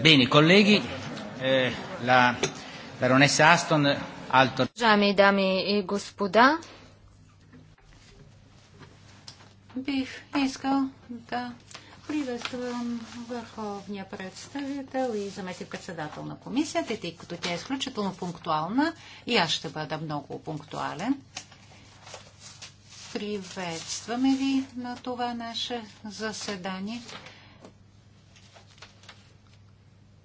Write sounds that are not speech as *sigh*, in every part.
Bene, colleghi, eh, la baronessa Aston, alto... Уважаеми дами и господа, бих искал да приветствам върховния представител и заместник председател на комисията, тъй като тя е изключително пунктуална и аз ще бъда много пунктуален. Приветстваме ви на това наше заседание,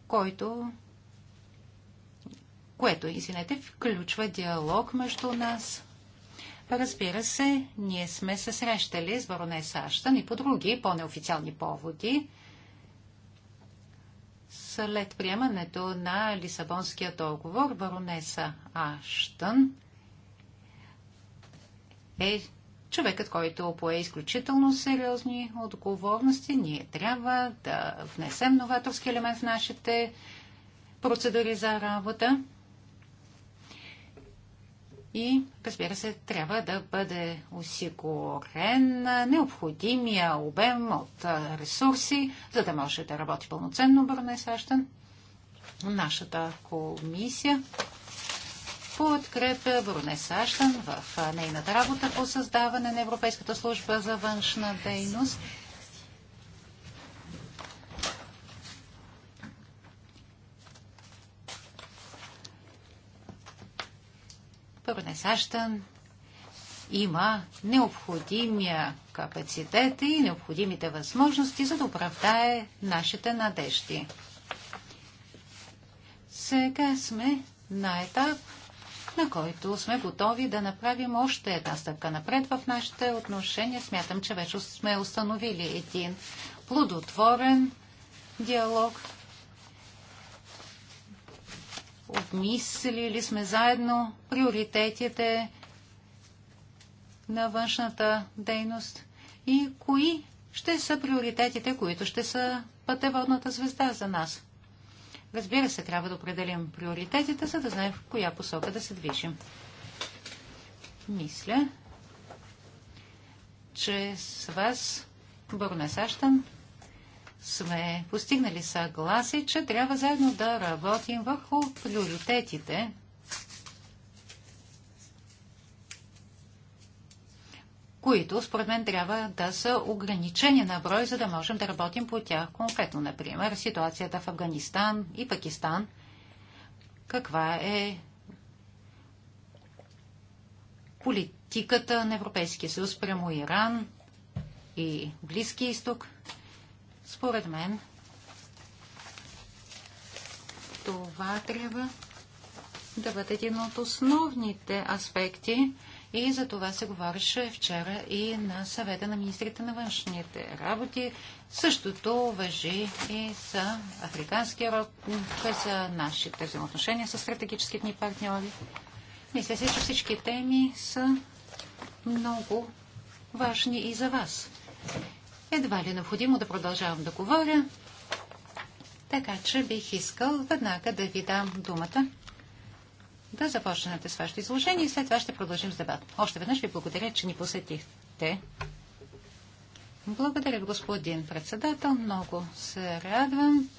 който което, извинете, включва диалог между нас. Разбира се, ние сме се срещали с баронеса Аштън и по други по-неофициални поводи. След приемането на Лисабонския договор, баронеса Аштън е човекът, който пое изключително сериозни отговорности. Ние трябва да внесем новаторски елемент в нашите процедури за работа. И, разбира се, трябва да бъде осигурен необходимия обем от ресурси, за да може да работи пълноценно Бърнес Аштън. Нашата комисия подкрепя Бронес Аштън в нейната работа по създаване на Европейската служба за външна дейност. Бронес Аштън има необходимия капацитет и необходимите възможности, за да оправдае нашите надежди. Сега сме на етап, на който сме готови да направим още една стъпка напред в нашите отношения. Смятам, че вече сме установили един плодотворен диалог. Обмислили сме заедно приоритетите на външната дейност и кои ще са приоритетите, които ще са пътеводната звезда за нас. Разбира се, трябва да определим приоритетите, за да знаем в коя посока да се движим. Мисля, че с вас, Борнес Аштан, сме постигнали съгласие, че трябва заедно да работим върху приоритетите които според мен трябва да са ограничени на брой, за да можем да работим по тях конкретно. Например, ситуацията в Афганистан и Пакистан. Каква е политиката на Европейския съюз прямо Иран и Близки изток? Според мен това трябва да бъде един от основните аспекти и за това се говореше вчера и на съвета на министрите на външните работи. Същото въжи и за африканския род, за нашите взаимоотношения с стратегическите ни партньори. Мисля се, че всички теми са много важни и за вас. Едва ли е необходимо да продължавам да говоря, така че бих искал веднага да ви дам думата да започнете с вашето изложение и след това ще продължим с дебат. Още веднъж ви благодаря, че ни посетихте. Благодаря, господин председател. Много се радвам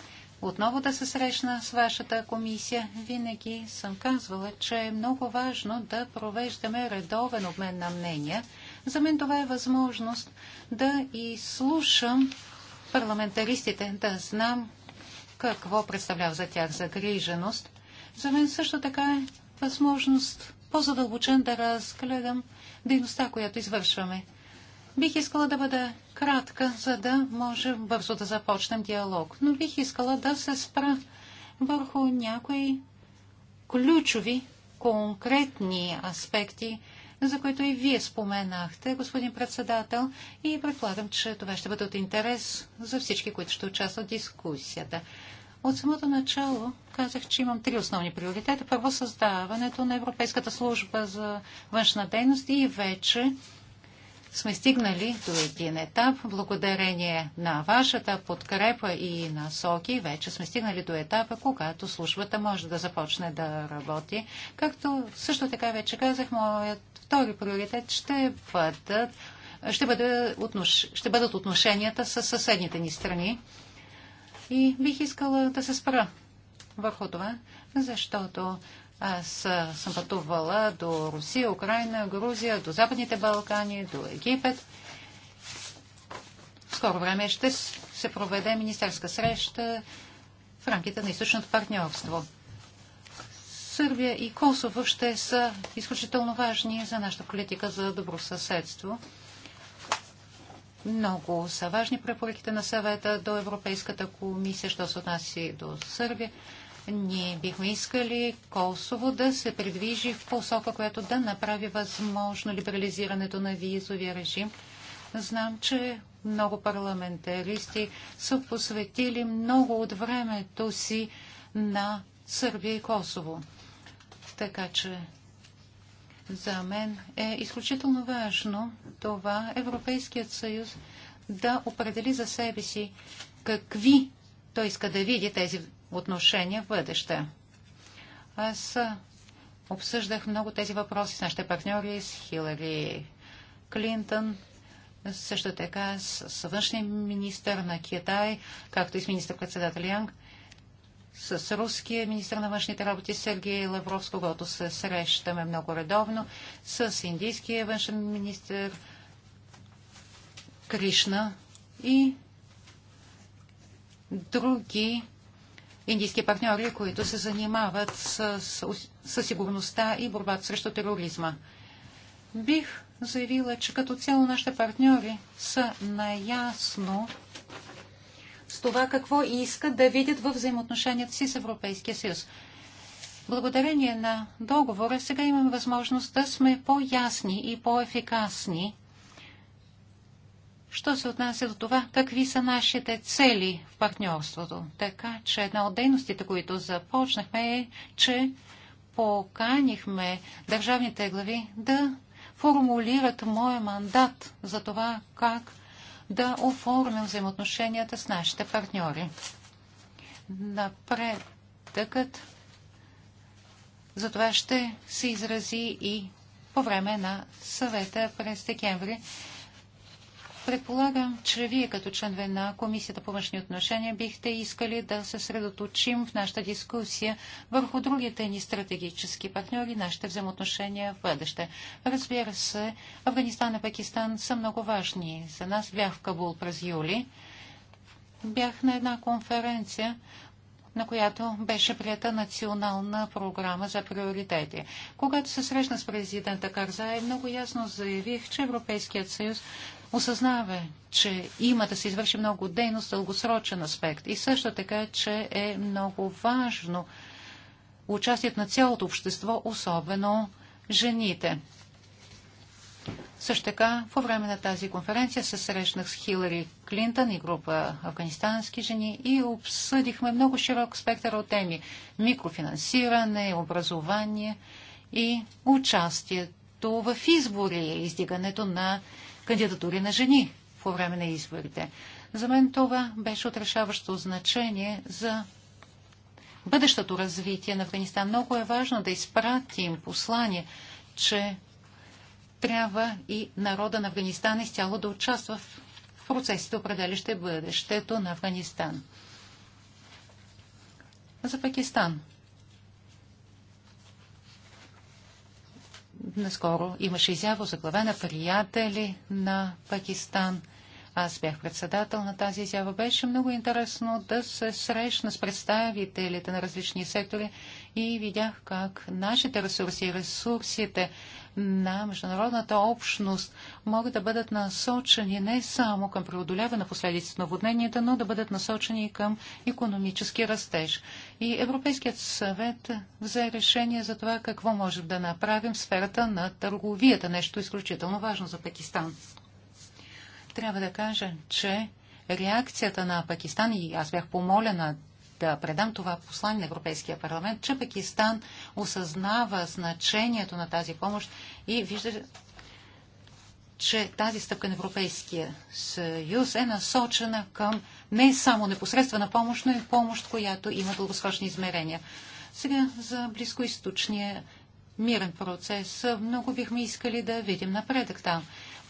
отново да се срещна с вашата комисия. Винаги съм казвала, че е много важно да провеждаме редовен обмен на мнения. За мен това е възможност да изслушам парламентаристите, да знам какво представлява за тях загриженост. За мен също така е възможност по-задълбочен да разгледам дейността, която извършваме. Бих искала да бъда кратка, за да може бързо да започнем диалог, но бих искала да се спра върху някои ключови, конкретни аспекти, за които и вие споменахте, господин председател, и предполагам, че това ще бъде от интерес за всички, които ще участват в дискусията. От самото начало казах, че имам три основни приоритета. Първо създаването на Европейската служба за външна дейност и вече сме стигнали до един етап. Благодарение на вашата подкрепа и насоки, вече сме стигнали до етапа, когато службата може да започне да работи. Както също така вече казах, моят втори приоритет ще бъдат, ще, ще бъдат отношенията с съседните ни страни. И бих искала да се спра върху това, защото аз съм пътувала до Русия, Украина, Грузия, до Западните Балкани, до Египет. В скоро време ще се проведе министерска среща в рамките на източното партньорство. Сърбия и Косово ще са изключително важни за нашата политика за добро съседство. Много са важни препоръките на съвета до Европейската комисия, що се отнася до Сърбия. Ние бихме искали Косово да се придвижи в посока, която да направи възможно либерализирането на визовия режим. Знам, че много парламентаристи са посветили много от времето си на Сърбия и Косово. Така че за мен е изключително важно това Европейският съюз да определи за себе си какви той иска да види тези отношения в бъдеще. Аз обсъждах много тези въпроси с нашите партньори, с Хилари Клинтон, също така с, външния министр на Китай, както и с министър-председател Янг с руския министр на външните работи Сергей Лавров, с когото се срещаме много редовно, с индийския външен министр Кришна и други индийски партньори, които се занимават с, с, сигурността и борбата срещу тероризма. Бих заявила, че като цяло нашите партньори са наясно, с това какво искат да видят в взаимоотношенията си с Европейския съюз. Благодарение на договора сега имаме възможност да сме по-ясни и по-ефикасни, що се отнася до това, какви са нашите цели в партньорството. Така че една от дейностите, които започнахме е, че поканихме държавните глави да формулират моя мандат за това как да оформим взаимоотношенията с нашите партньори. Напредъкът за това ще се изрази и по време на съвета през декември. Предполагам, че вие като членове на Комисията по външни отношения бихте искали да се средоточим в нашата дискусия върху другите ни стратегически партньори, нашите взаимоотношения в бъдеще. Разбира се, Афганистан и Пакистан са много важни за нас. Бях в Кабул през юли. Бях на една конференция, на която беше прията национална програма за приоритети. Когато се срещна с президента Карзай, много ясно заявих, че Европейският съюз осъзнава, че има да се извърши много дейност в дългосрочен аспект и също така, че е много важно участието на цялото общество, особено жените. Също така, по време на тази конференция се срещнах с Хилари Клинтън и група афганистански жени и обсъдихме много широк спектър от теми – микрофинансиране, образование и участието в избори, издигането на кандидатури на жени по време на изборите. За мен това беше отрешаващо значение за бъдещото развитие на Афганистан. Много е важно да изпратим послание, че трябва и народа на Афганистан изцяло да участва в процесите, определящи бъдещето на Афганистан. За Пакистан. наскоро имаше изява глава на приятели на Пакистан. Аз бях председател на тази изява. Беше много интересно да се срещна с представителите на различни сектори и видях как нашите ресурси и ресурсите на международната общност могат да бъдат насочени не само към преодоляване на последиците на водненията, но да бъдат насочени и към економически растеж. И Европейският съвет взе решение за това какво можем да направим в сферата на търговията, нещо изключително важно за Пакистан. Трябва да кажа, че реакцията на Пакистан, и аз бях помолена да предам това послание на Европейския парламент, че Пакистан осъзнава значението на тази помощ и вижда, че тази стъпка на Европейския съюз е насочена към не само непосредствена помощ, но и помощ, която има дългосрочни измерения. Сега за близкоисточния мирен процес. Много бихме искали да видим напредък там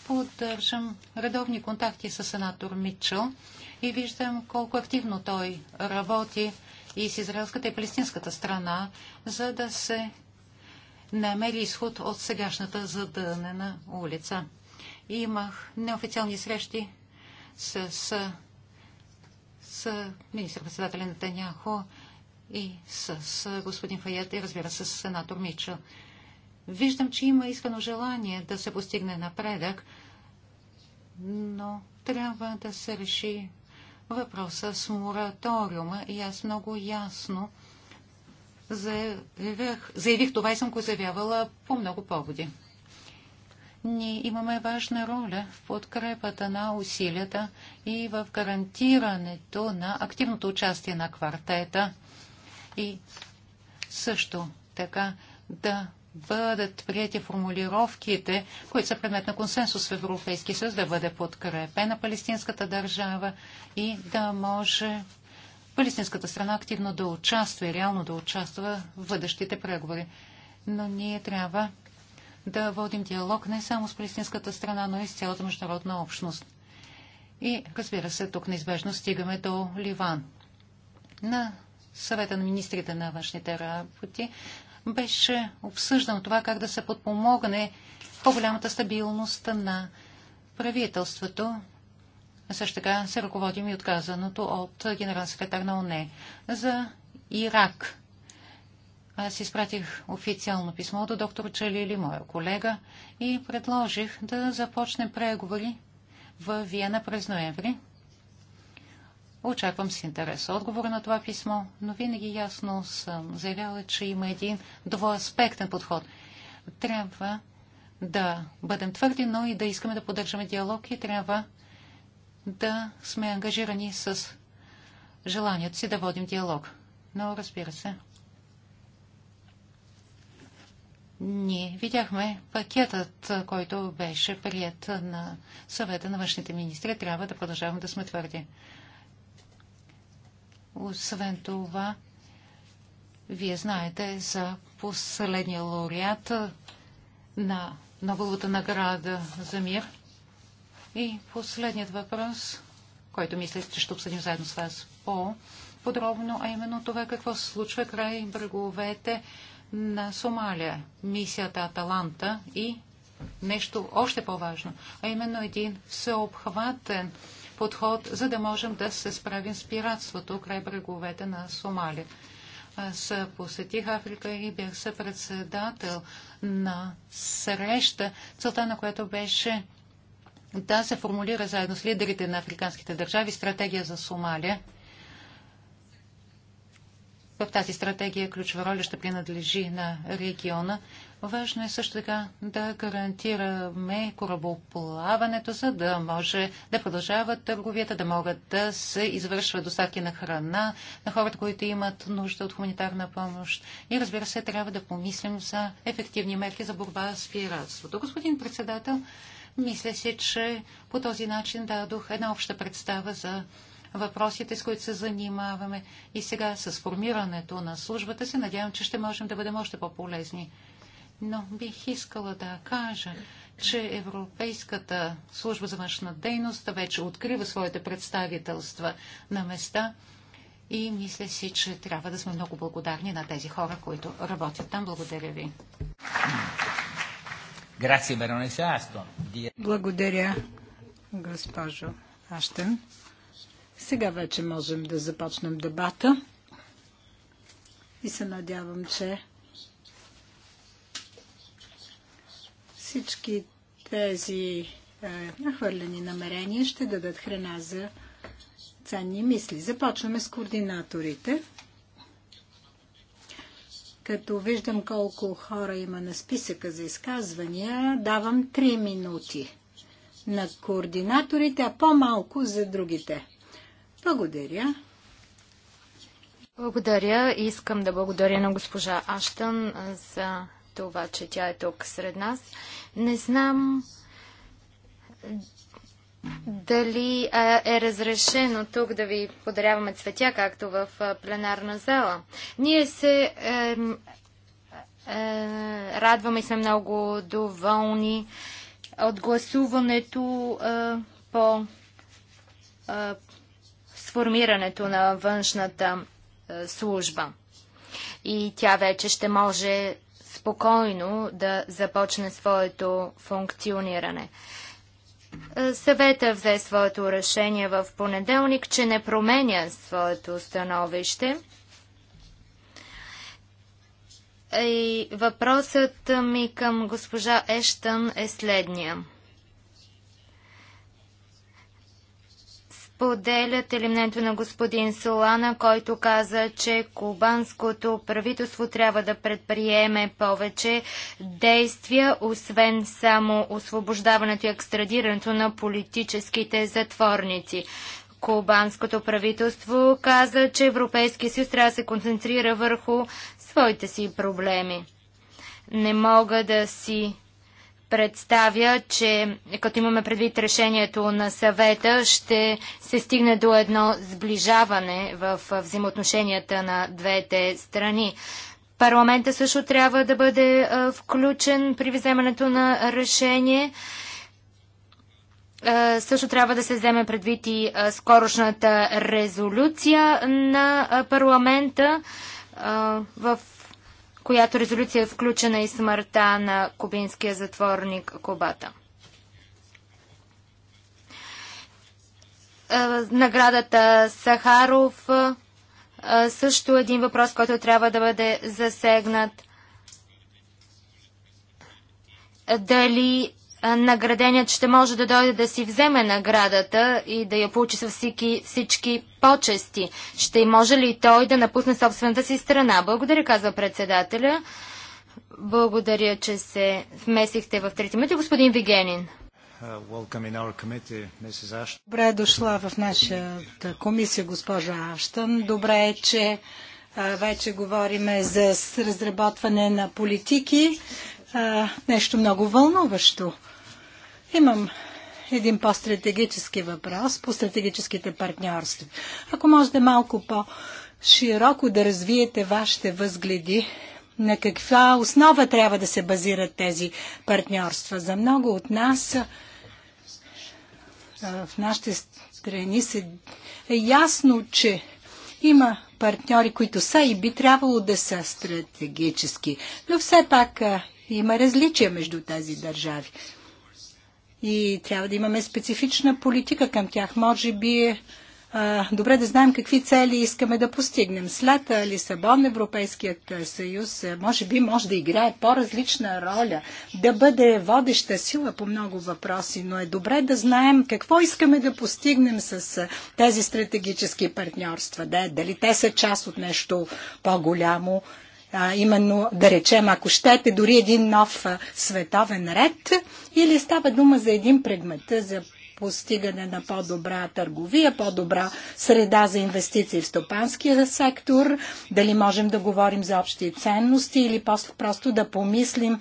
поддържам редовни контакти с сенатор Митчел и виждам колко активно той работи и с израелската и палестинската страна, за да се намери изход от сегашната задънена улица. Имах неофициални срещи с, с, с министър-председателя Натаняхо и с, с господин Фаят и разбира се с сенатор Митчел. Виждам, че има искано желание да се постигне напредък, но трябва да се реши въпроса с мораториума и аз много ясно заявих, заявих това и съм го заявявала по много поводи. Ние имаме важна роля в подкрепата на усилията и в гарантирането на активното участие на квартета и също така да бъдат прияти формулировките, които са предмет на консенсус в Европейски съюз, да бъде подкрепена палестинската държава и да може палестинската страна активно да участва и реално да участва в бъдещите преговори. Но ние трябва да водим диалог не само с палестинската страна, но и с цялата международна общност. И, разбира се, тук неизбежно стигаме до Ливан. На съвета на министрите на външните работи беше обсъждано това как да се подпомогне по-голямата стабилност на правителството. Също така се ръководим и отказаното от генерал секретар на ОНЕ за Ирак. Аз изпратих официално писмо до доктор Чалили, моя колега, и предложих да започне преговори в Виена през ноември Очаквам с интерес отговора на това писмо, но винаги ясно съм заявяла, че има един двоаспектен подход. Трябва да бъдем твърди, но и да искаме да поддържаме диалог и трябва да сме ангажирани с желанието си да водим диалог. Но разбира се, ние видяхме пакетът, който беше прият на съвета на външните министри. Трябва да продължаваме да сме твърди. Освен това, вие знаете за последния лауреат на Нобеловата награда за мир. И последният въпрос, който мисля, че ще обсъдим заедно с вас по-подробно, а именно това какво се случва край бреговете на Сомалия, мисията Аталанта и нещо още по-важно, а именно един всеобхватен подход, за да можем да се справим с пиратството край бреговете на Сомалия. Аз посетих Африка и бях съпредседател на среща, целта на която беше да се формулира заедно с лидерите на африканските държави стратегия за Сомалия. В тази стратегия ключова роля ще принадлежи на региона. Важно е също така да гарантираме корабоплаването, за да може да продължават търговията, да могат да се извършват доставки на храна на хората, които имат нужда от хуманитарна помощ. И разбира се, трябва да помислим за ефективни мерки за борба с пиратството. Господин председател, мисля си, че по този начин дадох една обща представа за въпросите, с които се занимаваме и сега с формирането на службата се надявам, че ще можем да бъдем още по-полезни но бих искала да кажа, че Европейската служба за външна дейност вече открива своите представителства на места и мисля си, че трябва да сме много благодарни на тези хора, които работят там. Благодаря ви. Благодаря, госпожо Аштен. Сега вече можем да започнем дебата и се надявам, че Всички тези е, нахвърлени намерения ще дадат храна за ценни мисли. Започваме с координаторите. Като виждам колко хора има на списъка за изказвания, давам 3 минути на координаторите, а по-малко за другите. Благодаря. Благодаря. Искам да благодаря на госпожа Аштън за това, че тя е тук сред нас. Не знам дали е разрешено тук да ви подаряваме цветя, както в пленарна зала. Ние се е, е, радваме и сме много доволни от гласуването е, по е, сформирането на външната е, служба. И тя вече ще може спокойно да започне своето функциониране. Е, съвета взе своето решение в понеделник, че не променя своето становище. И въпросът ми към госпожа Ештън е следния. Поделят елемента на господин Солана, който каза, че кубанското правителство трябва да предприеме повече действия, освен само освобождаването и екстрадирането на политическите затворници. Кубанското правителство каза, че Европейския съюз трябва да се концентрира върху своите си проблеми. Не мога да си представя, че като имаме предвид решението на съвета, ще се стигне до едно сближаване в взаимоотношенията на двете страни. Парламента също трябва да бъде е, включен при вземането на решение. Е, също трябва да се вземе предвид и е, скорошната резолюция на парламента в която резолюция е включена и смъртта на кубинския затворник Кубата. Е, наградата Сахаров е, също един въпрос, който трябва да бъде засегнат. Дали награденият ще може да дойде да си вземе наградата и да я получи с всички, всички почести. Ще може ли той да напусне собствената си страна? Благодаря, казва председателя. Благодаря, че се вмесихте в трети минути. Господин Вигенин. Добре е дошла в нашата комисия, госпожа Аштън. Добре е, че вече говориме за разработване на политики. Нещо много вълнуващо. Имам един по-стратегически въпрос по стратегическите партньорства. Ако можете малко по-широко да развиете вашите възгледи на каква основа трябва да се базират тези партньорства. За много от нас в нашите страни се е ясно, че има партньори, които са и би трябвало да са стратегически. Но все пак има различия между тези държави и трябва да имаме специфична политика към тях. Може би е, добре да знаем какви цели искаме да постигнем. След Лисабон Европейският съюз може би може да играе по-различна роля, да бъде водеща сила по много въпроси, но е добре да знаем какво искаме да постигнем с тези стратегически партньорства. Да, дали те са част от нещо по-голямо а, именно да речем, ако щете, дори един нов а, световен ред, или става дума за един предмет, за постигане на по-добра търговия, по-добра среда за инвестиции в стопанския сектор, дали можем да говорим за общи ценности или просто да помислим,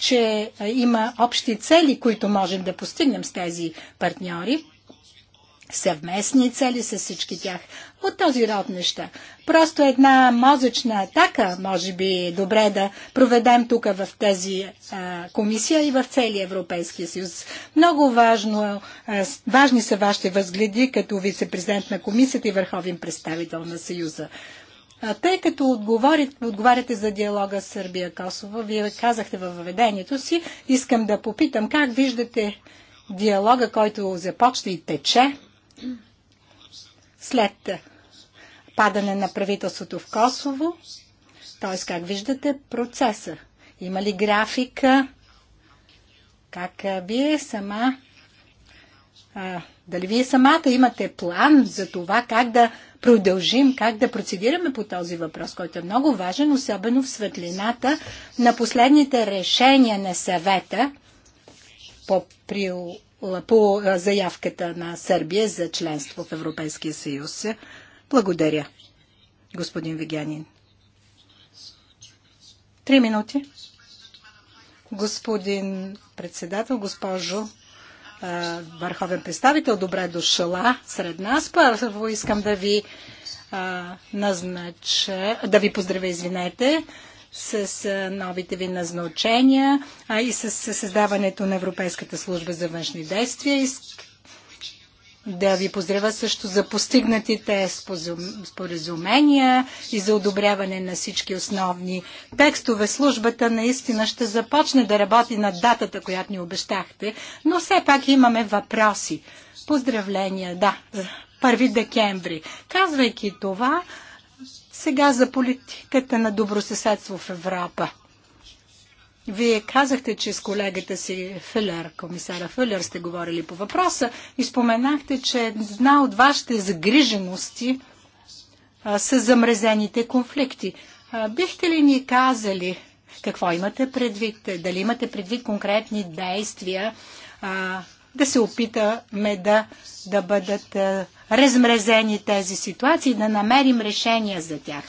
че има общи цели, които можем да постигнем с тези партньори съвместни цели с всички тях. От този род неща. Просто една мозъчна атака, може би е добре да проведем тук в тази а, комисия и в целия Европейския съюз. Много важно, а, важни са вашите възгледи като вице-президент на комисията и върховен представител на съюза. Тъй като отговорите, отговаряте за диалога с Сърбия-Косово, вие казахте във въведението си, искам да попитам как виждате диалога, който започна и тече след падане на правителството в Косово, т.е. как виждате процеса? Има ли графика? Как вие сама, а, дали вие самата имате план за това как да продължим, как да процедираме по този въпрос, който е много важен, особено в светлината на последните решения на съвета по прилагането по заявката на Сърбия за членство в Европейския съюз. Благодаря, господин Вигянин. Три минути. Господин председател, госпожо а, върховен представител, добре дошла сред нас. Първо искам да ви а, назнача, да ви поздравя, извинете, с новите ви назначения, а и с създаването на Европейската служба за външни действия. Да ви поздравя също за постигнатите споразумения и за одобряване на всички основни текстове. Службата наистина ще започне да работи на датата, която ни обещахте, но все пак имаме въпроси. Поздравления, да, 1 декември. Казвайки това, сега за политиката на добросъседство в Европа. Вие казахте, че с колегата си Филер, комисара Филер, сте говорили по въпроса и споменахте, че една от вашите загрижености са замрезените конфликти. А, бихте ли ни казали какво имате предвид? Дали имате предвид конкретни действия а, да се опитаме да, да бъдат е, размрезени тези ситуации, да намерим решения за тях.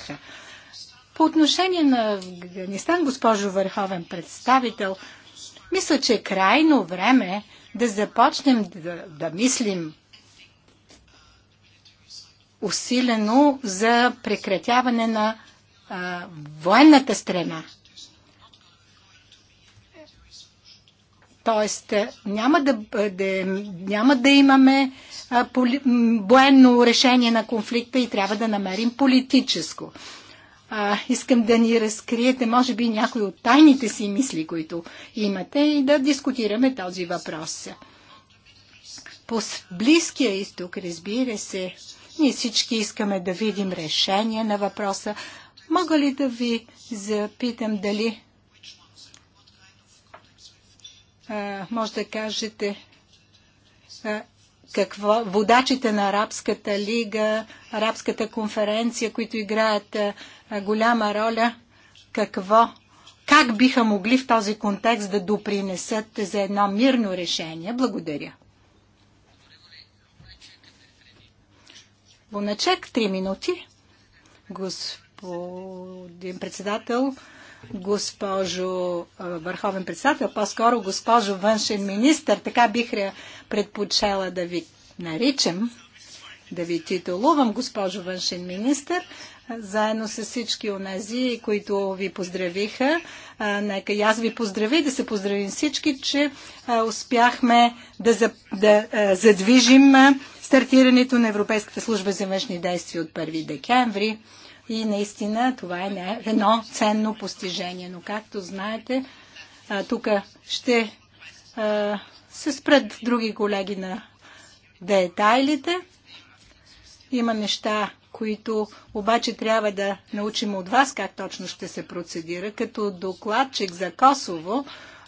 По отношение на Афганистан, госпожо Върховен представител, мисля, че е крайно време да започнем да, да мислим усилено за прекратяване на а, военната страна Тоест е, няма да, да, няма да имаме а, поли, военно решение на конфликта и трябва да намерим политическо. А, искам да ни разкриете, може би, някои от тайните си мисли, които имате и да дискутираме този въпрос. По Близкия изток, разбира се, ние всички искаме да видим решение на въпроса. Мога ли да ви запитам дали а, може да кажете а, какво, водачите на Арабската лига, Арабската конференция, които играят а, голяма роля, какво, как биха могли в този контекст да допринесат за едно мирно решение? Благодаря. Воначек, три минути. Господин председател, госпожо върховен председател, по-скоро госпожо външен министр, така бих предпочела да ви наричам, да ви титулувам госпожо външен министр, заедно с всички онези, които ви поздравиха. Нека и аз ви поздравя и да се поздравим всички, че успяхме да, за, да задвижим стартирането на Европейската служба за външни действия от 1 декември. И наистина това е едно ценно постижение. Но както знаете, тук ще се спрат други колеги на детайлите. Има неща, които обаче трябва да научим от вас как точно ще се процедира. Като докладчик за Косово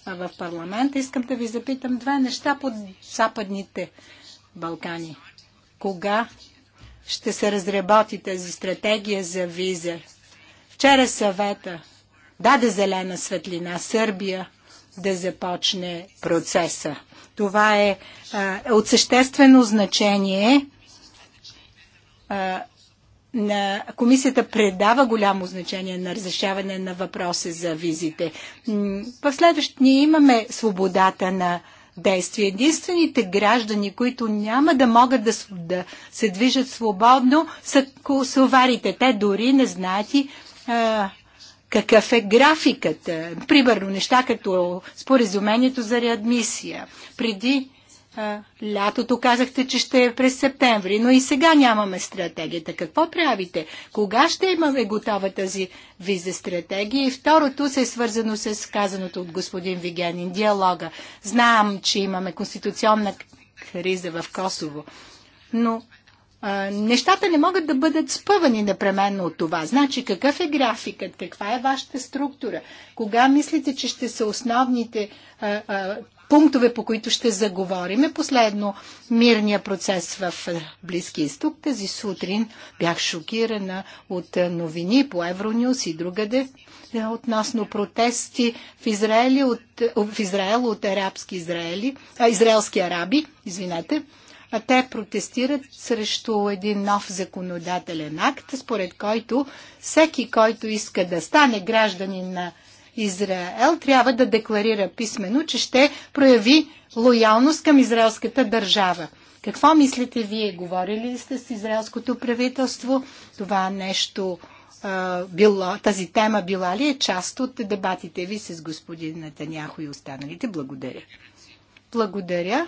в парламента искам да ви запитам две неща под Западните Балкани. Кога ще се разработите за стратегия за виза. Вчера съвета даде зелена светлина Сърбия да започне процеса. Това е, а, е от съществено значение. А, на комисията предава голямо значение на разрешаване на въпроси за визите. В следващ ние имаме свободата на действие. Единствените граждани, които няма да могат да, да се движат свободно, са косоварите. Те дори не знаят и а, какъв е графикът. Е, примерно неща като споразумението за реадмисия. Преди Лятото казахте, че ще е през септември, но и сега нямаме стратегията. Какво правите? Кога ще имаме готова тази виза стратегия? И второто се е свързано с казаното от господин Вигенин, диалога. Знам, че имаме конституционна криза в Косово, но а, нещата не могат да бъдат спъвани непременно от това. Значи, какъв е графикът? Каква е вашата структура? Кога мислите, че ще са основните а, а, пунктове, по които ще заговорим. последно мирния процес в Близки изток. Тази сутрин бях шокирана от е, новини по Евронюс и другаде е, относно протести в, Израели, от, е, в Израел от арабски израели, а, израелски араби, извинете, а те протестират срещу един нов законодателен акт, според който всеки, който иска да стане гражданин на Израел трябва да декларира писменно, че ще прояви лоялност към израелската държава. Какво мислите вие? Говорили ли сте с израелското правителство? Това нещо а, било, тази тема била ли е част от дебатите ви с господин Натаняхо и останалите? Благодаря. Благодаря,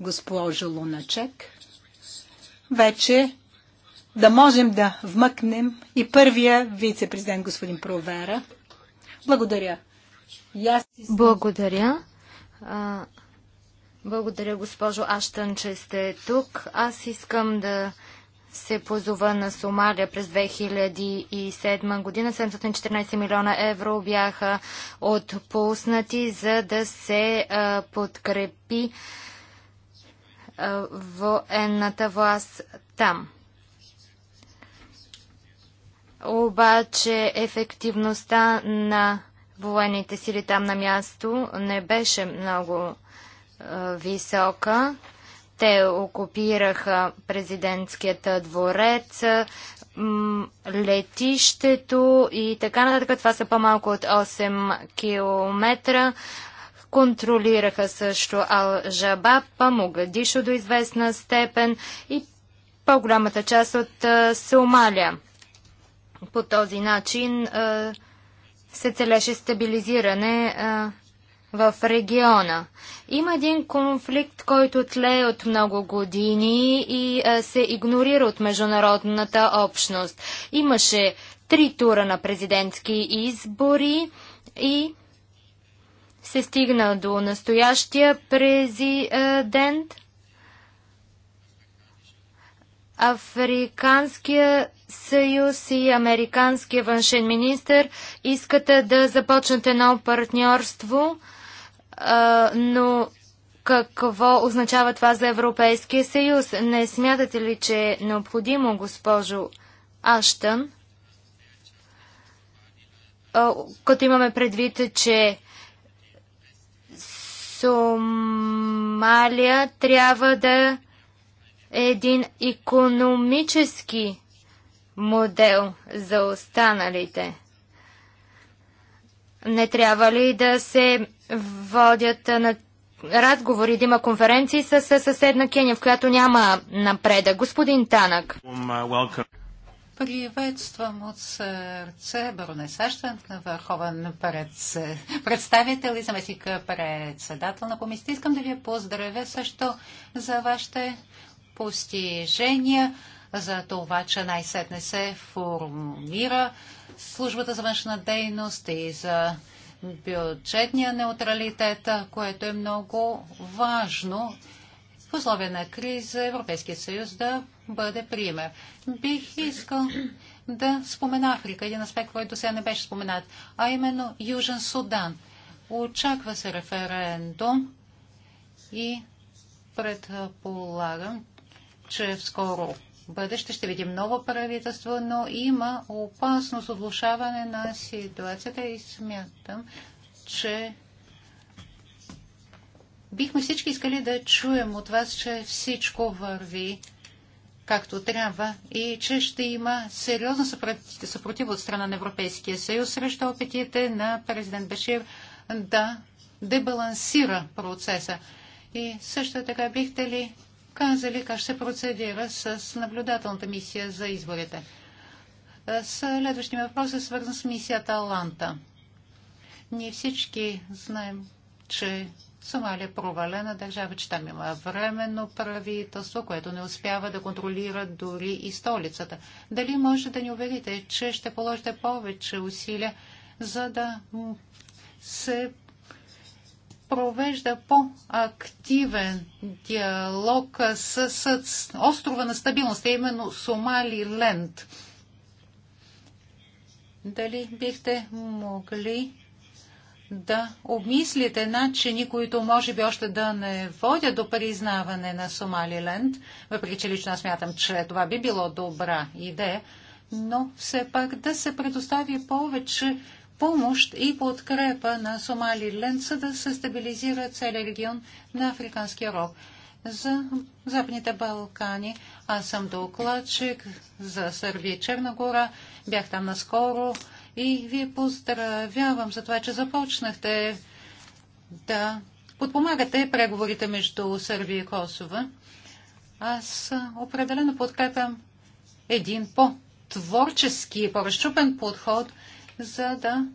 госпожо Луначек. Вече да можем да вмъкнем и първия вице-президент господин Провера. Благодаря. Благодаря. А, благодаря, госпожо Аштън, че сте тук. Аз искам да се позова на Сомалия през 2007 година. 714 милиона евро бяха отпуснати, за да се а, подкрепи военната власт там. Обаче ефективността на военните сили там на място не беше много е, висока. Те окупираха президентският дворец, летището и така нататък. Това са по-малко от 8 км, Контролираха също Ал-Жабаб, Могадишо до известна степен и по-голямата част от е, Сомалия. По този начин се целеше стабилизиране в региона. Има един конфликт, който тлее от много години и се игнорира от международната общност. Имаше три тура на президентски избори и се стигна до настоящия президент. Африканския съюз и американския външен министр искат да започнат едно партньорство, но какво означава това за Европейския съюз? Не смятате ли, че е необходимо, госпожо Аштън, като имаме предвид, че Сомалия трябва да е един економически модел за останалите. Не трябва ли да се водят на разговори, да има конференции с съседна Кения, в която няма напреда? Господин Танък. Uh, Приветствам от сърце баронес Аштант на върховен представител и заместник председател на комисията. Искам да ви поздравя също за вашите постижения за това, че най-сетне се формира службата за външна дейност и за бюджетния неутралитет, което е много важно в условия на криза Европейския съюз да бъде пример. Бих искал да спомена Африка, един аспект, който сега не беше споменат, а именно Южен Судан. Очаква се референдум и предполагам, че в скоро бъдеще ще видим ново правителство, но има опасност от влушаване на ситуацията и смятам, че бихме всички искали да чуем от вас, че всичко върви както трябва и че ще има сериозна съпротива от страна на Европейския съюз срещу опитите на президент Бешир да дебалансира процеса. И също така бихте ли казали как ще процедира с наблюдателната мисия за изборите. Е, следващия въпрос е свързан с мисията Аланта. Ние всички знаем, че Сомалия е провалена държава, че там има временно правителство, което не успява да контролира дори и столицата. Дали може да ни уверите, че ще положите повече усилия, за да се провежда по-активен диалог с, с острова на стабилност, а именно Ленд. Дали бихте могли да обмислите начини, които може би още да не водят до признаване на Сомалиленд, въпреки че лично аз смятам, че това би било добра идея, но все пак да се предостави повече помощ и подкрепа на Сомали за да се стабилизира целият регион на Африканския рог. За Западните Балкани аз съм докладчик за Сърбия и Черна гора. Бях там наскоро и ви поздравявам за това, че започнахте да подпомагате преговорите между Сърбия и Косово. Аз определено подкрепям един по-творчески, по-разчупен подход за да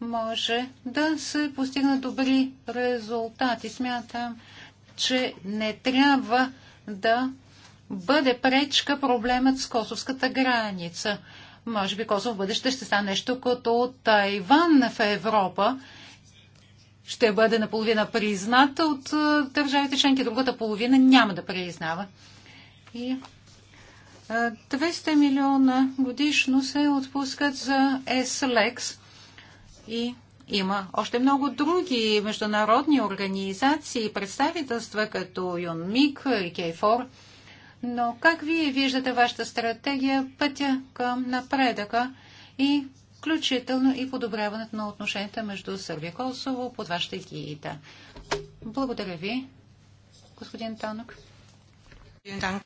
може да се постигнат добри резултати. Смятам, че не трябва да бъде пречка проблемът с косовската граница. Може би Косов в бъдеще ще стане нещо като Тайван в Европа. Ще бъде наполовина призната от държавите членки, другата половина няма да признава. И 200 милиона годишно се отпускат за СЛекс, и има още много други международни организации и представителства, като ЮНМИК и Кейфор. Но как вие виждате вашата стратегия, пътя към напредъка и включително и подобряването на отношенията между Сърбия и Косово под вашата гида? Благодаря ви, господин Танок.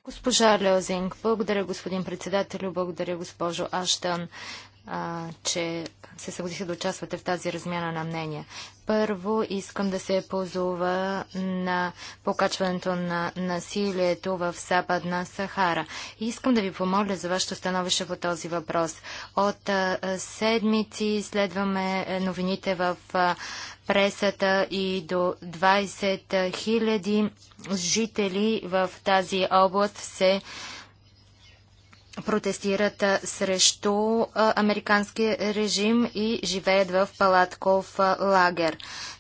Госпожа Леозинг, благодаря господин председателю, благодаря госпожо Аштън, че се съгласиха да участвате в тази размяна на мнения. Първо искам да се позова на покачването на насилието в Западна Сахара. И искам да ви помоля за вашето становище по този въпрос. От седмици следваме новините в пресата и до 20 000 жители в тази област се протестират срещу американския режим и живеят в палатков лагер.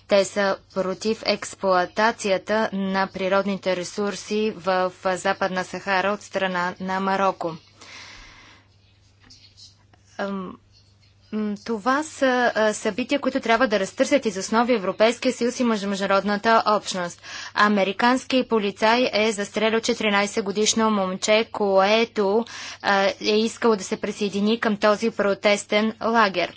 Те са против експлоатацията на природните ресурси в Западна Сахара от страна на Марокко. Това са събития, които трябва да разтърсят из основи Европейския съюз и международната общност. Американски полицай е застрелял 14-годишно момче, което е искало да се присъедини към този протестен лагер.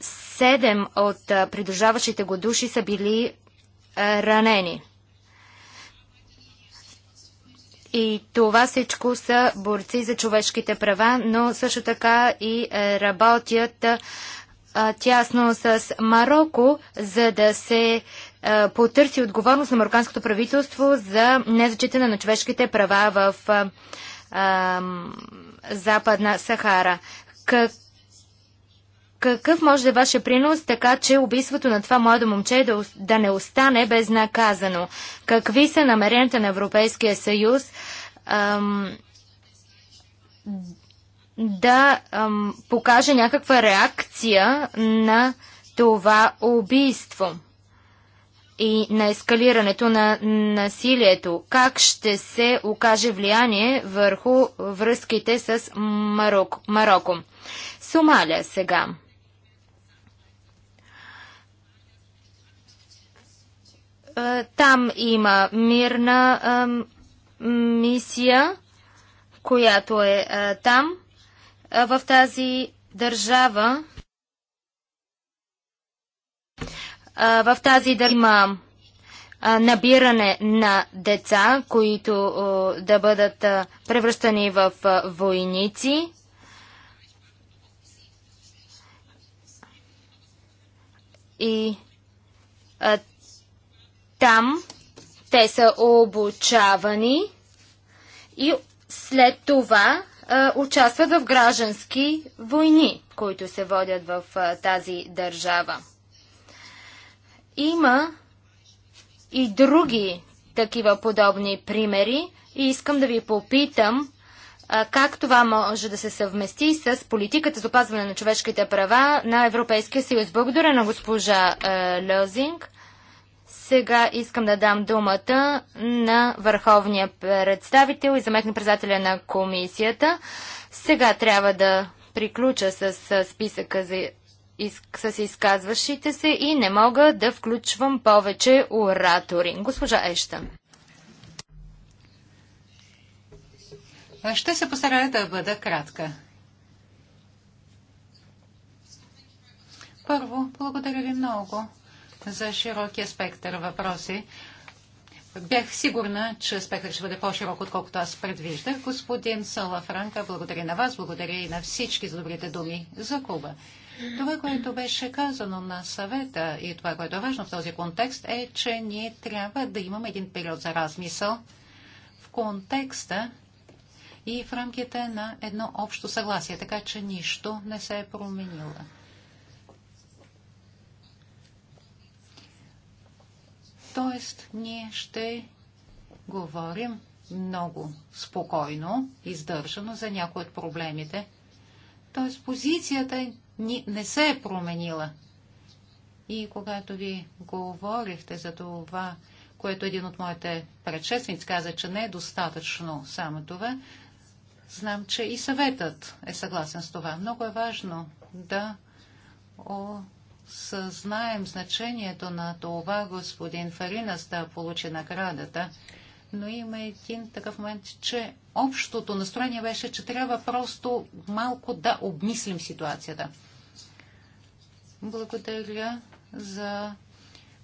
Седем от придружаващите го души са били ранени. И това всичко са борци за човешките права, но също така и е, работят е, тясно с Марокко, за да се е, потърси отговорност на марокканското правителство за незачитане на човешките права в а, Западна Сахара. Как, какъв може да е вашия принос, така че убийството на това младо момче да, да не остане безнаказано? Какви са намеренията на Европейския съюз ам, да ам, покаже някаква реакция на това убийство и на ескалирането на насилието? Как ще се окаже влияние върху връзките с Марок, Марокко? Сомалия сега. Е, там има мирна а, мисия, която е а, е, там. А, е, в тази държава в тази държава има набиране на деца, които да бъдат превръщани в войници. И там те са обучавани и след това а, участват в граждански войни, които се водят в а, тази държава. Има и други такива подобни примери и искам да ви попитам а, как това може да се съвмести с политиката за опазване на човешките права на Европейския съюз. Благодаря на госпожа Лозинг. Сега искам да дам думата на върховния представител и заметник председателя на комисията. Сега трябва да приключа с списъка за из... с изказващите се и не мога да включвам повече оратори. Госпожа Еща. Ще се постарая да бъда кратка. Първо, благодаря ви много за широкия спектър въпроси. Бях сигурна, че спектър ще бъде по-широк, отколкото аз предвиждах. Господин Сала Франка, благодаря на вас, благодаря и на всички за добрите думи за Куба. Това, което беше казано на съвета и това, което е важно в този контекст, е, че ние трябва да имаме един период за размисъл в контекста и в рамките на едно общо съгласие, така че нищо не се е променило. Тоест, ние ще говорим много спокойно, издържано за някои от проблемите. Тоест, позицията не се е променила. И когато ви говорихте за това, което един от моите предшественици каза, че не е достатъчно само това, знам, че и съветът е съгласен с това. Много е важно да съзнаем значението на това господин Фаринас да получи наградата, но има един такъв момент, че общото настроение беше, че трябва просто малко да обмислим ситуацията. Благодаря за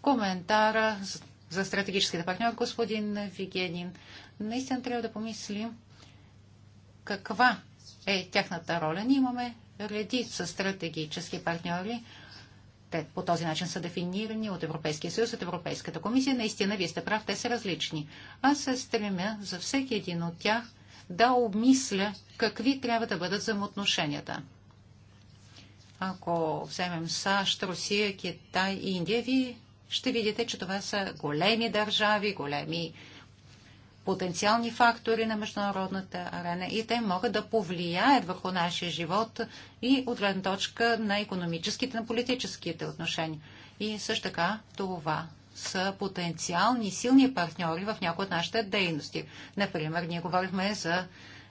коментара за стратегическите партньори, господин Вигенин. Наистина трябва да помислим каква е тяхната роля. Ние имаме редица стратегически партньори, те по този начин са дефинирани от Европейския съюз, от Европейската комисия. Наистина, вие сте прав, те са различни. Аз се стремя за всеки един от тях да обмисля какви трябва да бъдат взаимоотношенията. Ако вземем САЩ, Русия, Китай и Индия, вие ще видите, че това са големи държави, големи потенциални фактори на международната арена и те могат да повлияят върху нашия живот и от гледна точка на економическите, на политическите отношения. И също така това са потенциални силни партньори в някои от нашите дейности. Например, ние говорихме за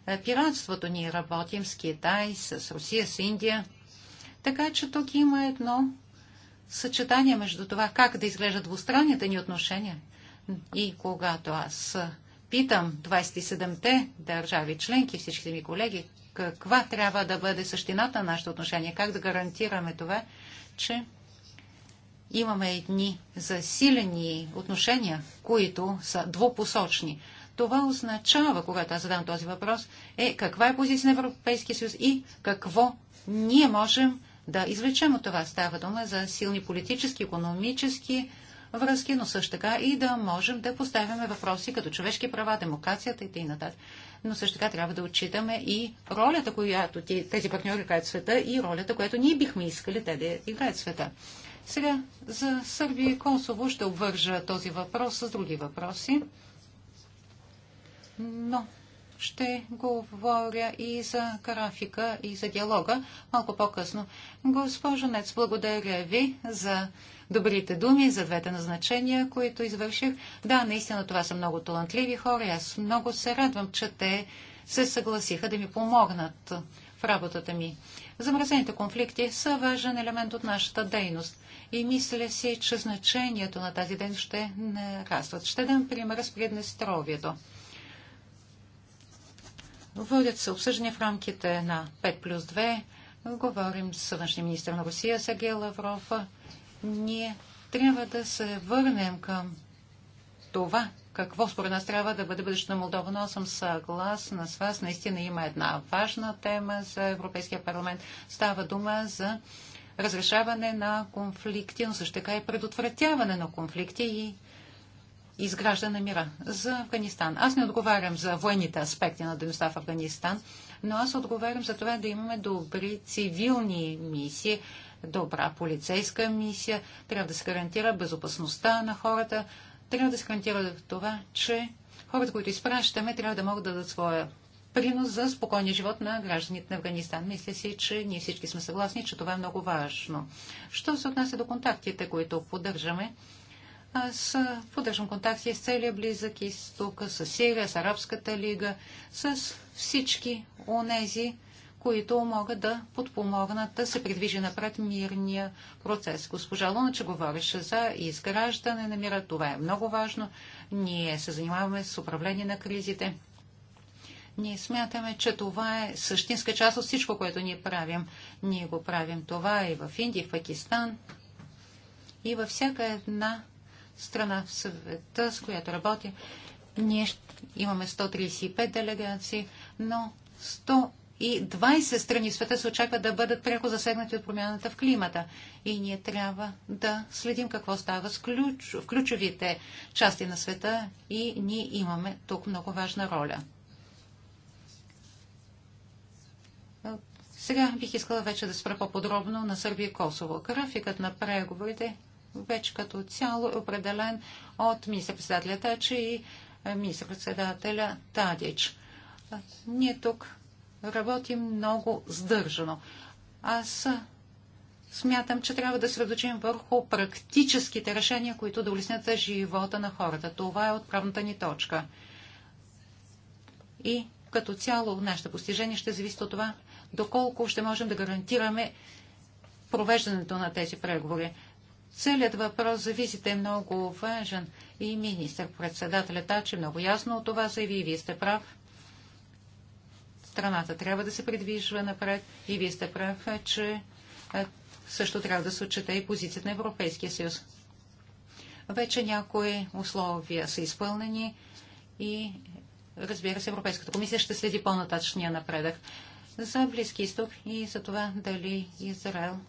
е, пиратството. Ние работим с Китай, с Русия, с Индия. Така че тук има едно съчетание между това как да изглеждат двустранните ни отношения. И когато аз питам 27-те държави членки, всичките ми колеги, каква трябва да бъде същината на нашето отношение, как да гарантираме това, че имаме едни засилени отношения, които са двупосочни. Това означава, когато аз задам този въпрос, е каква е позиция на Европейския съюз и какво ние можем да извлечем от това. Става дума за силни политически, економически връзки, но също така и да можем да поставяме въпроси като човешки права, демокрацията и т.н. Но също така трябва да отчитаме и ролята, която тези партньори играят в света и ролята, която ние бихме искали те да играят в света. Сега за Сърбия и Косово ще обвържа този въпрос с други въпроси. Но ще говоря и за графика, и за диалога малко по-късно. Госпожо Нец, благодаря ви за добрите думи за двете назначения, които извърших. Да, наистина това са много талантливи хора и аз много се радвам, че те се съгласиха да ми помогнат в работата ми. Замразените конфликти са важен елемент от нашата дейност и мисля си, че значението на тази ден ще растват. Ще дам пример с Приднестровието. Водят се обсъждания в рамките на 5 плюс 2. Говорим с външния министр на Русия Сергей Лавров. Ние трябва да се върнем към това, какво според нас трябва да бъде бъдещето на Молдова. Но аз съм съгласна с вас. Наистина има една важна тема за Европейския парламент. Става дума за разрешаване на конфликти, но също така и предотвратяване на конфликти и изграждане на мира. За Афганистан. Аз не отговарям за военните аспекти на дейността в Афганистан, но аз отговарям за това да имаме добри цивилни мисии, добра полицейска мисия, трябва да се гарантира безопасността на хората, трябва да се гарантира това, че хората, които изпращаме, трябва да могат да дадат своя принос за спокойния живот на гражданите на Афганистан. Мисля си, че ние всички сме съгласни, че това е много важно. Що се отнася до контактите, които поддържаме, аз поддържам контакти с целия близък изток, с Сирия, с Арабската лига, с всички онези които могат да подпомогнат да се придвижи напред мирния процес. Госпожа Луначе говореше за изграждане на мира. Това е много важно. Ние се занимаваме с управление на кризите. Ние смятаме, че това е същинска част от всичко, което ние правим. Ние го правим това и в Индия, и в Пакистан, и във всяка една страна в света, с която работим. Ние имаме 135 делегации, но и 20 страни в света се очаква да бъдат пряко засегнати от промяната в климата. И ние трябва да следим какво става с ключ, в ключовите части на света и ние имаме тук много важна роля. Сега бих искала вече да спра по-подробно на Сърбия и Косово. Графикът на преговорите вече като цяло е определен от министър-председателя Тачи и министър-председателя Тадич. Ние тук работим много сдържано. Аз смятам, че трябва да средочим върху практическите решения, които да улеснят живота на хората. Това е отправната ни точка. И като цяло нашето постижение ще зависи от това, доколко ще можем да гарантираме провеждането на тези преговори. Целият въпрос за визите е много важен и министър-председателят Тачи много ясно от това заяви и вие сте прав страната трябва да се придвижва напред и вие сте прав, е, че е, също трябва да се отчете и позицията на Европейския съюз. Вече някои условия са изпълнени и разбира се, Европейската комисия ще следи по-нататъчния напредък за Близки изток и за това дали Израел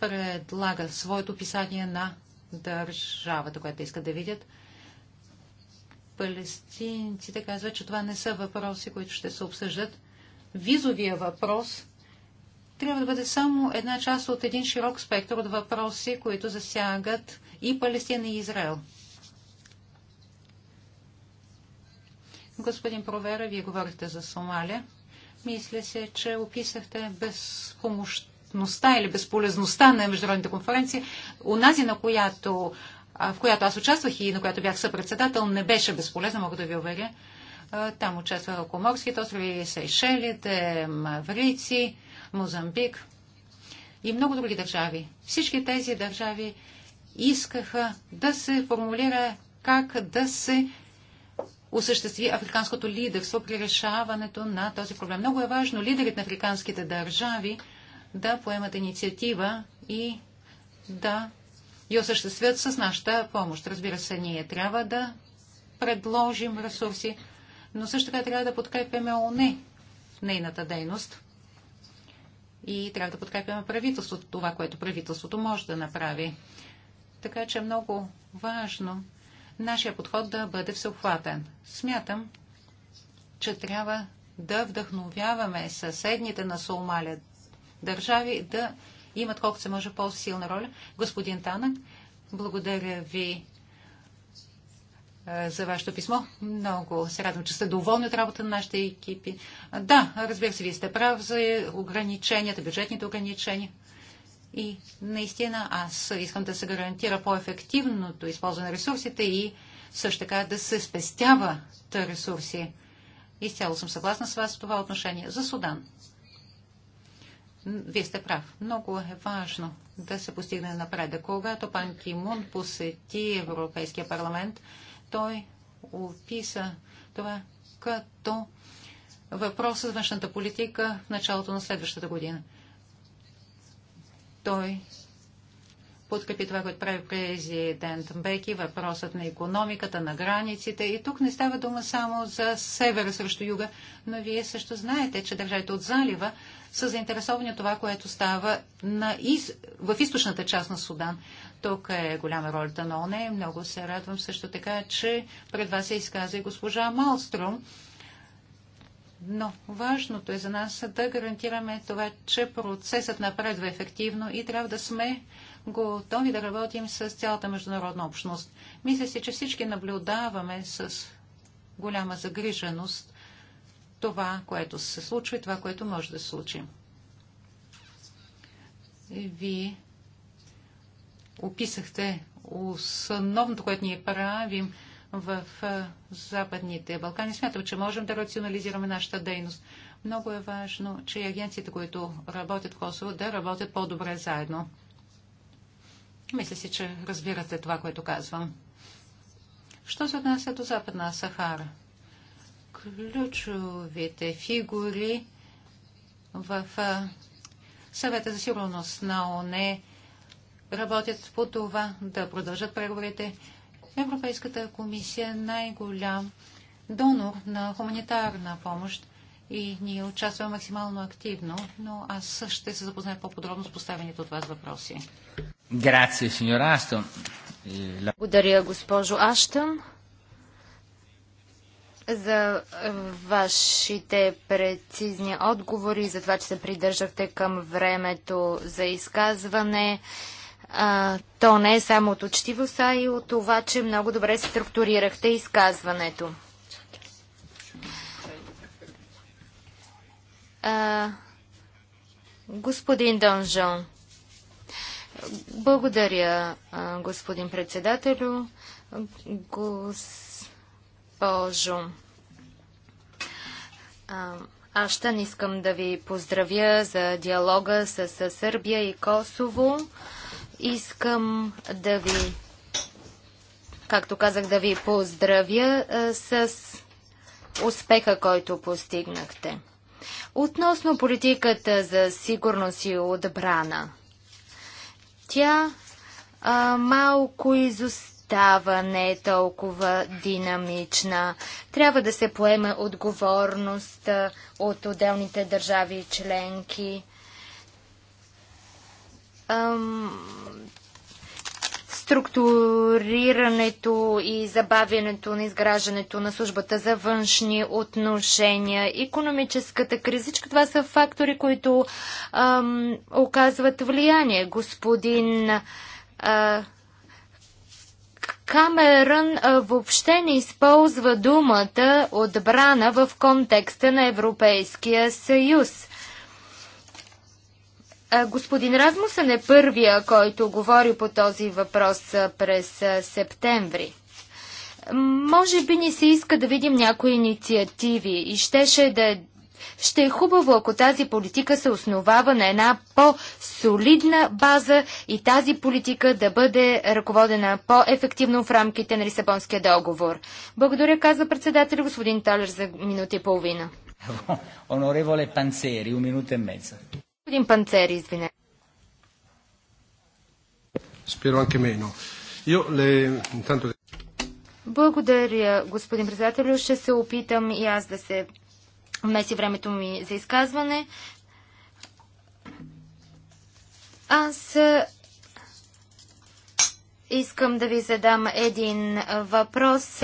предлага своето писание на държавата, която искат да видят – палестинците казват, че това не са въпроси, които ще се обсъждат. Визовия въпрос трябва да бъде само една част от един широк спектър от въпроси, които засягат и Палестина и Израел. Господин Провера, вие говорите за Сомалия. Мисля се, че описахте безпомощността или безполезността на международните конференции, унази на която в която аз участвах и на която бях съпредседател, не беше безполезна, мога да ви уверя. Там участваха Коморските острови, Сейшелите, Маврици, Мозамбик и много други държави. Всички тези държави искаха да се формулира как да се осъществи африканското лидерство при решаването на този проблем. Много е важно лидерите на африканските държави да поемат инициатива и да и осъществят с нашата помощ. Разбира се, ние трябва да предложим ресурси, но също така трябва да подкрепяме ОНЕ в нейната дейност и трябва да подкрепяме правителството, това, което правителството може да направи. Така че е много важно нашия подход да бъде всеохватен. Смятам, че трябва да вдъхновяваме съседните на Сомалия държави да имат колкото се може по-силна роля. Господин Танък, благодаря ви за вашето писмо. Много се радвам, че сте доволни от работа на нашите екипи. Да, разбира се, вие сте прав за ограниченията, бюджетните ограничения. И наистина аз искам да се гарантира по-ефективното използване на ресурсите и също така да се спестяват ресурси. Изцяло съм съгласна с вас в това отношение. За Судан вие сте прав. Много е важно да се постигне напредък. Когато пан Кимун посети Европейския парламент, той описа това като въпрос с външната политика в началото на следващата година. Той подкрепи това, което прави президент Беки, въпросът на економиката, на границите. И тук не става дума само за севера срещу юга, но вие също знаете, че държавите от залива са заинтересовани от това, което става на из... в източната част на Судан. Тук е голяма ролята на ОНЕ. Много се радвам също така, че пред вас се изказа и госпожа Малстром. Но важното е за нас да гарантираме това, че процесът напредва ефективно и трябва да сме готови да работим с цялата международна общност. Мисля си, че всички наблюдаваме с голяма загриженост това, което се случва и това, което може да се случи. Вие описахте основното, което ние правим в Западните Балкани. Смятам, че можем да рационализираме нашата дейност. Много е важно, че и агенциите, които работят в Косово, да работят по-добре заедно. Мисля си, че разбирате това, което казвам. Що се отнася до Западна Сахара? Ключовите фигури в съвета за сигурност на ОНЕ работят по това да продължат преговорите. Европейската комисия е най-голям донор на хуманитарна помощ и ние участваме максимално активно, но аз ще се запозная по-подробно с поставените от вас въпроси. E Благодаря, госпожо Аштън, за е, вашите прецизни отговори, за това, че се придържахте към времето за изказване. А, то не е само от учтивост, а и от това, че много добре структурирахте изказването. А, господин Донжон, благодаря, господин председателю. Госпожо аз ще не искам да ви поздравя за диалога с Сърбия и Косово. Искам да ви, както казах, да ви поздравя с успеха, който постигнахте. Относно политиката за сигурност и отбрана – тя а, малко изостава, не е толкова динамична. Трябва да се поеме отговорност от отделните държави и членки. Ам, структурирането и забавянето на изграждането на службата за външни отношения, економическата кризичка, това са фактори, които ам, оказват влияние. Господин а, Камерън а, въобще не използва думата отбрана в контекста на Европейския съюз. Господин Размусън е първия, който говори по този въпрос през септември. Може би ни се иска да видим някои инициативи и щеше да е ще е хубаво, ако тази политика се основава на една по-солидна база и тази политика да бъде ръководена по-ефективно в рамките на Лисабонския договор. Благодаря, казва председател господин Талер за минута и половина. *laughs* Онореволе Панцери, минута и меца. Господин Панцери, извине. Спиро Благодаря, господин председател. Ще се опитам и аз да се вмеси времето ми за изказване. Аз искам да ви задам един въпрос,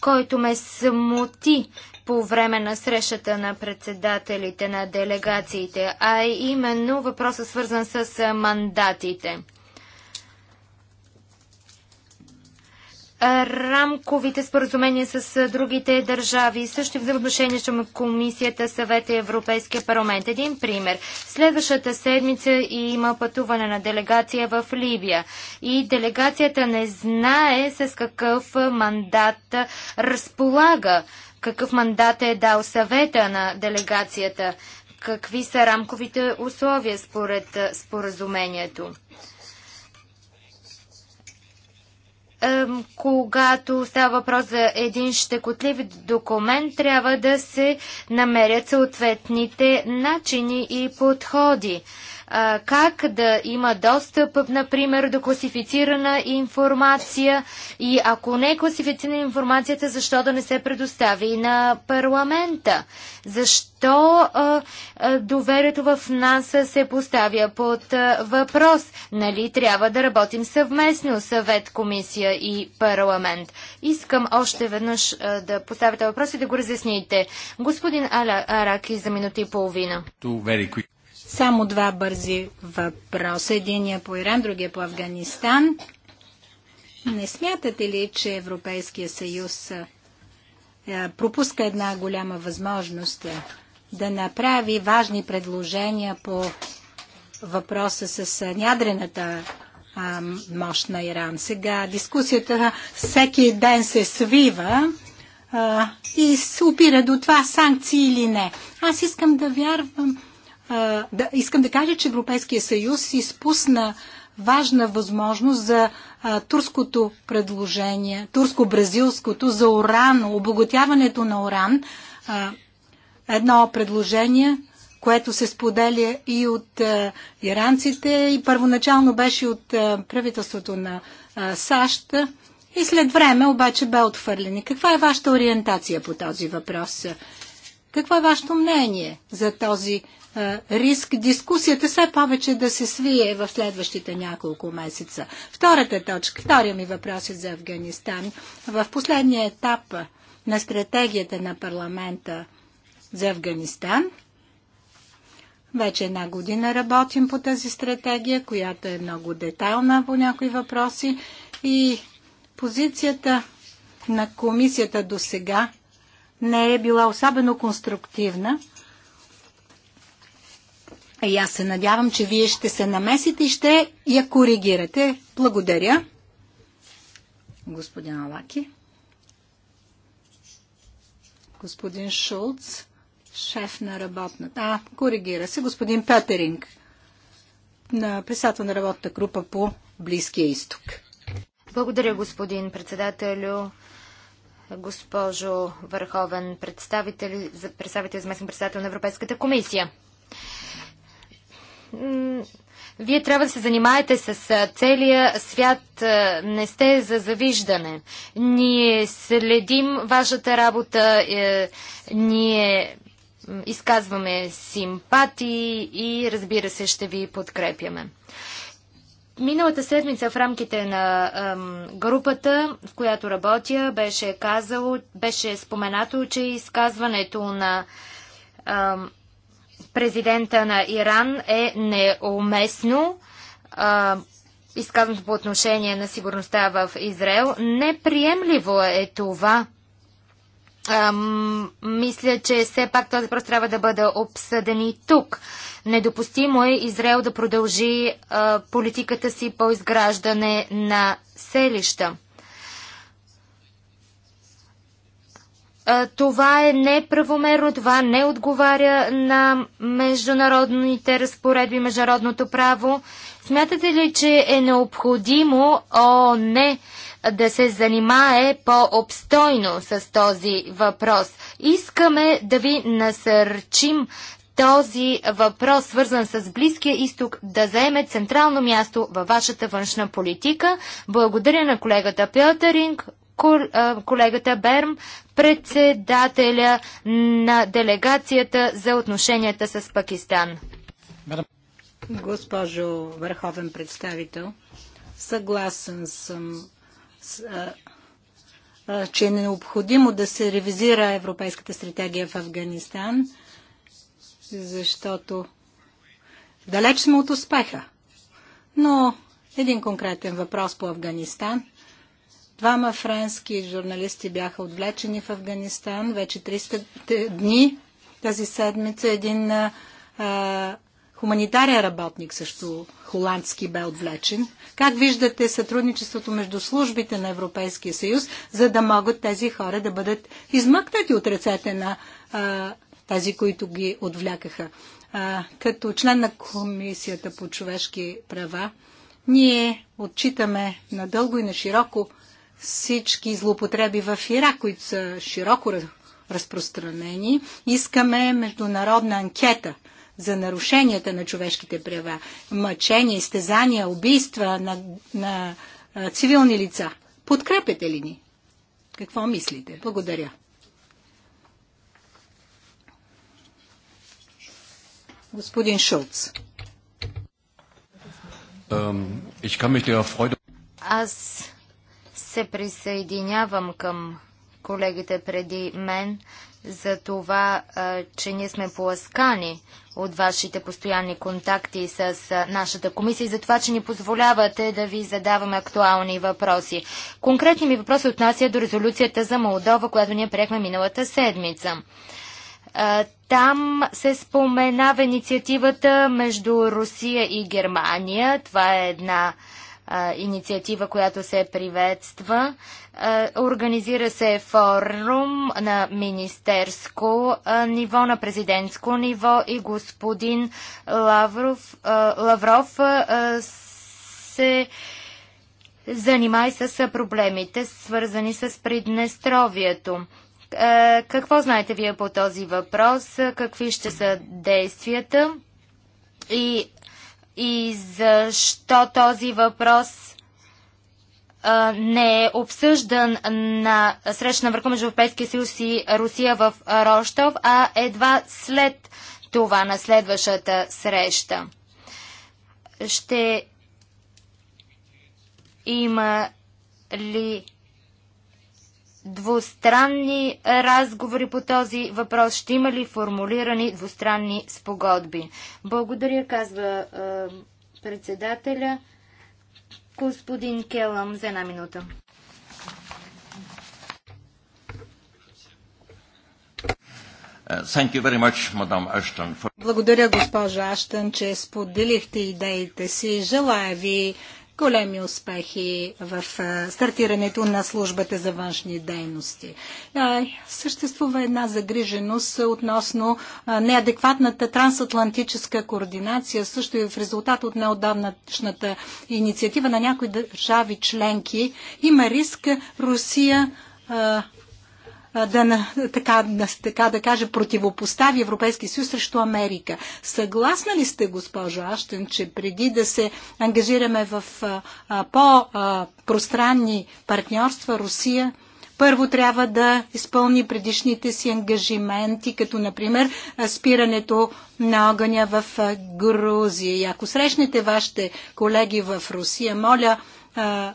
който ме смути по време на срещата на председателите на делегациите, а именно въпросът свързан с мандатите. Рамковите споразумения с другите държави, също взаимоотношения към Комисията, Съвета и Европейския парламент. Един пример. Следващата седмица има пътуване на делегация в Либия и делегацията не знае с какъв мандат разполага какъв мандат е дал съвета на делегацията? Какви са рамковите условия според споразумението? когато става въпрос за един щекотлив документ, трябва да се намерят съответните начини и подходи а, как да има достъп, например, до класифицирана информация и ако не е класифицирана информацията, защо да не се предостави и на парламента? Защо а, а, доверието в нас се поставя под а, въпрос? Нали трябва да работим съвместно съвет, комисия и парламент? Искам още веднъж а, да поставите въпрос и да го разясните. Господин Аля Араки за минута и половина. Само два бързи въпроса. Единия е по Иран, другия е по Афганистан. Не смятате ли, че Европейския съюз е, пропуска една голяма възможност да направи важни предложения по въпроса с ядрената мощ на Иран. Сега дискусията всеки ден се свива и се опира до това санкции или не. Аз искам да вярвам, да, искам да кажа, че Европейския съюз изпусна важна възможност за а, турското предложение, турско-бразилското за уран, обогатяването на уран. А, едно предложение, което се споделя и от а, иранците и първоначално беше от а, правителството на а, САЩ и след време обаче бе отвърлени. Каква е вашата ориентация по този въпрос? Какво е вашето мнение за този а, риск? Дискусията все повече да се свие в следващите няколко месеца. Втората точка, втория ми въпрос е за Афганистан. В последния етап на стратегията на парламента за Афганистан, вече една година работим по тази стратегия, която е много детайлна по някои въпроси и позицията на комисията до сега не е била особено конструктивна. И аз се надявам, че вие ще се намесите и ще я коригирате. Благодаря, господин Алаки. Господин Шулц, шеф на работната. А, коригира се, господин Петеринг, на писател на работната група по Близкия изток. Благодаря, господин председателю госпожо Върховен представител, представител заместен председател на Европейската комисия. Вие трябва да се занимаете с целия свят. Не сте за завиждане. Ние следим вашата работа. Е, ние изказваме симпатии и разбира се ще ви подкрепяме. Миналата седмица в рамките на ам, групата, в която работя, беше казало, беше споменато, че изказването на ам, президента на Иран е неуместно. Ам, изказването по отношение на сигурността в Израел. Неприемливо е това. Ам, мисля, че все пак този въпрос трябва да бъде обсъден и тук. Недопустимо е Израел да продължи а, политиката си по изграждане на селища. това е неправомерно, това не отговаря на международните разпоредби, международното право. Смятате ли, че е необходимо, о не, да се занимае по-обстойно с този въпрос. Искаме да ви насърчим този въпрос, свързан с Близкия изток, да заеме централно място във вашата външна политика. Благодаря на колегата Пелтеринг, колегата Берм, председателя на делегацията за отношенията с Пакистан. Госпожо Върховен представител, съгласен съм че е необходимо да се ревизира Европейската стратегия в Афганистан, защото далеч сме от успеха. Но един конкретен въпрос по Афганистан. Двама френски журналисти бяха отвлечени в Афганистан вече 300 дни. Тази седмица един а, Хуманитарен работник също холандски бе отвлечен. Как виждате сътрудничеството между службите на Европейския съюз, за да могат тези хора да бъдат измъкнати от ръцете на а, тези, които ги отвлякаха? А, като член на Комисията по човешки права, ние отчитаме надълго и на широко всички злоупотреби в Ирак, които са широко разпространени. Искаме международна анкета – за нарушенията на човешките права, мъчения, изтезания, убийства на, на а, цивилни лица. Подкрепете ли ни? Какво мислите? Благодаря. Господин Шулц. Аз се присъединявам към колегите преди мен за това, че ние сме поласкани от вашите постоянни контакти с нашата комисия и за това, че ни позволявате да ви задаваме актуални въпроси. Конкретни ми въпроси отнася до резолюцията за Молдова, която ние приехме миналата седмица. Там се споменава инициативата между Русия и Германия. Това е една а, инициатива, която се приветства. А, организира се форум на министерско а, ниво, на президентско ниво и господин Лавров, а, Лавров а, се занимай с проблемите, свързани с Приднестровието. Какво знаете вие по този въпрос? Какви ще са действията? И и защо този въпрос не е обсъждан на среща на върху между Европейския съюз и Русия в Рощов, а едва след това на следващата среща. Ще има ли двустранни разговори по този въпрос? Ще има ли формулирани двустранни спогодби? Благодаря, казва е, председателя. Господин Келъм за една минута. Thank you very Much, Ashton, for... Благодаря, госпожо Аштън, че споделихте идеите си. Желая ви големи успехи в стартирането на службата за външни дейности. Съществува една загриженост относно неадекватната трансатлантическа координация, също и в резултат от неодавнашната инициатива на някои държави членки. Има риск Русия да, така, така да каже, противопостави Европейски съюз срещу Америка. Съгласна ли сте, госпожо Аштен, че преди да се ангажираме в по-пространни партньорства, Русия първо трябва да изпълни предишните си ангажименти, като например спирането на огъня в Грузия. И ако срещнете вашите колеги в Русия, моля, а,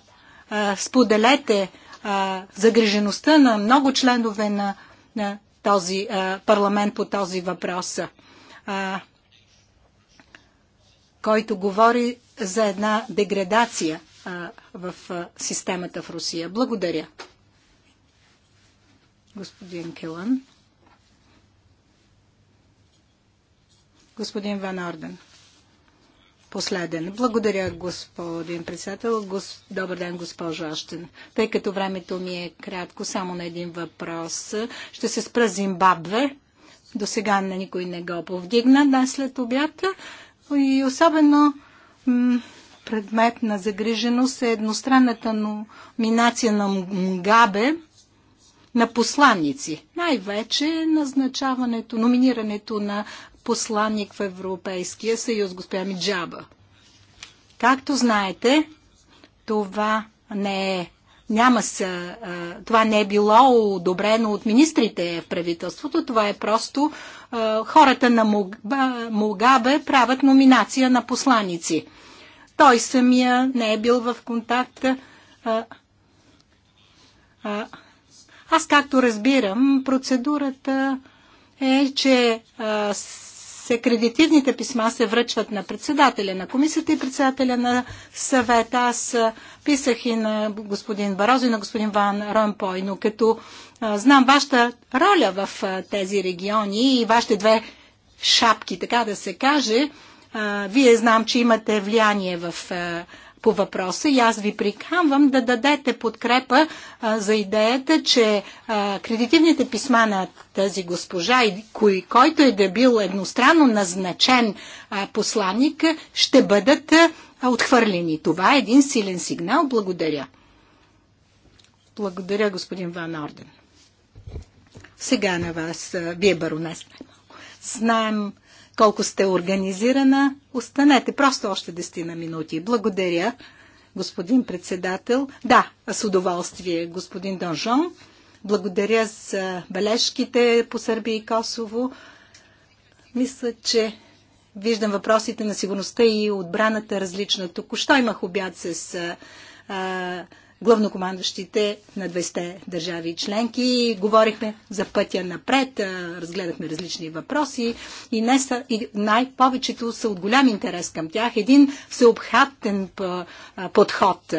а, споделете а, загрижеността на много членове на, на този а, парламент по този въпрос, а, който говори за една деградация а, в а, системата в Русия. Благодаря. Господин Келан. Господин Ван Орден последен. Благодаря, господин председател. Гос... Добър ден, госпожо Ащен. Тъй като времето ми е кратко, само на един въпрос. Ще се спра Зимбабве. До сега на никой не го повдигна днес след обяд. И особено предмет на загриженост е едностранната номинация на Мгабе на посланници. Най-вече назначаването, номинирането на посланник в Европейския съюз, госпожа Миджаба. Както знаете, това не е няма са, това не е било одобрено от министрите в правителството, това е просто хората на Мугабе правят номинация на посланици. Той самия не е бил в контакт. Аз както разбирам, процедурата е, че секредитивните писма се връчват на председателя на комисията и председателя на съвета. Аз писах и на господин Барозо и на господин Ван Ромпой, но като знам вашата роля в тези региони и вашите две шапки, така да се каже, вие знам, че имате влияние в по въпроса и аз ви приканвам да дадете подкрепа а, за идеята, че а, кредитивните писма на тази госпожа и кой, който е да бил едностранно назначен а, посланник, ще бъдат а, отхвърлени. Това е един силен сигнал. Благодаря. Благодаря, господин Ван Орден. Сега на вас, а, вие баронес. Знаем, колко сте организирана. Останете просто още 10 на минути. Благодаря, господин председател. Да, с удоволствие, господин Донжон. Благодаря за бележките по Сърбия и Косово. Мисля, че виждам въпросите на сигурността и отбраната различна. Току-що имах обяд с а, главнокомандващите на 20 държави и членки. Говорихме за пътя напред, разгледахме различни въпроси и, не са, и най-повечето са от голям интерес към тях. Един всеобхатен подход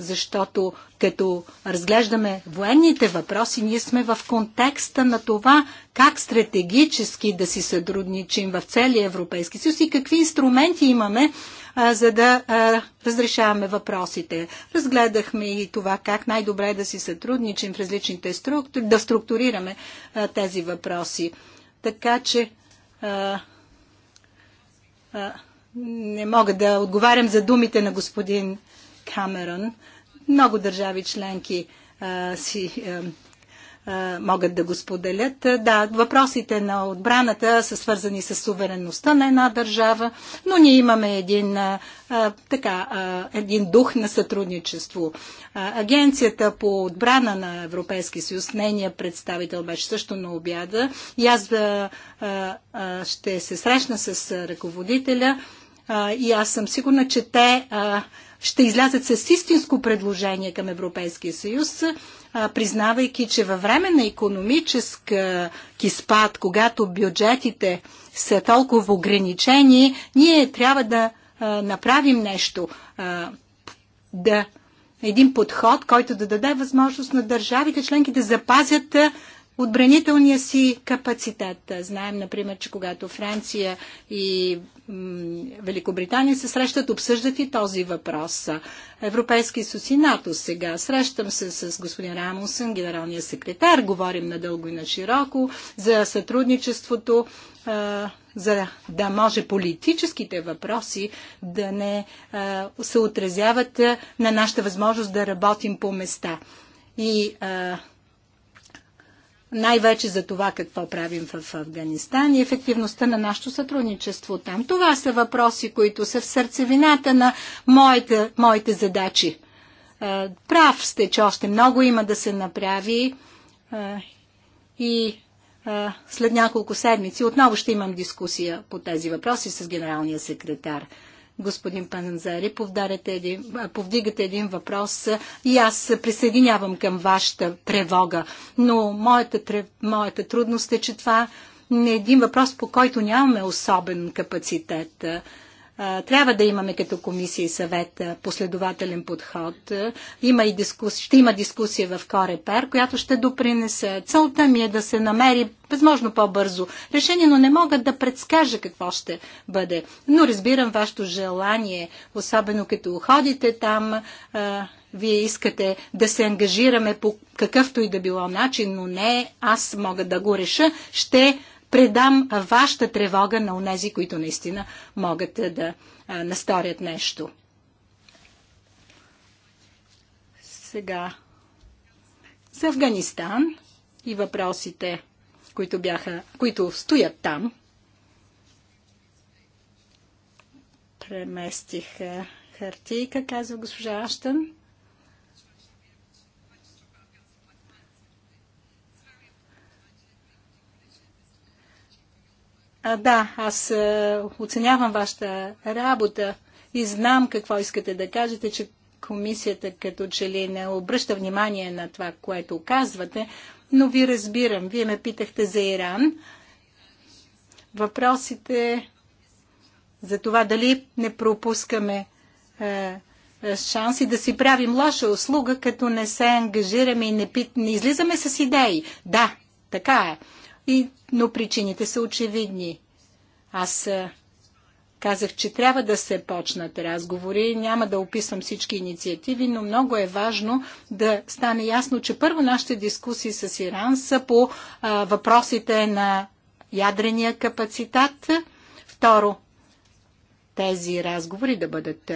защото като разглеждаме военните въпроси, ние сме в контекста на това как стратегически да си сътрудничим в целия Европейски съюз и какви инструменти имаме, а, за да а, разрешаваме въпросите. Разгледахме и това как най-добре да си сътрудничим в различните структури, да структурираме а, тези въпроси. Така че а, а, не мога да отговарям за думите на господин Камерон. Много държави членки а, си а, а, могат да го споделят. Да, въпросите на отбраната са свързани с суверенността на една държава, но ние имаме един, а, така, а, един дух на сътрудничество. А, агенцията по отбрана на Европейски съюз, нейният представител беше също на обяда и аз а, а, ще се срещна с ръководителя а, и аз съм сигурна, че те а, ще излязат с истинско предложение към Европейския съюз, признавайки, че във време на економическа киспад, когато бюджетите са толкова ограничени, ние трябва да направим нещо, да един подход, който да даде възможност на държавите членки да запазят отбранителния си капацитет. Знаем, например, че когато Франция и Великобритания се срещат, обсъждат и този въпрос. Европейски съюз и НАТО сега. Срещам се с господин Рамусън, генералния секретар. Говорим надълго и на широко за сътрудничеството за да може политическите въпроси да не се отразяват на нашата възможност да работим по места. И най-вече за това какво правим в Афганистан и ефективността на нашето сътрудничество там. Това са въпроси, които са в сърцевината на моите, моите задачи. Е, прав сте, че още много има да се направи е, и е, след няколко седмици отново ще имам дискусия по тези въпроси с генералния секретар господин Паназари, Един, повдигате един въпрос и аз присъединявам към вашата тревога. Но моята, моята трудност е, че това е един въпрос, по който нямаме особен капацитет трябва да имаме като комисия и съвет последователен подход. Има и дискус, ще има дискусия в Корепер, която ще допринесе. Целта ми е да се намери възможно по-бързо решение, но не мога да предскажа какво ще бъде. Но разбирам вашето желание, особено като ходите там, вие искате да се ангажираме по какъвто и да било начин, но не аз мога да го реша. Ще предам вашата тревога на унези, които наистина могат да насторят нещо. Сега за Афганистан и въпросите, които, бяха, които стоят там. Преместих хартийка, казва госпожа Аштън. А, да, аз а, оценявам вашата работа и знам какво искате да кажете, че комисията като че ли не обръща внимание на това, което казвате, но ви разбирам. Вие ме питахте за Иран. Въпросите за това дали не пропускаме шанси да си правим лоша услуга, като не се ангажираме и не, пит, не излизаме с идеи. Да, така е. И, но причините са очевидни. Аз казах, че трябва да се почнат разговори. Няма да описвам всички инициативи, но много е важно да стане ясно, че първо нашите дискусии с Иран са по а, въпросите на ядрения капацитат. Второ, тези разговори да бъдат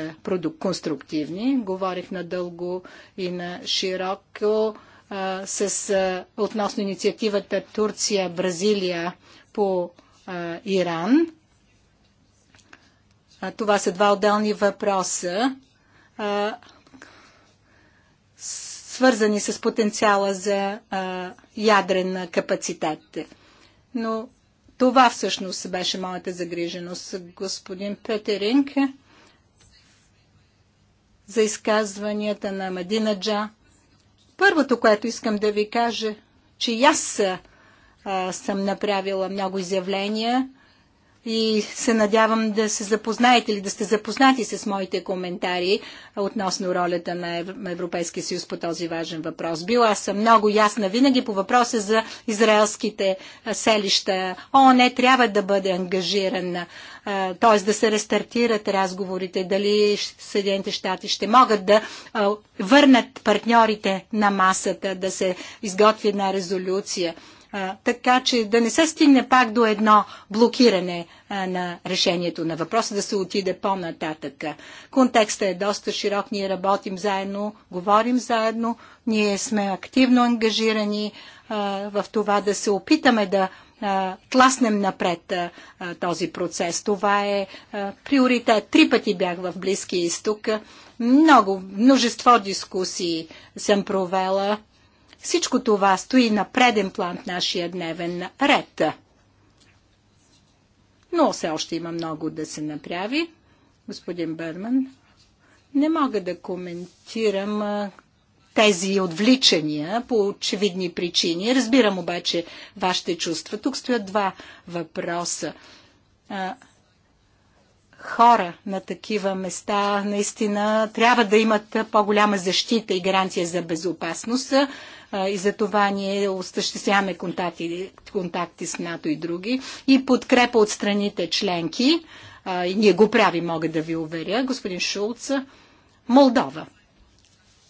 конструктивни. Говорих надълго и на широко с, а, относно инициативата Турция-Бразилия по а, Иран. А, това са два отделни въпроса, а, свързани с потенциала за а, ядрен капацитет. Но това всъщност беше моята загриженост, господин Петеринг, за изказванията на Мадина Джа. Първото, което искам да ви кажа, че аз съм направила много изявления и се надявам да се запознаете или да сте запознати с моите коментари относно ролята на Европейския съюз по този важен въпрос. Била съм много ясна винаги по въпроса за израелските селища. О, не трябва да бъде ангажиран, т.е. да се рестартират разговорите, дали Съединените щати ще могат да върнат партньорите на масата, да се изготви една резолюция така че да не се стигне пак до едно блокиране на решението на въпроса, да се отиде по-нататък. Контекстът е доста широк, ние работим заедно, говорим заедно, ние сме активно ангажирани в това да се опитаме да тласнем напред този процес. Това е приоритет. Три пъти бях в Близкия изток. Много, множество дискусии съм провела всичко това стои на преден план в нашия дневен ред. Но все още има много да се направи. Господин Бърман, не мога да коментирам тези отвличания по очевидни причини. Разбирам обаче вашите чувства. Тук стоят два въпроса хора на такива места наистина трябва да имат по-голяма защита и гаранция за безопасност и за това ние осъществяваме контакти, контакти с НАТО и други и подкрепа от страните членки. И ние го прави мога да ви уверя, господин Шулц. Молдова.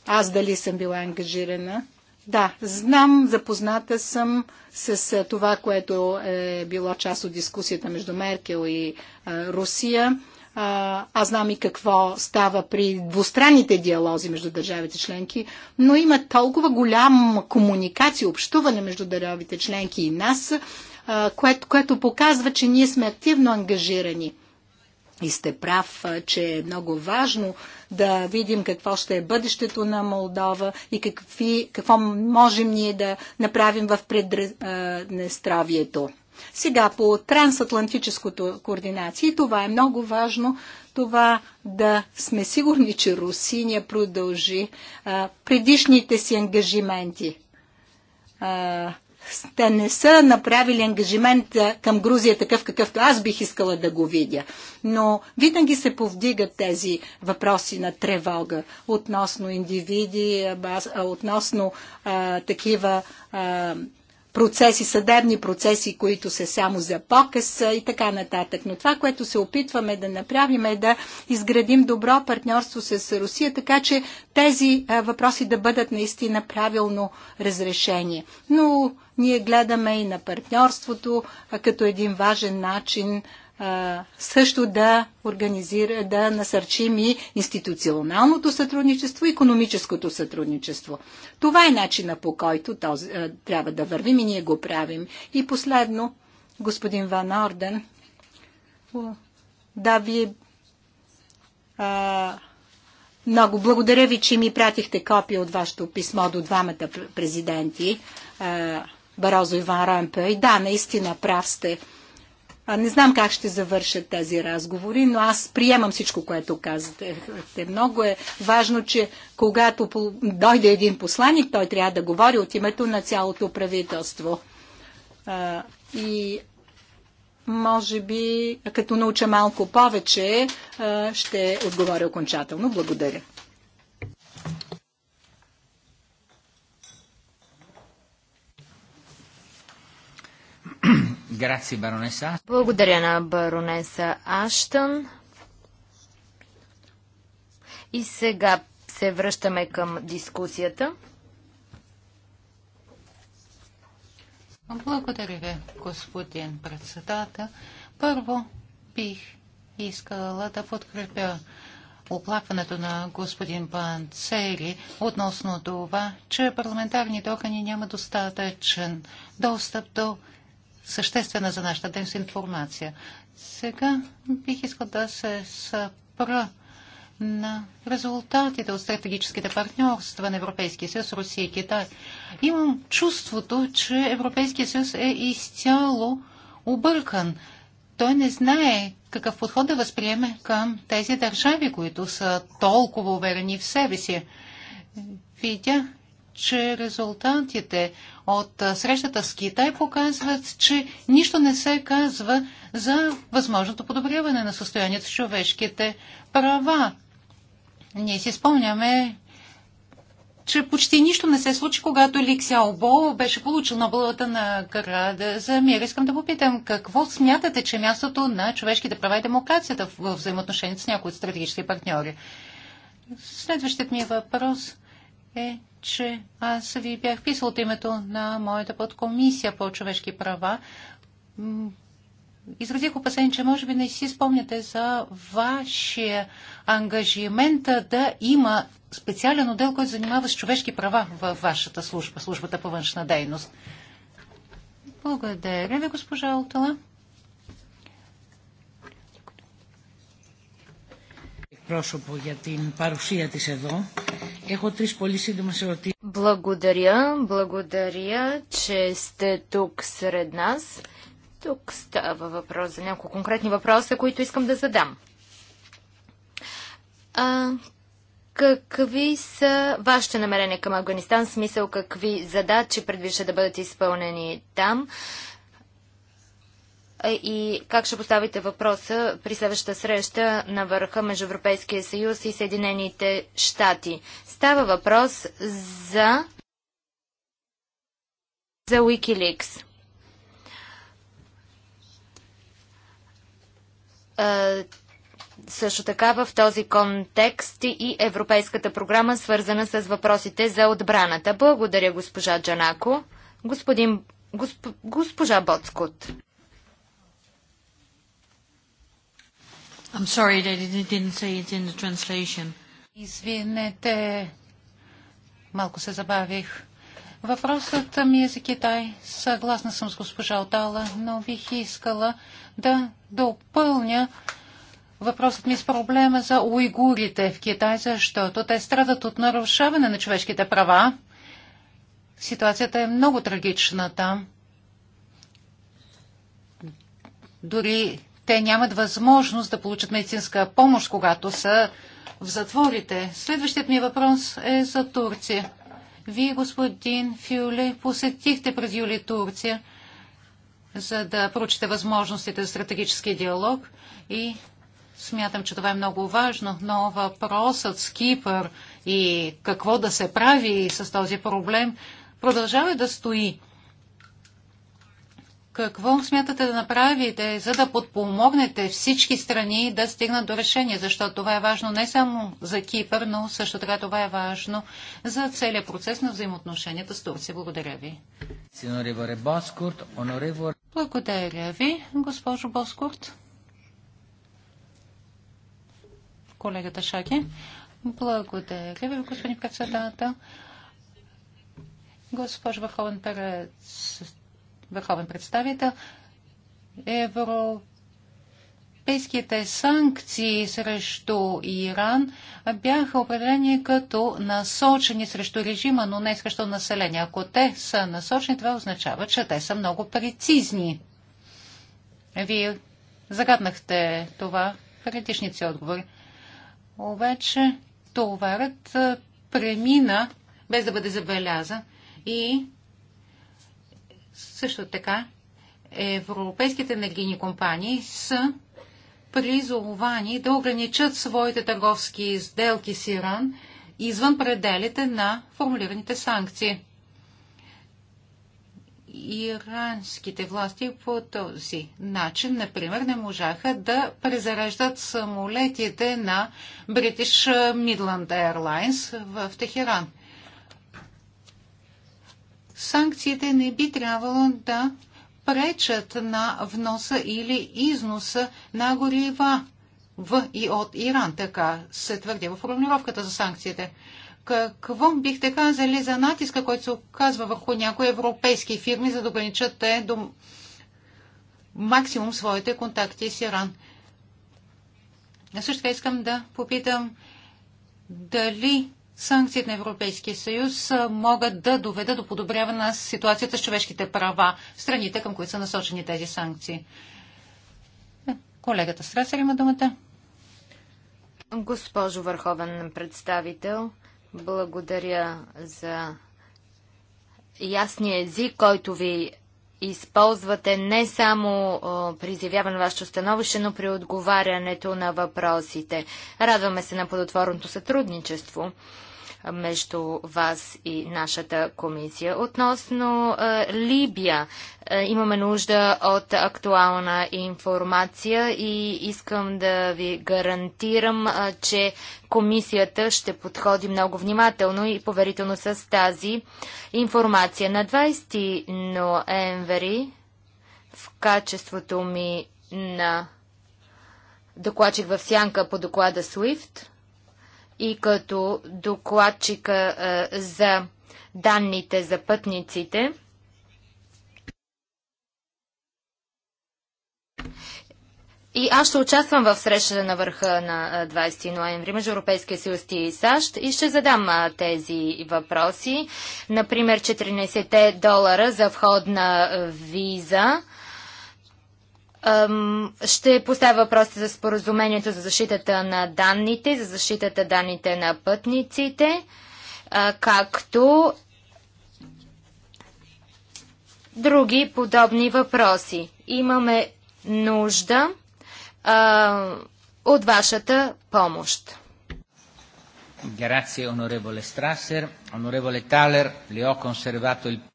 Аз дали съм била ангажирана да, знам, запозната съм с това, което е било част от дискусията между Меркел и Русия. А, аз знам и какво става при двустранните диалози между държавите членки, но има толкова голям комуникация, общуване между държавите членки и нас, което, което показва, че ние сме активно ангажирани – и сте прав, че е много важно да видим какво ще е бъдещето на Молдова и какви, какво можем ние да направим в преднестравието. Сега по трансатлантическото координация, това е много важно, това да сме сигурни, че Русиния продължи а, предишните си ангажименти. А, сте не са направили ангажимент към Грузия такъв какъвто аз бих искала да го видя. Но винаги се повдигат тези въпроси на тревога относно индивиди, относно а, такива а, процеси, съдебни процеси, които са само за показ и така нататък. Но това, което се опитваме да направим е да изградим добро партньорство с Русия, така че тези въпроси да бъдат наистина правилно разрешени. Но ние гледаме и на партньорството като един важен начин също да организира, да насърчим и институционалното сътрудничество, и економическото сътрудничество. Това е начина по който този, трябва да вървим и ние го правим. И последно, господин Ван Орден, да ви а, много благодаря ви, че ми пратихте копия от вашето писмо до двамата президенти, а, Барозо и Ван Ромпе. И да, наистина прав сте не знам как ще завършат тези разговори, но аз приемам всичко, което казвате. Много е важно, че когато дойде един посланник, той трябва да говори от името на цялото правителство. И може би, като науча малко повече, ще отговоря окончателно. Благодаря. Благодаря на баронеса Аштън. И сега се връщаме към дискусията. Благодаря ви, господин председател. Първо бих искала да подкрепя оплакването на господин Панцери относно това, че парламентарните органи няма достатъчен достъп до съществена за нашата днес информация. Сега бих искал да се спра на резултатите от стратегическите партньорства на Европейския съюз, Русия и Китай. Имам чувството, че Европейския съюз е изцяло объркан. Той не знае какъв подход да възприеме към тези държави, които са толкова уверени в себе си. Видя, че резултатите от срещата с Китай показват, че нищо не се казва за възможното подобряване на състоянието с човешките права. Ние си спомняме, че почти нищо не се случи, когато Ли Сяобо беше получил Нобеловата награда за мир. Искам да попитам, какво смятате, че е мястото на човешките права и демокрацията в взаимоотношението с някои от стратегически партньори? Следващият ми е въпрос – е, че аз ви бях писал от името на моята подкомисия по човешки права. Изразих опасение, че може би не си спомняте за вашия ангажимент да има специален отдел, който занимава с човешки права във вашата служба, службата по външна дейност. Благодаря ви, госпожа Алтала. πρόσωπο για την παρουσία της εδώ. Έχω τρεις πολύ σύντομες ερωτήσεις. Благодаря, благодаря, че сте тук сред нас. Тук става въпрос за няколко конкретни въпроса, които искам да задам. А, какви са вашите намерения към Афганистан, в смисъл какви задачи предвижда да бъдат изпълнени там? и как ще поставите въпроса при следващата среща на върха между Европейския съюз и Съединените щати. Става въпрос за за Wikileaks. също така в този контекст и Европейската програма, свързана с въпросите за отбраната. Благодаря, госпожа Джанако. Господин, госп, госпожа Боцкот. I'm sorry that it didn't say it in the translation. Извинете, малко се забавих. Въпросът ми е за Китай. Съгласна съм с госпожа Отала, но бих искала да допълня въпросът ми с проблема за уйгурите в Китай, защото те страдат от нарушаване на човешките права. Ситуацията е много трагична там. Дори те нямат възможност да получат медицинска помощ, когато са в затворите. Следващият ми въпрос е за Турция. Вие, господин Фюле, посетихте през юли Турция, за да проучите възможностите за стратегически диалог и смятам, че това е много важно, но въпросът с Кипър и какво да се прави с този проблем продължава да стои. Какво смятате да направите, за да подпомогнете всички страни да стигнат до решение? Защото това е важно не само за Кипър, но също така това е важно за целият процес на взаимоотношенията с Турция. Благодаря ви. Благодаря ви, госпожо Боскурт. Колегата Шаки. Благодаря ви, господин председател. Госпожо Върховен Перец, върховен представител, европейските санкции срещу Иран бяха определени като насочени срещу режима, но не срещу население. Ако те са насочени, това означава, че те са много прецизни. Вие загаднахте това в редишници отговори. Обаче товарът премина без да бъде забелязан и също така, европейските енергийни компании са призовани да ограничат своите търговски сделки с Иран извън пределите на формулираните санкции. Иранските власти по този начин, например, не можаха да презареждат самолетите на British Midland Airlines в Техеран – санкциите не би трябвало да пречат на вноса или износа на горива в и от Иран, така се твърди в формулировката за санкциите. Какво бихте казали за натиска, който се оказва върху някои европейски фирми, за да ограничат те до максимум своите контакти с Иран? Също така искам да попитам дали санкциите на Европейския съюз могат да доведат до подобряване на ситуацията с човешките права в страните, към които са насочени тези санкции. Е, колегата Страсер има думата. Госпожо Върховен представител, благодаря за ясния език, който ви използвате не само при изявяване на вашето становище, но при отговарянето на въпросите. Радваме се на плодотворното сътрудничество между вас и нашата комисия. Относно е, Либия, е, имаме нужда от актуална информация и искам да ви гарантирам, е, че комисията ще подходи много внимателно и поверително с тази информация. На 20 ноември в качеството ми на докладчик в сянка по доклада SWIFT – и като докладчика за данните за пътниците. И аз ще участвам в срещата на върха на 20 ноември между Европейския съюз и САЩ и ще задам тези въпроси. Например, 14 долара за входна виза. Ще поставя въпроса за споразумението за защитата на данните, за защитата данните на пътниците, както други подобни въпроси. Имаме нужда а, от вашата помощ.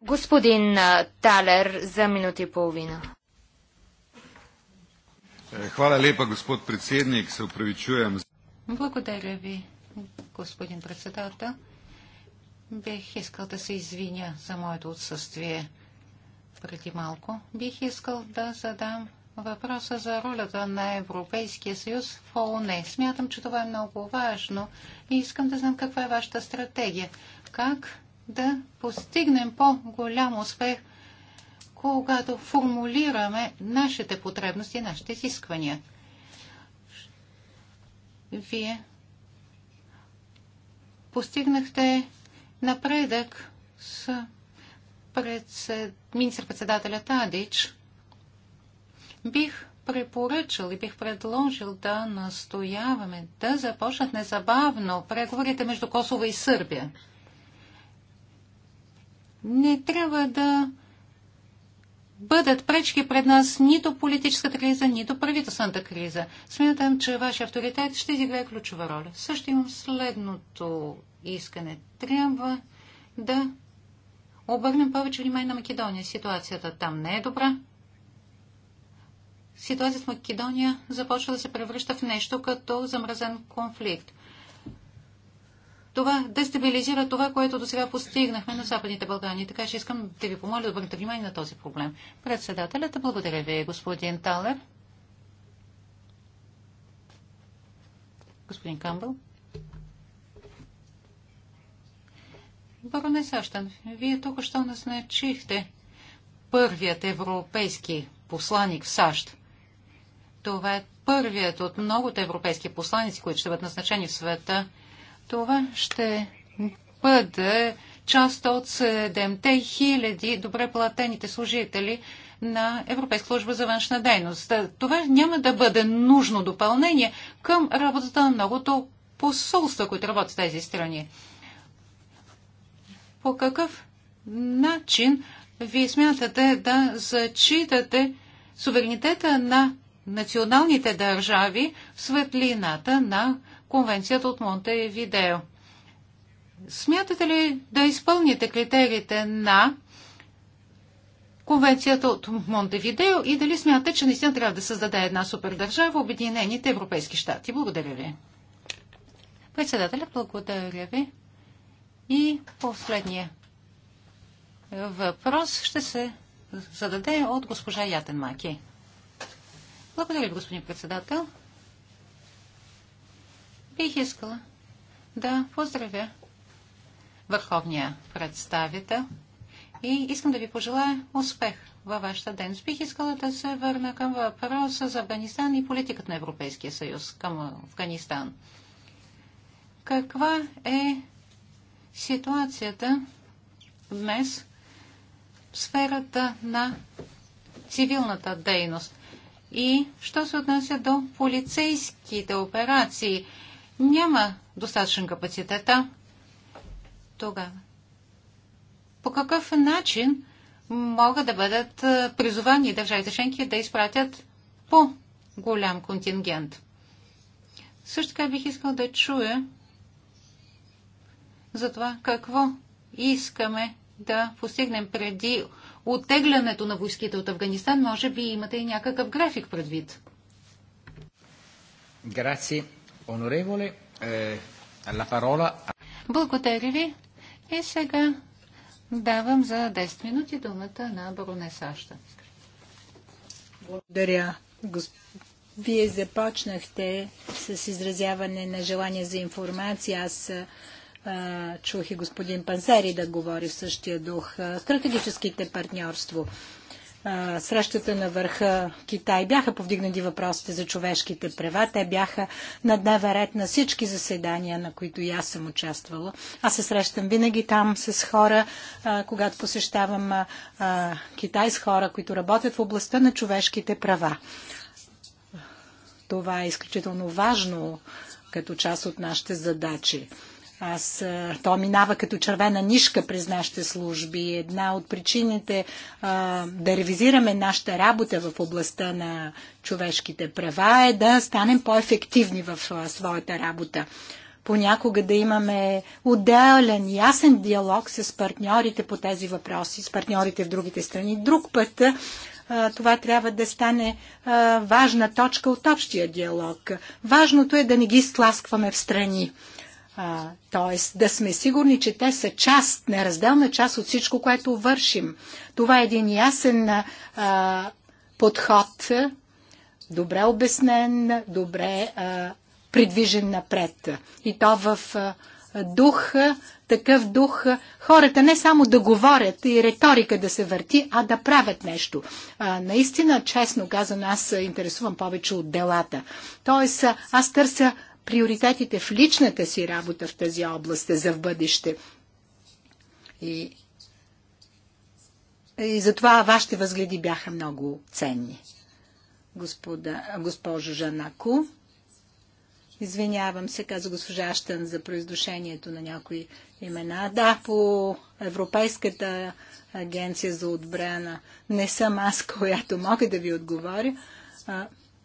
Господин Талер, за минути и половина. Hvala lepa, gospod predsednik, se upravičujem. Благодаря ви, господин председател. Бих искал да се извиня за моето отсъствие преди малко. Бих искал да задам въпроса за ролята на Европейския съюз в ООН. Смятам, че това е много важно и искам да знам каква е вашата стратегия. Как да постигнем по-голям успех когато формулираме нашите потребности, нашите изисквания. Вие постигнахте напредък с председ... министр-председателя Тадич. Бих препоръчал и бих предложил да настояваме да започнат незабавно преговорите между Косово и Сърбия. Не трябва да бъдат пречки пред нас нито политическата криза, нито правителствената криза. Смятам, че вашия авторитет ще изиграе ключова роля. Също имам следното искане. Трябва да обърнем повече внимание на Македония. Ситуацията там не е добра. Ситуацията в Македония започва да се превръща в нещо като замразен конфликт това дестабилизира това, което до сега постигнахме на Западните Балкани. Така че искам да ви помоля да обърнете внимание на този проблем. Председателят, благодаря ви, господин Талер. Господин Камбъл. Бароне Сащан, вие тук що назначихте първият европейски посланик в САЩ. Това е първият от многото европейски посланици, които ще бъдат назначени в света това ще бъде част от 7 хиляди добре платените служители на Европейска служба за външна дейност. Това няма да бъде нужно допълнение към работата на многото посолства, които работят в тези страни. По какъв начин вие смятате да зачитате суверенитета на националните държави в светлината на конвенцията от Монтевидео. Смятате ли да изпълните критериите на конвенцията от Монтевидео и дали смятате, че наистина трябва да създаде една супердържава, в Обединените европейски щати? Благодаря ви. Председателя, благодаря ви. И последния въпрос ще се зададе от госпожа Ятен Маки. Благодаря ви, господин председател. Бих искала да поздравя върховния представител и искам да ви пожелая успех във вашата дейност. Бих искала да се върна към въпроса за Афганистан и политиката на Европейския съюз към Афганистан. Каква е ситуацията днес в сферата на цивилната дейност? И що се отнася до полицейските операции – няма достатъчен капацитета, тогава по какъв начин могат да бъдат призовани държавите членки да изпратят по-голям контингент? Също така бих искал да чуя за това какво искаме да постигнем преди оттеглянето на войските от Афганистан. Може би имате и някакъв график предвид. Grazie onorevole. Eh, parola... Благодаря ви. И сега давам за 10 минути думата на Саща. Благодаря. Вие започнахте с изразяване на желание за информация. Аз чух и господин панзари да говори в същия дух. Стратегическите партньорство срещата на върха Китай бяха повдигнати въпросите за човешките права. Те бяха на дневен ред на всички заседания, на които и аз съм участвала. Аз се срещам винаги там с хора, когато посещавам Китай с хора, които работят в областта на човешките права. Това е изключително важно като част от нашите задачи. Аз, е, то минава като червена нишка през нашите служби. Една от причините а, е, да ревизираме нашата работа в областта на човешките права е да станем по-ефективни в а, е, своята работа. Понякога да имаме отделен, ясен диалог с партньорите по тези въпроси, с партньорите в другите страни. Друг път това трябва да стане важна точка от общия диалог. Важното е да не ги стласкваме в страни. Т.е. да сме сигурни, че те са част, неразделна част от всичко, което вършим. Това е един ясен а, подход, добре обяснен, добре а, придвижен напред. И то в а, дух, такъв дух, хората не само да говорят и риторика да се върти, а да правят нещо. А, наистина, честно казано, аз се интересувам повече от делата. Тоест, аз търся приоритетите в личната си работа в тази област е за в бъдеще. И, и затова вашите възгледи бяха много ценни. Господа, госпожо Жанако, извинявам се, каза госпожа Аштън за произношението на някои имена. Да, по Европейската агенция за отбрана не съм аз, *laughs* която мога да ви отговоря.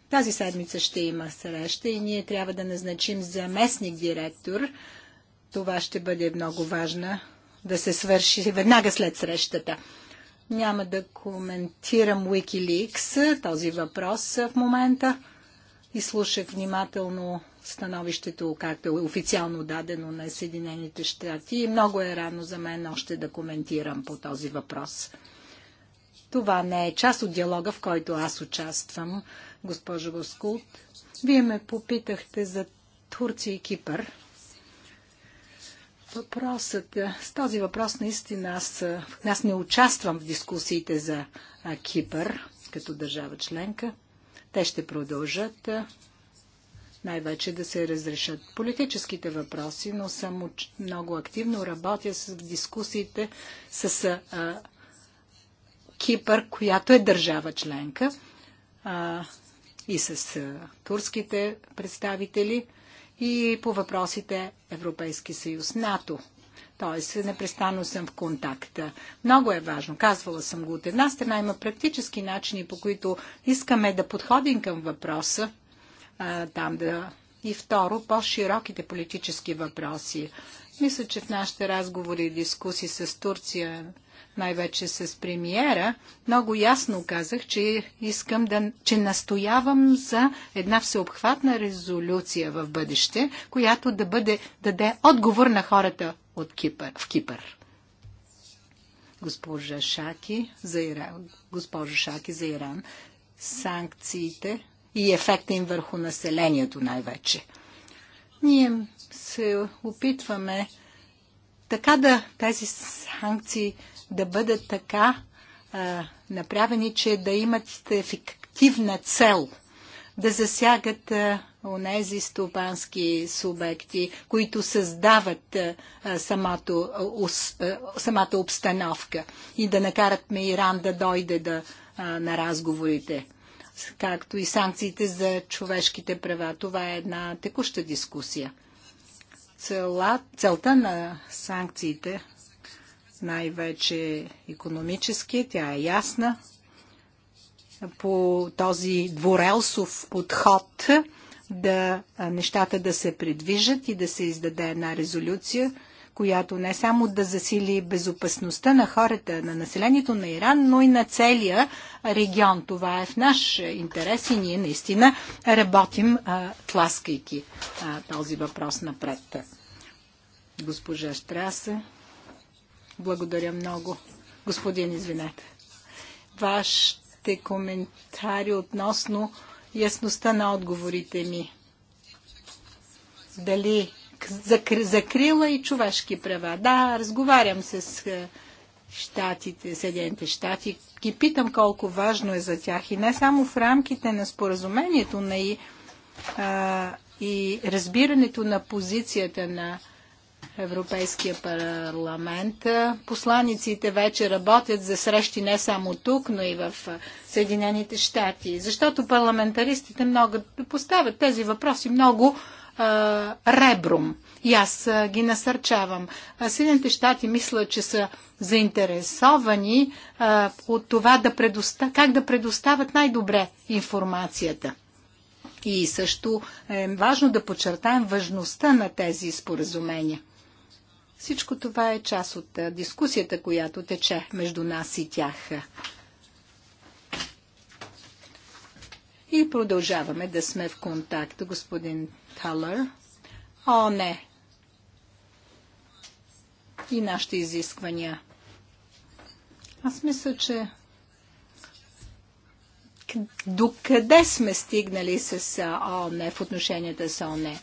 Тази седмица ще има среща и ние трябва да назначим заместник директор. Това ще бъде много важно да се свърши веднага след срещата. Няма да коментирам Wikileaks, този въпрос в момента. И слушах внимателно становището, както е официално дадено на Съединените щати. И много е рано за мен още да коментирам по този въпрос. Това не е част от диалога, в който аз участвам госпожо Воскулт. Вие ме попитахте за Турция и Кипър. Въпросът, е, с този въпрос наистина аз, е, аз не участвам в дискусиите за Кипър като държава членка. Те ще продължат е, най-вече да се разрешат политическите въпроси, но съм много активно работя с дискусиите с а, Кипър, която е държава членка. А, и с турските представители и по въпросите Европейски съюз, НАТО. Тоест, непрестанно съм в контакт. Много е важно. Казвала съм го от една страна. Има практически начини, по които искаме да подходим към въпроса. А, там да... И второ, по-широките политически въпроси. Мисля, че в нашите разговори и дискусии с Турция най-вече с премиера, много ясно казах, че искам да, че настоявам за една всеобхватна резолюция в бъдеще, която да бъде, даде отговор на хората от Кипър, в Кипър. Госпожа Шаки за Иран, госпожа Шаки за Иран, санкциите и ефекта им върху населението най-вече. Ние се опитваме така да тези санкции да бъдат така а, направени, че да имат ефективна цел, да засягат а, онези стопански субекти, които създават а, самото, ус, а, самата обстановка и да накарат ме Иран да дойде да, а, на разговорите както и санкциите за човешките права. Това е една текуща дискусия. Цела, целта на санкциите най-вече економически, тя е ясна. По този дворелсов подход да нещата да се придвижат и да се издаде една резолюция, която не само да засили безопасността на хората, на населението на Иран, но и на целия регион. Това е в наш интерес и ние наистина работим, тласкайки този въпрос напред. Госпожа Штрасе. Благодаря много, господин, извинете. Вашите коментари относно ясността на отговорите ми. Дали закрила и човешки права. Да, разговарям с е, щатите, Съединените щати. Ги питам колко важно е за тях. И не само в рамките на споразумението, но и, а, и разбирането на позицията на Европейския парламент. Посланиците вече работят за срещи не само тук, но и в Съединените щати, защото парламентаристите много поставят тези въпроси много а, ребром. И аз а, ги насърчавам. Съединените щати мисля, че са заинтересовани а, от това да предоста... как да предоставят най-добре информацията. И също е важно да подчертаем важността на тези споразумения. Всичко това е част от дискусията, която тече между нас и тях. И продължаваме да сме в контакт, господин Талър. О, не! И нашите изисквания. Аз мисля, че до къде сме стигнали с ООН в отношенията с ООН?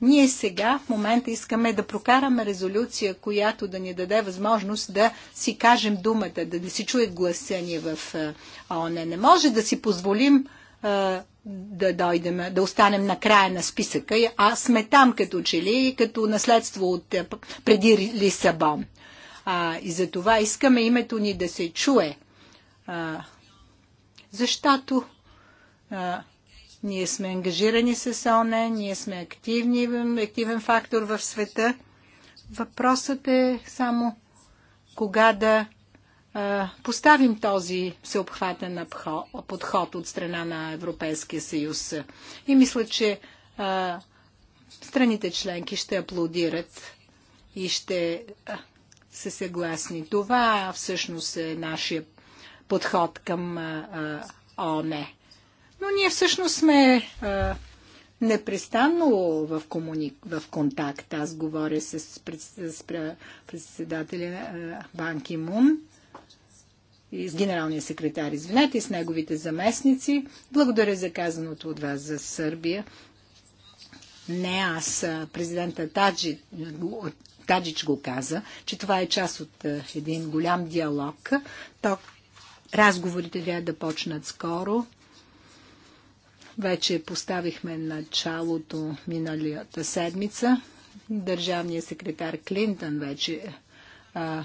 Ние сега в момента искаме да прокараме резолюция, която да ни даде възможност да си кажем думата, да не си чуе гласение в ОНЕ. Не може да си позволим да дойдем, да останем на края на списъка, а сме там като че ли, като наследство от преди Лисабон. А, и за това искаме името ни да се чуе. А, защото а, ние сме ангажирани с ОНЕ, ние сме активни, активен фактор в света. Въпросът е само кога да а, поставим този всеобхватен подход от страна на Европейския съюз. И мисля, че а, страните членки ще аплодират и ще а, се съгласни. Това всъщност е нашия подход към ОНЕ. Но ние всъщност сме а, непрестанно в, комуни... в контакт. Аз говоря с, с председателя Банки Мун и с генералния секретар, извинете, и с неговите заместници. Благодаря за казаното от вас за Сърбия. Не аз, президента Таджи, Таджич го каза, че това е част от един голям диалог. То разговорите трябва да почнат скоро. Вече поставихме началото миналията седмица. Държавният секретар Клинтън вече а,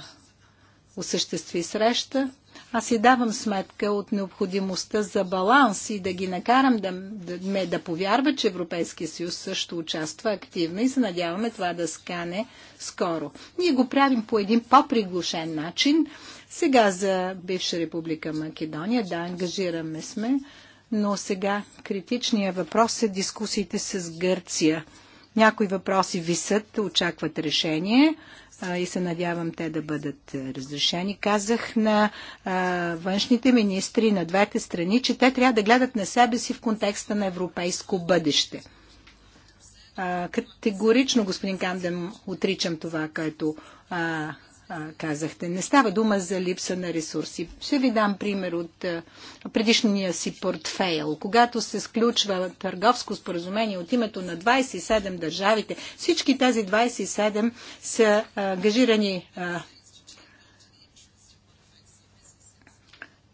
осъществи среща. Аз си давам сметка от необходимостта за баланс и да ги накарам да, да, ме, да повярва, че Европейския съюз също участва активно и се надяваме това да скане скоро. Ние го правим по един по-приглушен начин. Сега за бивша република Македония, да, ангажираме сме но сега критичният въпрос е дискусиите с Гърция. Някои въпроси висят, очакват решение а, и се надявам те да бъдат разрешени. Казах на а, външните министри на двете страни, че те трябва да гледат на себе си в контекста на европейско бъдеще. А, категорично, господин Кандем, отричам това, което а, казахте. Не става дума за липса на ресурси. Ще ви дам пример от предишния си портфейл. Когато се сключва търговско споразумение от името на 27 държавите, всички тези 27 са ангажирани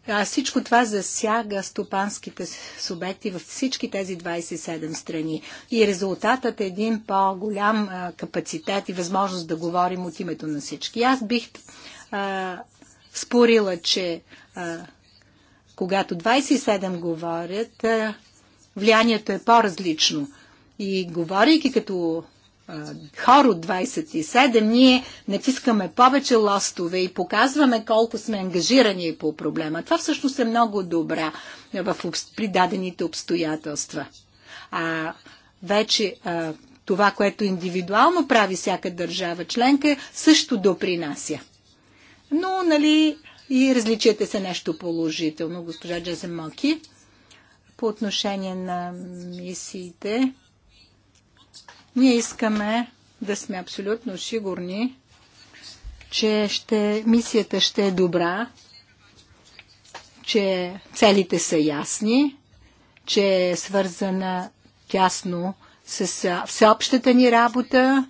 А всичко това засяга стопанските субекти във всички тези 27 страни. И резултатът е един по-голям капацитет и възможност да говорим от името на всички. Аз бих а, спорила, че а, когато 27 говорят, а, влиянието е по-различно. И говорейки като хор от 27, ние натискаме повече лостове и показваме колко сме ангажирани по проблема. Това всъщност е много добра в придадените обстоятелства. А вече а, това, което индивидуално прави всяка държава членка, също допринася. Но, нали, и различията са нещо положително, госпожа Джаземоки, по отношение на мисиите. Ние искаме да сме абсолютно сигурни, че ще, мисията ще е добра, че целите са ясни, че е свързана тясно с всеобщата ни работа,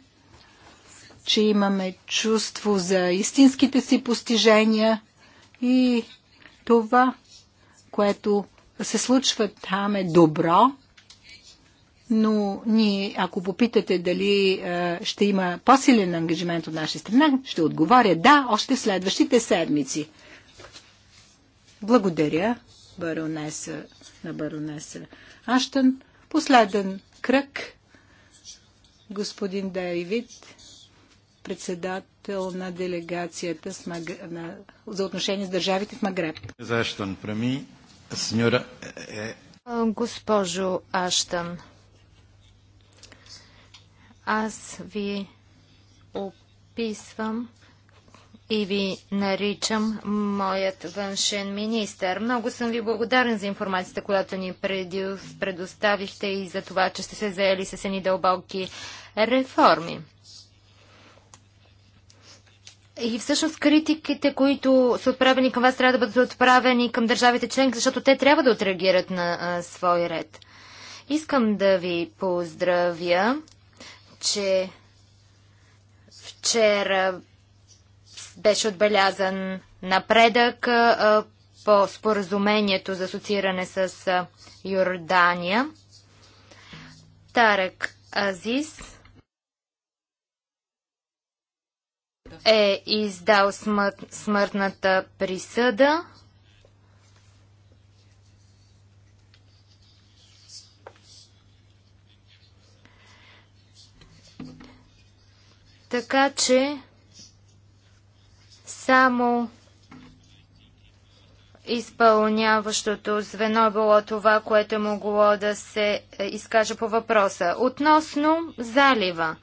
че имаме чувство за истинските си постижения и това, което се случва там е добро но ние, ако попитате дали е, ще има по-силен ангажимент от наша страна, ще отговоря да, още следващите седмици. Благодаря, баронеса, на баронеса Аштън. Последен кръг. Господин Дейвид, председател на делегацията с Маг... на... за отношение с държавите в Магреб. Защо прами, сеньора... Е, е. Госпожо Аштън, аз ви описвам и ви наричам моят външен министр. Много съм ви благодарен за информацията, която ни предоставихте и за това, че сте се заели с едни дълбоки реформи. И всъщност критиките, които са отправени към вас, трябва да бъдат отправени към държавите членки, защото те трябва да отреагират на а, свой ред. Искам да ви поздравя че вчера беше отбелязан напредък по споразумението за асоцииране с Йордания. Тарек Азис е издал смърт, смъртната присъда. Така че само изпълняващото звено е било това, което е могло да се е, изкаже по въпроса. Относно залива.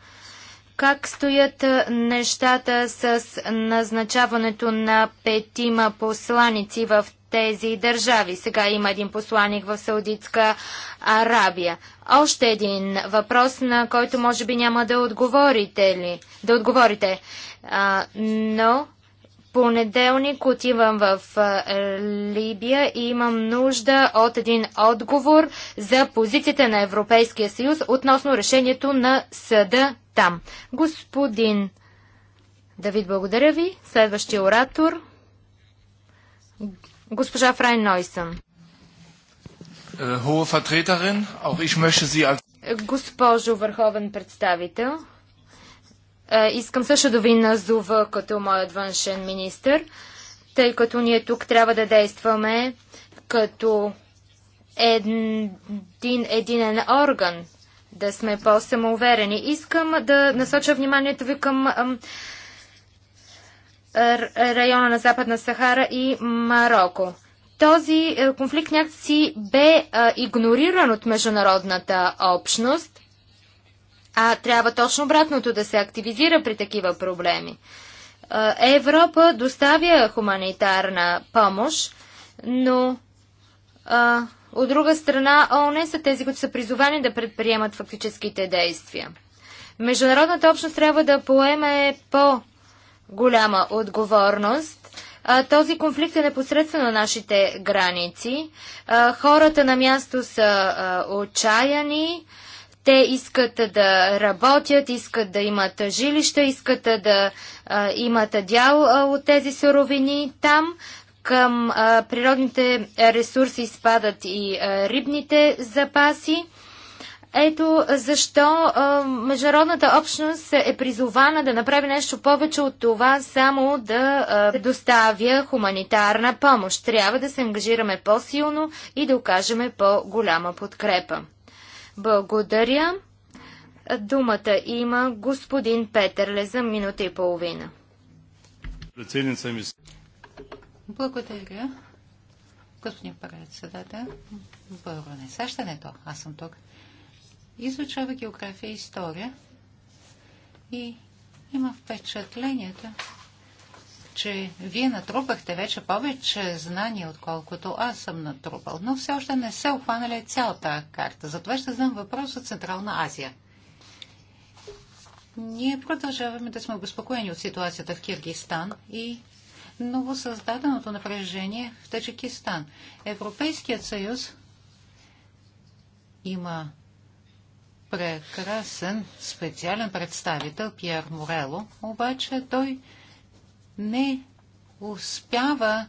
Как стоят нещата с назначаването на петима посланици в тези държави? Сега има един посланик в Саудитска Арабия. Още един въпрос, на който може би няма да отговорите ли? Да отговорите. А, но понеделник отивам в Либия и имам нужда от един отговор за позицията на Европейския съюз относно решението на съда там. Господин Давид, благодаря ви. Следващия оратор. Госпожа Фрайн Нойсън. Е, Госпожо Върховен представител, е, искам също да ви назова като моят външен министр, тъй като ние тук трябва да действаме като един единен орган, да сме по-самоуверени. Искам да насоча вниманието ви към ам, района на Западна Сахара и Марокко. Този е, конфликт някакси бе а, игнориран от международната общност. А трябва точно обратното да се активизира при такива проблеми. Европа доставя хуманитарна помощ, но а, от друга страна ООН са тези, които са призовани да предприемат фактическите действия. Международната общност трябва да поеме по-голяма отговорност. А, този конфликт е непосредствено на нашите граници. А, хората на място са а, отчаяни. А, те искат да работят, искат да имат жилища, искат да а, имат дял а, от тези суровини там. Към а, природните ресурси спадат и а, рибните запаси. Ето защо а, международната общност е призована да направи нещо повече от това, само да а, доставя хуманитарна помощ. Трябва да се ангажираме по-силно и да окажеме по-голяма подкрепа. Благодаря. Думата има господин Петърле за минута и половина. Благодаря. Господин председател, не сащането, аз съм тук. Изучава география и история и има впечатлението, че вие натрупахте вече повече знания, отколкото аз съм натрупал, но все още не се охванали цялата карта. Затова ще знам въпрос от Централна Азия. Ние продължаваме да сме обезпокоени от ситуацията в Киргистан и новосъздаденото напрежение в Таджикистан. Европейският съюз има прекрасен специален представител Пьер Морело, обаче той не успява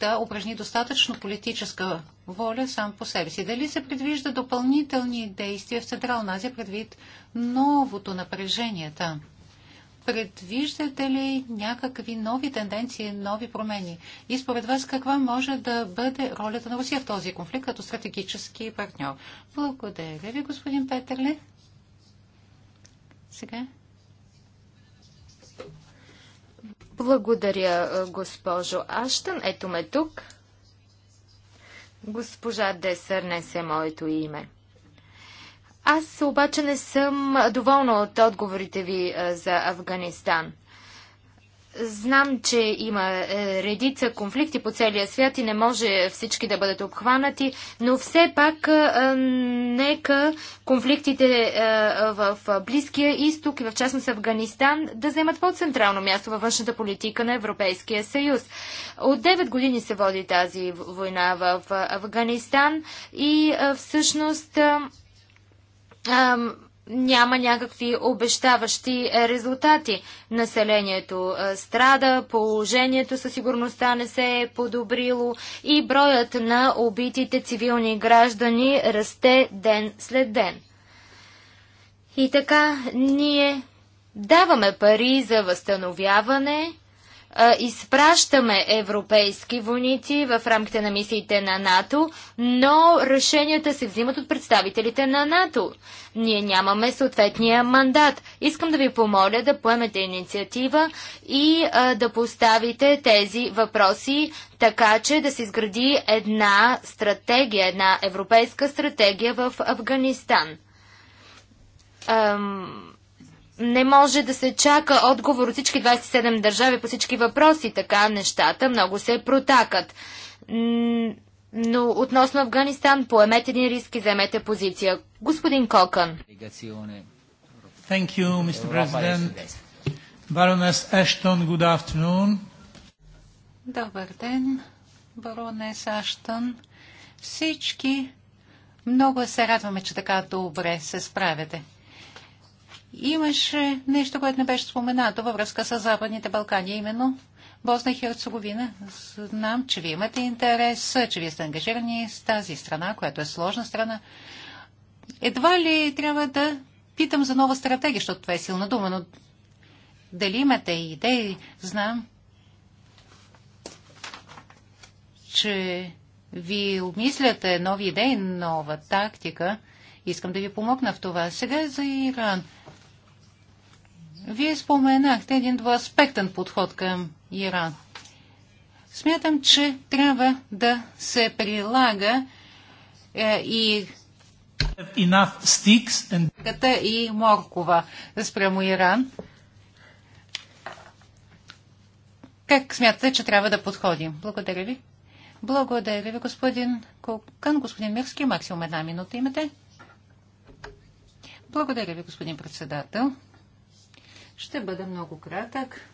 да упражни достатъчно политическа воля сам по себе си. Дали се предвижда допълнителни действия в Централна Азия предвид новото напрежение там? Предвиждате ли някакви нови тенденции, нови промени? И според вас каква може да бъде ролята на Русия в този конфликт като стратегически партньор? Благодаря ви, господин Петърле. Сега Благодаря, е, госпожо Аштън. Ето ме тук. Госпожа Десър, не се е моето име. Аз обаче не съм доволна от отговорите ви е, за Афганистан. Знам, че има е, редица конфликти по целия свят и не може всички да бъдат обхванати, но все пак е, е, нека конфликтите в Близкия изток и в частност Афганистан да вземат по-централно място във външната политика на Европейския съюз. От 9 години се води тази война в Афганистан и всъщност няма някакви обещаващи резултати. Населението страда, положението със сигурността не се е подобрило и броят на убитите цивилни граждани расте ден след ден. И така ние даваме пари за възстановяване, изпращаме европейски войници в рамките на мисиите на НАТО, но решенията се взимат от представителите на НАТО. Ние нямаме съответния мандат. Искам да ви помоля да поемете инициатива и а, да поставите тези въпроси, така че да се изгради една стратегия, една европейска стратегия в Афганистан. Ам не може да се чака отговор от всички 27 държави по всички въпроси. Така нещата много се протакат. Но относно Афганистан, поемете един риск и вземете позиция. Господин Кокън. Thank you, Mr. President. Baroness Ashton, good afternoon. Добър ден, баронес Аштон. Всички много се радваме, че така добре се справяте. Имаше нещо, което не беше споменато във връзка с Западните Балкани, именно Босна и Херцеговина. Знам, че ви имате интерес, че вие сте ангажирани с тази страна, която е сложна страна. Едва ли трябва да питам за нова стратегия, защото това е силна дума, но дали имате идеи, знам, че ви обмисляте нови идеи, нова тактика. Искам да ви помогна в това. Сега за Иран – вие споменахте един двуаспектен подход към Иран. Смятам, че трябва да се прилага е, enough и and... и моркова спрямо Иран. Как смятате, че трябва да подходим? Благодаря ви. Благодаря ви, господин Кокан. Господин Мирски, максимум една минута имате. Благодаря ви, господин председател. Ще бъда много кратък.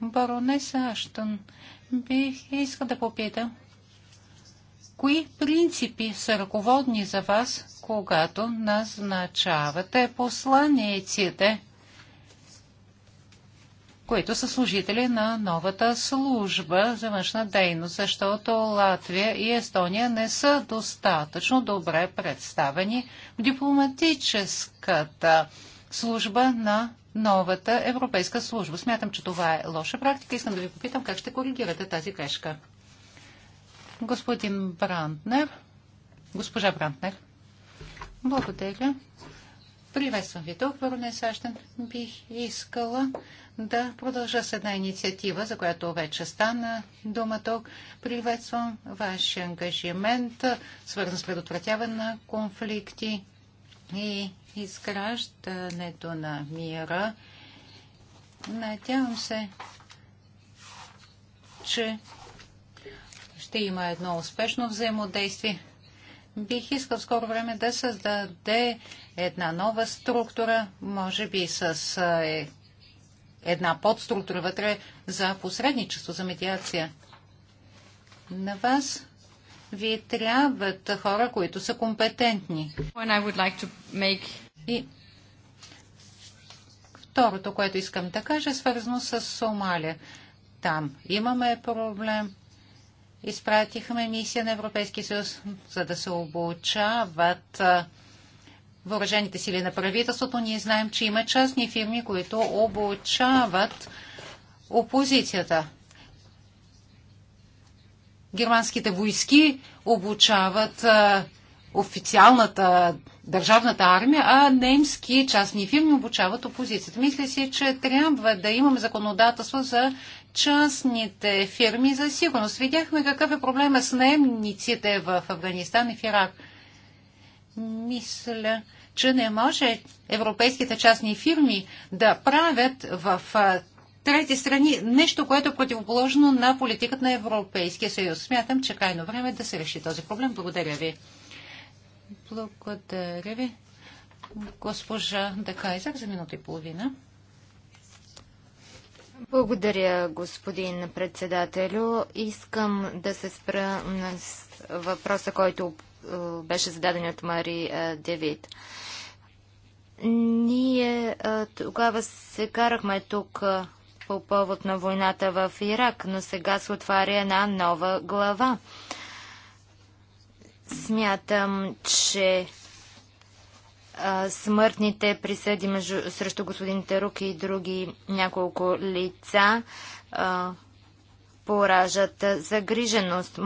Баронеса Аштън, бих искал да попита кои принципи са ръководни за вас, когато назначавате посланиците? които са служители на новата служба за външна дейност, защото Латвия и Естония не са достатъчно добре представени в дипломатическата служба на новата европейска служба. Смятам, че това е лоша практика. Искам да ви попитам как ще коригирате тази грешка. Господин Брантнер. Госпожа Брантнер. Благодаря. Приветствам ви тук, Баронес Сащен. Бих искала да продължа с една инициатива, за която вече стана дума тук. Приветствам вашия ангажимент, свързан с предотвратяване на конфликти и изграждането на мира. Надявам се, че ще има едно успешно взаимодействие бих искал скоро време да създаде една нова структура, може би с е, една подструктура вътре за посредничество, за медиация. На вас ви трябват хора, които са компетентни. Like make... И второто, което искам да кажа, е свързано с Сомалия. Там имаме проблем изпратихме мисия на Европейския съюз, за да се обучават въоръжените сили на правителството. Ние знаем, че има частни фирми, които обучават опозицията. Германските войски обучават официалната държавната армия, а немски частни фирми обучават опозицията. Мисля си, че трябва да имаме законодателство за частните фирми за сигурност. Видяхме какъв е проблема с наемниците в Афганистан и в Ирак. Мисля, че не може европейските частни фирми да правят в трети страни нещо, което е противоположно на политиката на Европейския съюз. Смятам, че крайно време е да се реши този проблем. Благодаря ви. Благодаря ви. Госпожа Декайзер, за минута и половина. Благодаря, господин председателю. Искам да се спра на въпроса, който е, беше зададен от Мари е, Девид. Ние е, тогава се карахме тук по повод на войната в Ирак, но сега се отваря една нова глава. Смятам, че смъртните присъди между, срещу господин Тарук и други няколко лица а, поражат загриженост.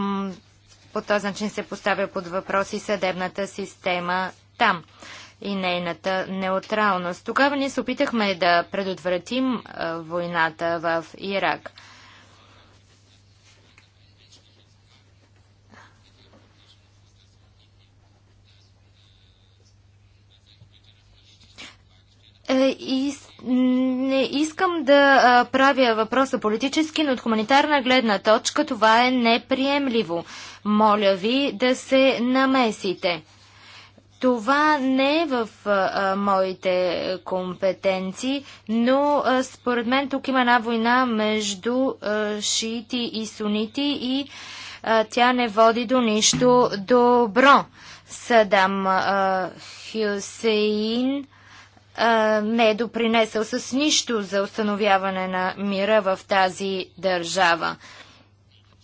По този начин се поставя под въпрос и съдебната система там и нейната неутралност. Тогава ние се опитахме да предотвратим а, войната в Ирак. Е, и не искам да правя въпроса политически, но от хуманитарна гледна точка това е неприемливо. Моля ви да се намесите. Това не е в а, моите компетенции, но а, според мен тук има една война между а, шиити и сунити и а, тя не води до нищо добро. Садам а, Хюсейн не е допринесъл с нищо за установяване на мира в тази държава.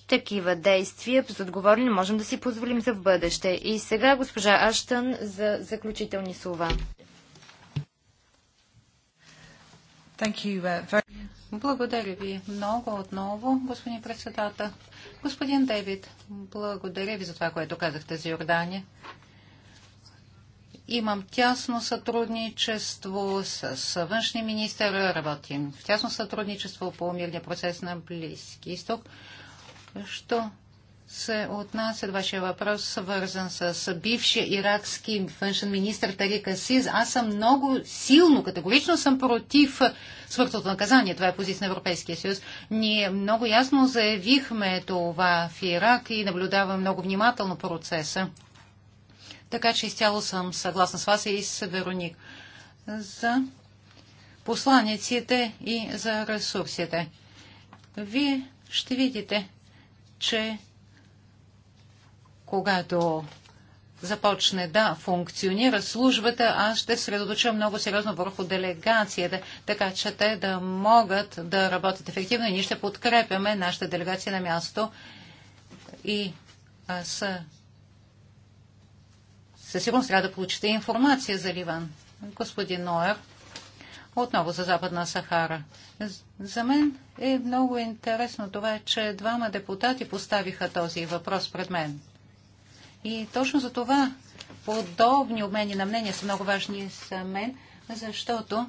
Такива действия с отговорни можем да си позволим за в бъдеще. И сега госпожа Аштън за заключителни слова. Uh, благодаря ви много отново, господин председател. Господин Дейвид, благодаря ви за това, което казахте за Йордания. Имам тясно сътрудничество с външния министър, работим в тясно сътрудничество по мирния процес на Близки изток. Що се отнася до вашия въпрос, свързан с бившия иракски външен министр Тарика Сиз. Аз съм много силно, категорично съм против смъртното наказание. Това е позиция на Европейския съюз. Ние много ясно заявихме това в Ирак и наблюдаваме много внимателно процеса. Така че изцяло съм съгласна с вас и с Вероник за посланиците и за ресурсите. Вие ще видите, че когато започне да функционира службата, аз ще средоточа много сериозно върху делегацията, така че те да могат да работят ефективно и ние ще подкрепяме нашата делегация на място. И с със сигурност трябва да получите информация за Ливан. Господин Ноер, отново за Западна Сахара. За мен е много интересно това, че двама депутати поставиха този въпрос пред мен. И точно за това подобни обмени на мнения са много важни за мен, защото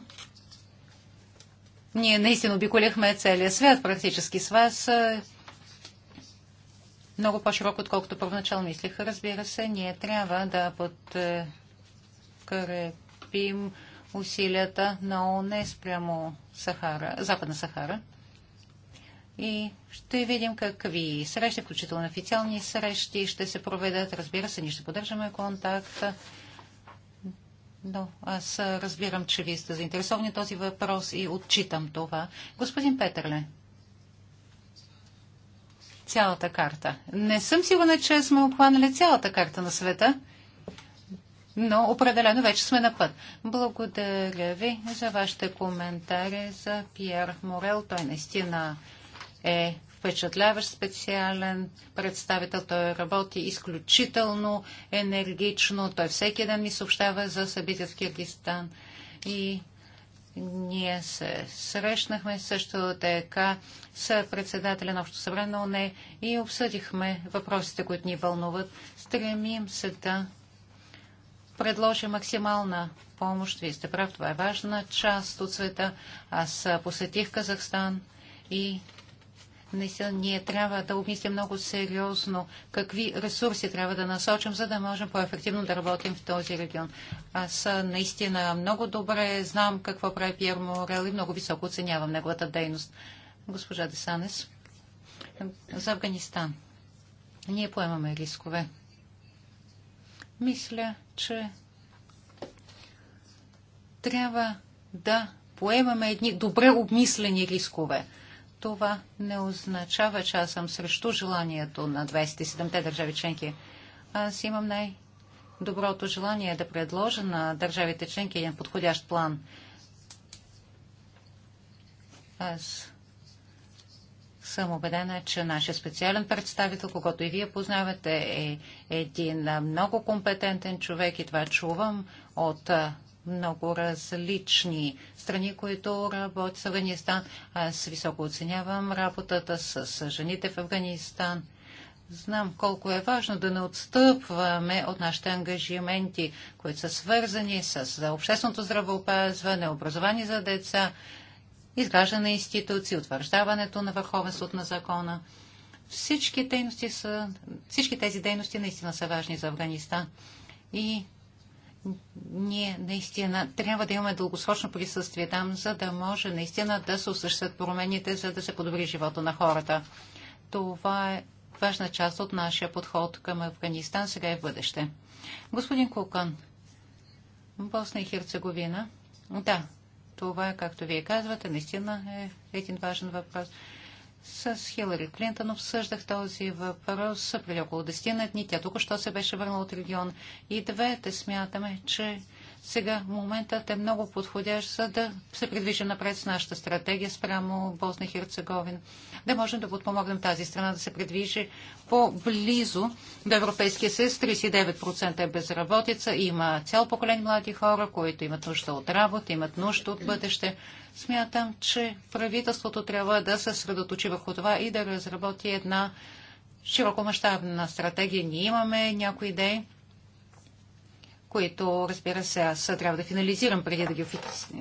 ние наистина обиколяхме целия свят практически с вас много по-широко, отколкото първоначално мислиха, Разбира се, ние трябва да подкрепим усилията на ОНЕ спрямо Сахара, Западна Сахара. И ще видим какви срещи, включително официални срещи, ще се проведат. Разбира се, ние ще поддържаме контакт. Но аз разбирам, че вие сте заинтересовани този въпрос и отчитам това. Господин Петърле, цялата карта. Не съм сигурна, че сме обхванали цялата карта на света, но определено вече сме на път. Благодаря ви за вашите коментари за Пьер Морел. Той наистина е впечатляващ специален представител. Той работи изключително енергично. Той всеки ден ми съобщава за събития в Киргистан. И ние се срещнахме също така с председателя на Общо събрание на ОНЕ и обсъдихме въпросите, които ни вълнуват. Стремим се да предложи максимална помощ. Вие сте прав, това е важна част от света. Аз посетих Казахстан и наистина ние трябва да обмислим много сериозно какви ресурси трябва да насочим, за да можем по-ефективно да работим в този регион. Аз наистина много добре знам какво прави Пьер Морел и много високо оценявам неговата дейност. Госпожа Десанес, за Афганистан. Ние поемаме рискове. Мисля, че трябва да поемаме едни добре обмислени рискове това не означава, че аз съм срещу желанието на 27-те държави членки. Аз имам най-доброто желание да предложа на държавите членки един подходящ план. Аз съм убедена, че нашия специален представител, когато и вие познавате, е един много компетентен човек и това чувам от много различни страни, които работят с Афганистан. Аз високо оценявам работата с жените в Афганистан. Знам колко е важно да не отстъпваме от нашите ангажименти, които са свързани с общественото здравеопазване, образование за деца, изграждане на институции, утвърждаването на върховенството на закона. Всички, са, всички тези дейности наистина са важни за Афганистан. И ние наистина трябва да имаме дългосрочно присъствие там, за да може наистина да се осъществят промените, за да се подобри живота на хората. Това е важна част от нашия подход към Афганистан сега и е в бъдеще. Господин Кукан, Босна и Херцеговина. Да, това, е, както вие казвате, наистина е един важен въпрос с Хилари Клинтон обсъждах този въпрос преди около 10 дни. Тя тук що се беше върнала от регион и двете смятаме, че сега моментът е много подходящ, за да се придвижа напред с нашата стратегия спрямо Босна и Херцеговина. Да можем да подпомогнем тази страна да се придвижи по-близо до Европейския съюз. 39% е безработица. Има цял поколение млади хора, които имат нужда от работа, имат нужда от бъдеще. Смятам, че правителството трябва да се средоточи върху това и да разработи една широкомащабна стратегия. Ние имаме някои идеи които, разбира се, аз трябва да финализирам преди да ги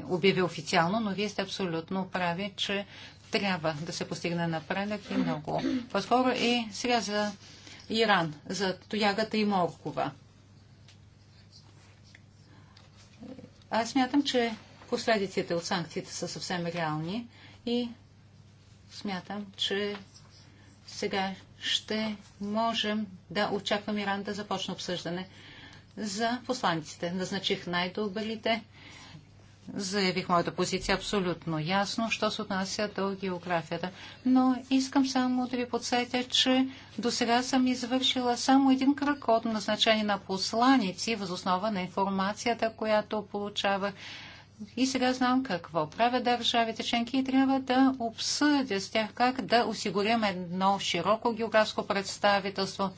обявя официално, но вие сте абсолютно прави, че трябва да се постигне напредък и много. По-скоро и сега за Иран, за Тоягата и Моркова. Аз смятам, че последиците от санкциите са съвсем реални и смятам, че сега ще можем да очаквам Иран да започне обсъждане за посланиците. Назначих най-добрите. Заявих моята позиция абсолютно ясно, що се отнася до географията. Но искам само да ви подсетя, че до сега съм извършила само един кръг от назначение на посланици, възоснова на информацията, която получавах. И сега знам какво правят държавите членки и трябва да обсъдя с тях как да осигурим едно широко географско представителство.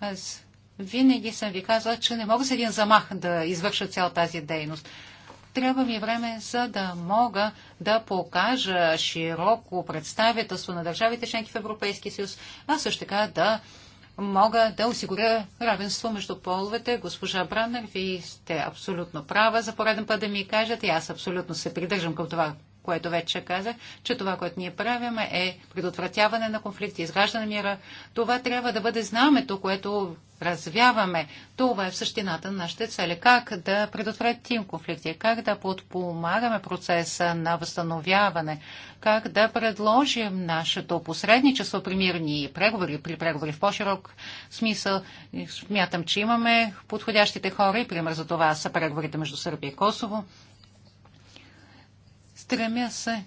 Аз винаги съм ви казала, че не мога с един замах да извърша цял тази дейност. Трябва ми време, за да мога да покажа широко представителство на държавите членки в Европейския съюз, а също така да мога да осигуря равенство между половете. Госпожа Бранер, вие сте абсолютно права за пореден път да ми кажете. Аз абсолютно се придържам към това, което вече казах, че това, което ние правим е предотвратяване на конфликти, изграждане на мира. Това трябва да бъде знамето, което развяваме. Това е в същината на нашите цели. Как да предотвратим конфликти, как да подпомагаме процеса на възстановяване, как да предложим нашето посредничество при мирни преговори, при преговори в по-широк смисъл. Смятам, че имаме подходящите хора и пример за това са преговорите между Сърбия и Косово. Стремя се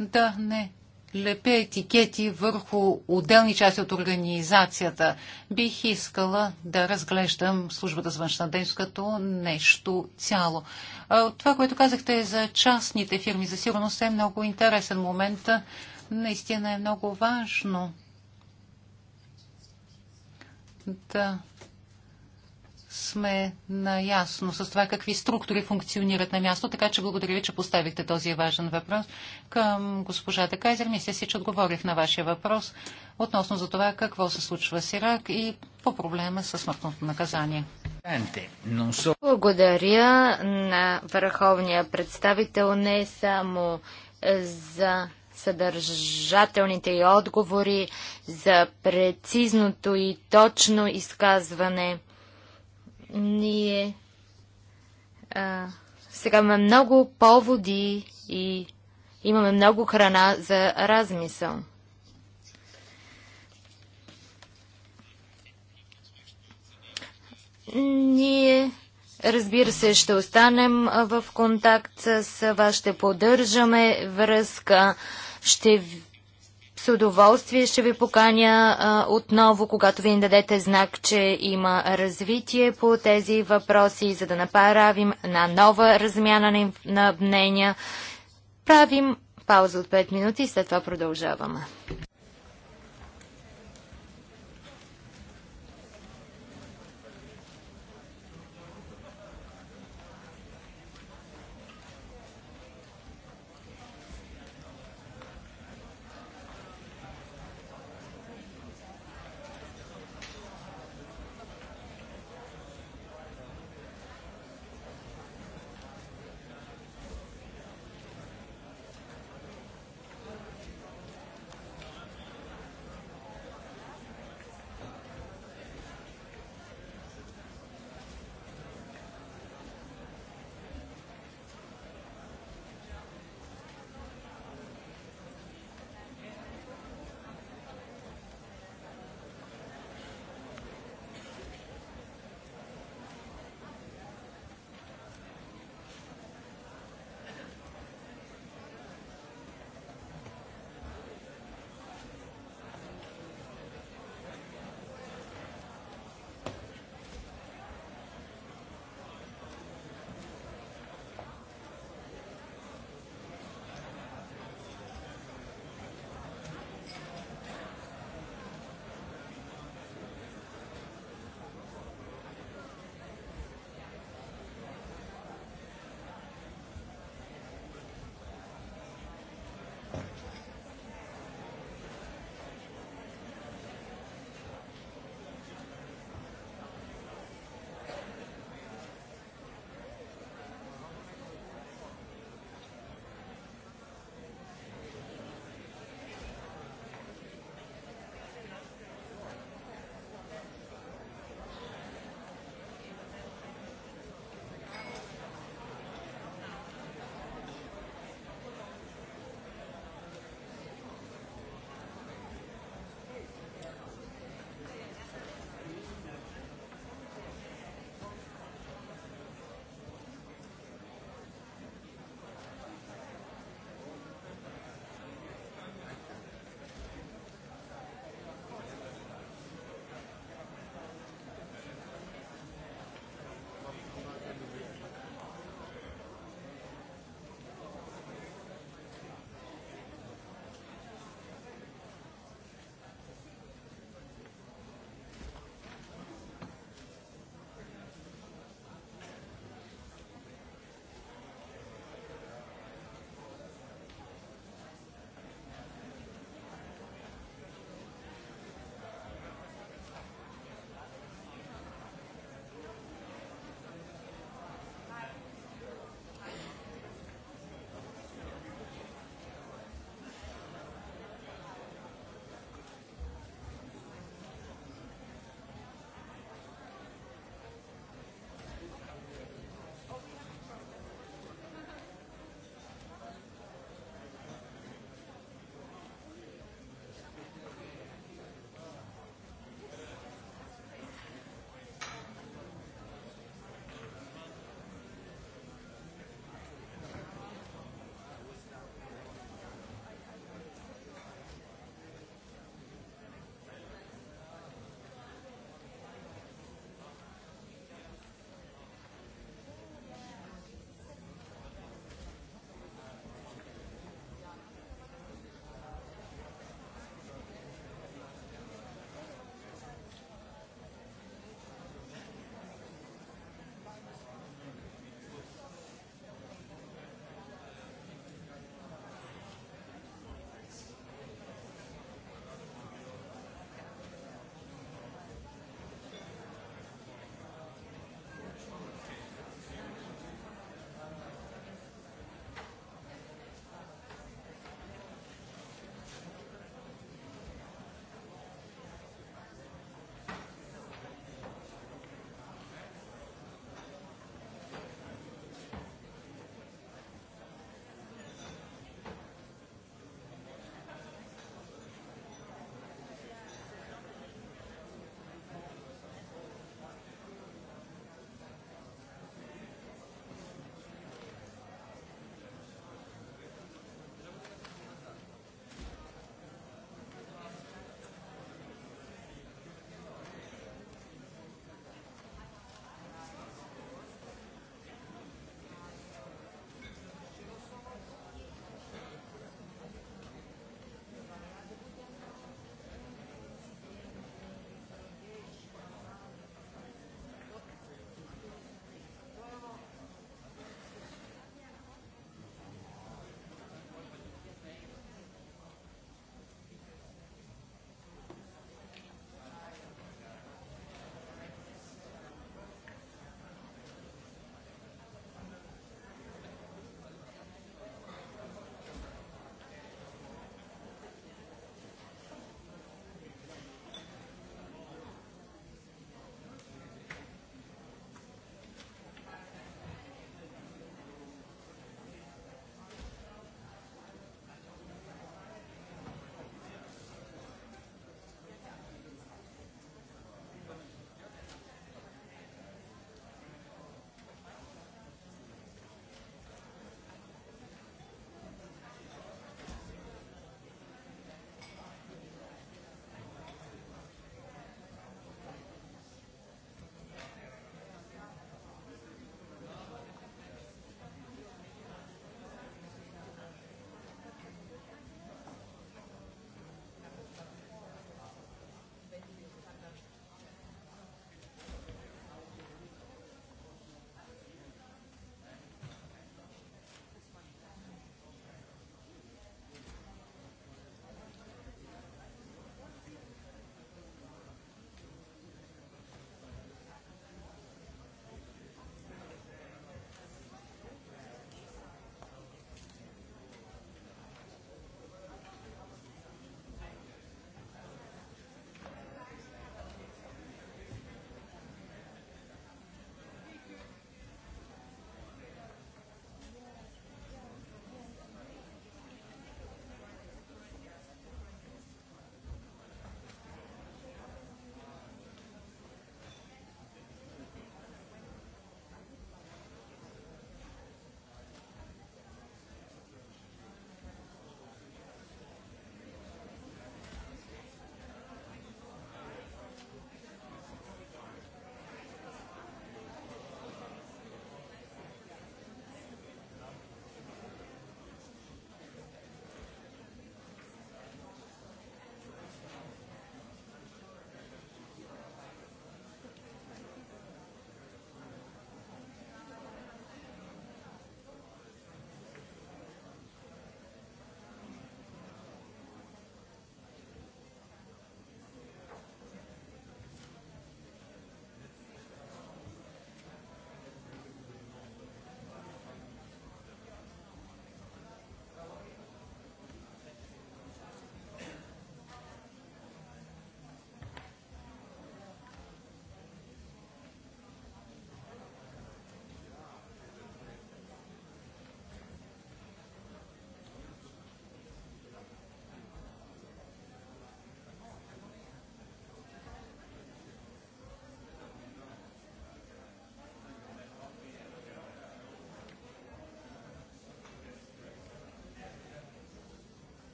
да не лепя етикети върху отделни части от организацията. Бих искала да разглеждам службата за външна дейност като нещо цяло. Това, което казахте за частните фирми, за сигурност е много интересен момент. Наистина е много важно да сме наясно с това какви структури функционират на място, така че благодаря ви, че поставихте този важен въпрос. Към госпожата Кайзер, мисля си, че отговорих на вашия въпрос относно за това какво се случва с Ирак и по проблема с смъртното наказание. Благодаря на върховния представител не само за съдържателните и отговори, за прецизното и точно изказване ние а, сега имаме много поводи и имаме много храна за размисъл. Ние, разбира се, ще останем в контакт с вас, ще поддържаме връзка, ще с удоволствие ще ви поканя а, отново, когато ви дадете знак, че има развитие по тези въпроси, за да направим на нова размяна на, на мнения. Правим пауза от 5 минути и след това продължаваме.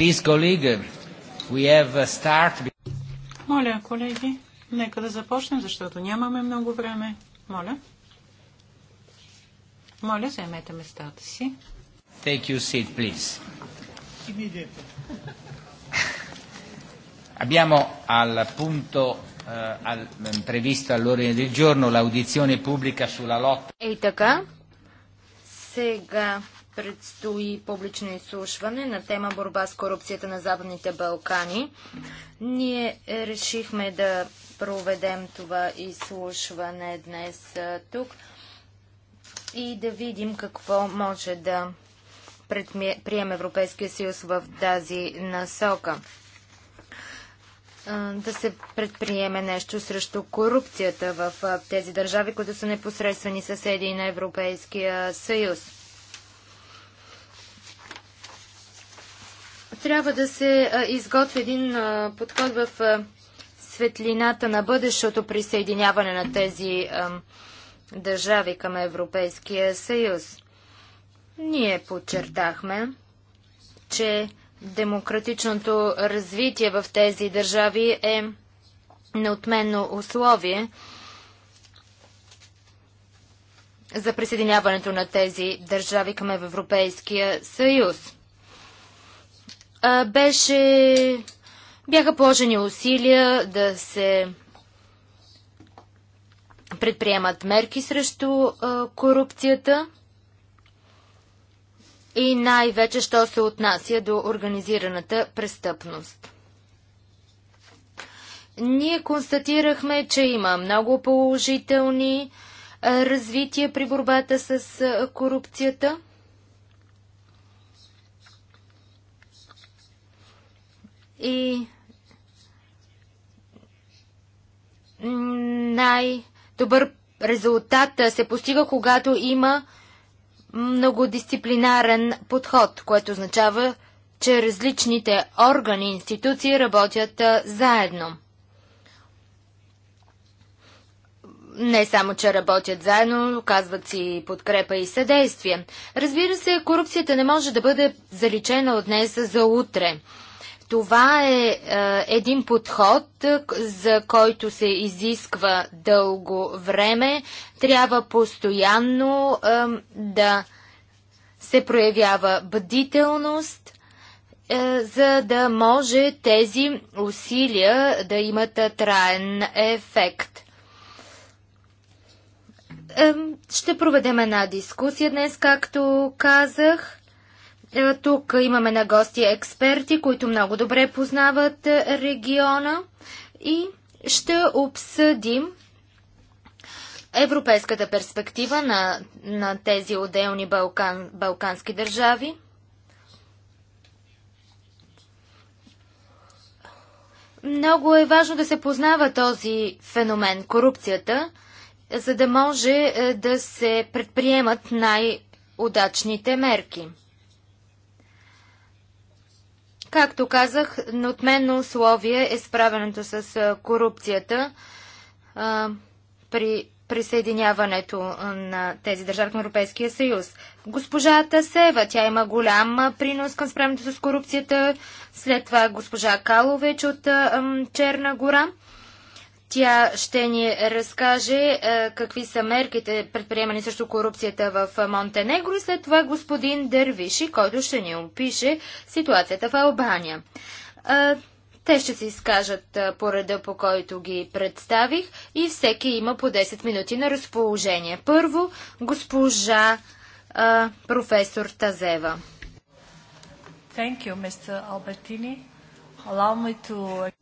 Please, colleague, we have a start. Моля, колеги, нека да започнем, защото нямаме много време. Моля. Моля, заемете местата си. Take your seat, please. Abbiamo al punto eh, al, previsto all'ordine del giorno l'audizione pubblica sulla lotta. E така, сега предстои публично изслушване на тема борба с корупцията на Западните Балкани. Ние решихме да проведем това изслушване днес тук и да видим какво може да приеме Европейския съюз в тази насока. Да се предприеме нещо срещу корупцията в тези държави, които са непосредствени съседи на Европейския съюз. Трябва да се изготви един подход в светлината на бъдещото присъединяване на тези държави към Европейския съюз. Ние подчертахме, че демократичното развитие в тези държави е неотменно условие за присъединяването на тези държави към Европейския съюз беше, бяха положени усилия да се предприемат мерки срещу а, корупцията и най-вече, що се отнася до организираната престъпност. Ние констатирахме, че има много положителни развития при борбата с корупцията – и най-добър резултат се постига, когато има многодисциплинарен подход, което означава, че различните органи и институции работят заедно. не само, че работят заедно, казват си подкрепа и съдействие. Разбира се, корупцията не може да бъде заличена от днес за утре. Това е, е един подход, е, за който се изисква дълго време. Трябва постоянно е, да се проявява бдителност, е, за да може тези усилия да имат е, траен ефект. Ще проведем една дискусия днес, както казах. Е, тук имаме на гости експерти, които много добре познават е, региона и ще обсъдим европейската перспектива на, на тези отделни Балкан, балкански държави. Много е важно да се познава този феномен корупцията, за да може е, да се предприемат най-удачните мерки. Както казах, отменно условие е справенето с корупцията а, при присъединяването на тези държави към Европейския съюз. Госпожа Тасева, тя има голям принос към справенето с корупцията. След това госпожа Калович от а, Черна гора. Тя ще ни разкаже е, какви са мерките предприемани срещу корупцията в Монтенегро и след това господин Дервиши, който ще ни опише ситуацията в Албания. Е, те ще се изкажат е, по реда, по който ги представих и всеки има по 10 минути на разположение. Първо, госпожа професор Тазева. Thank you, Mr. Albertini. Allow me to...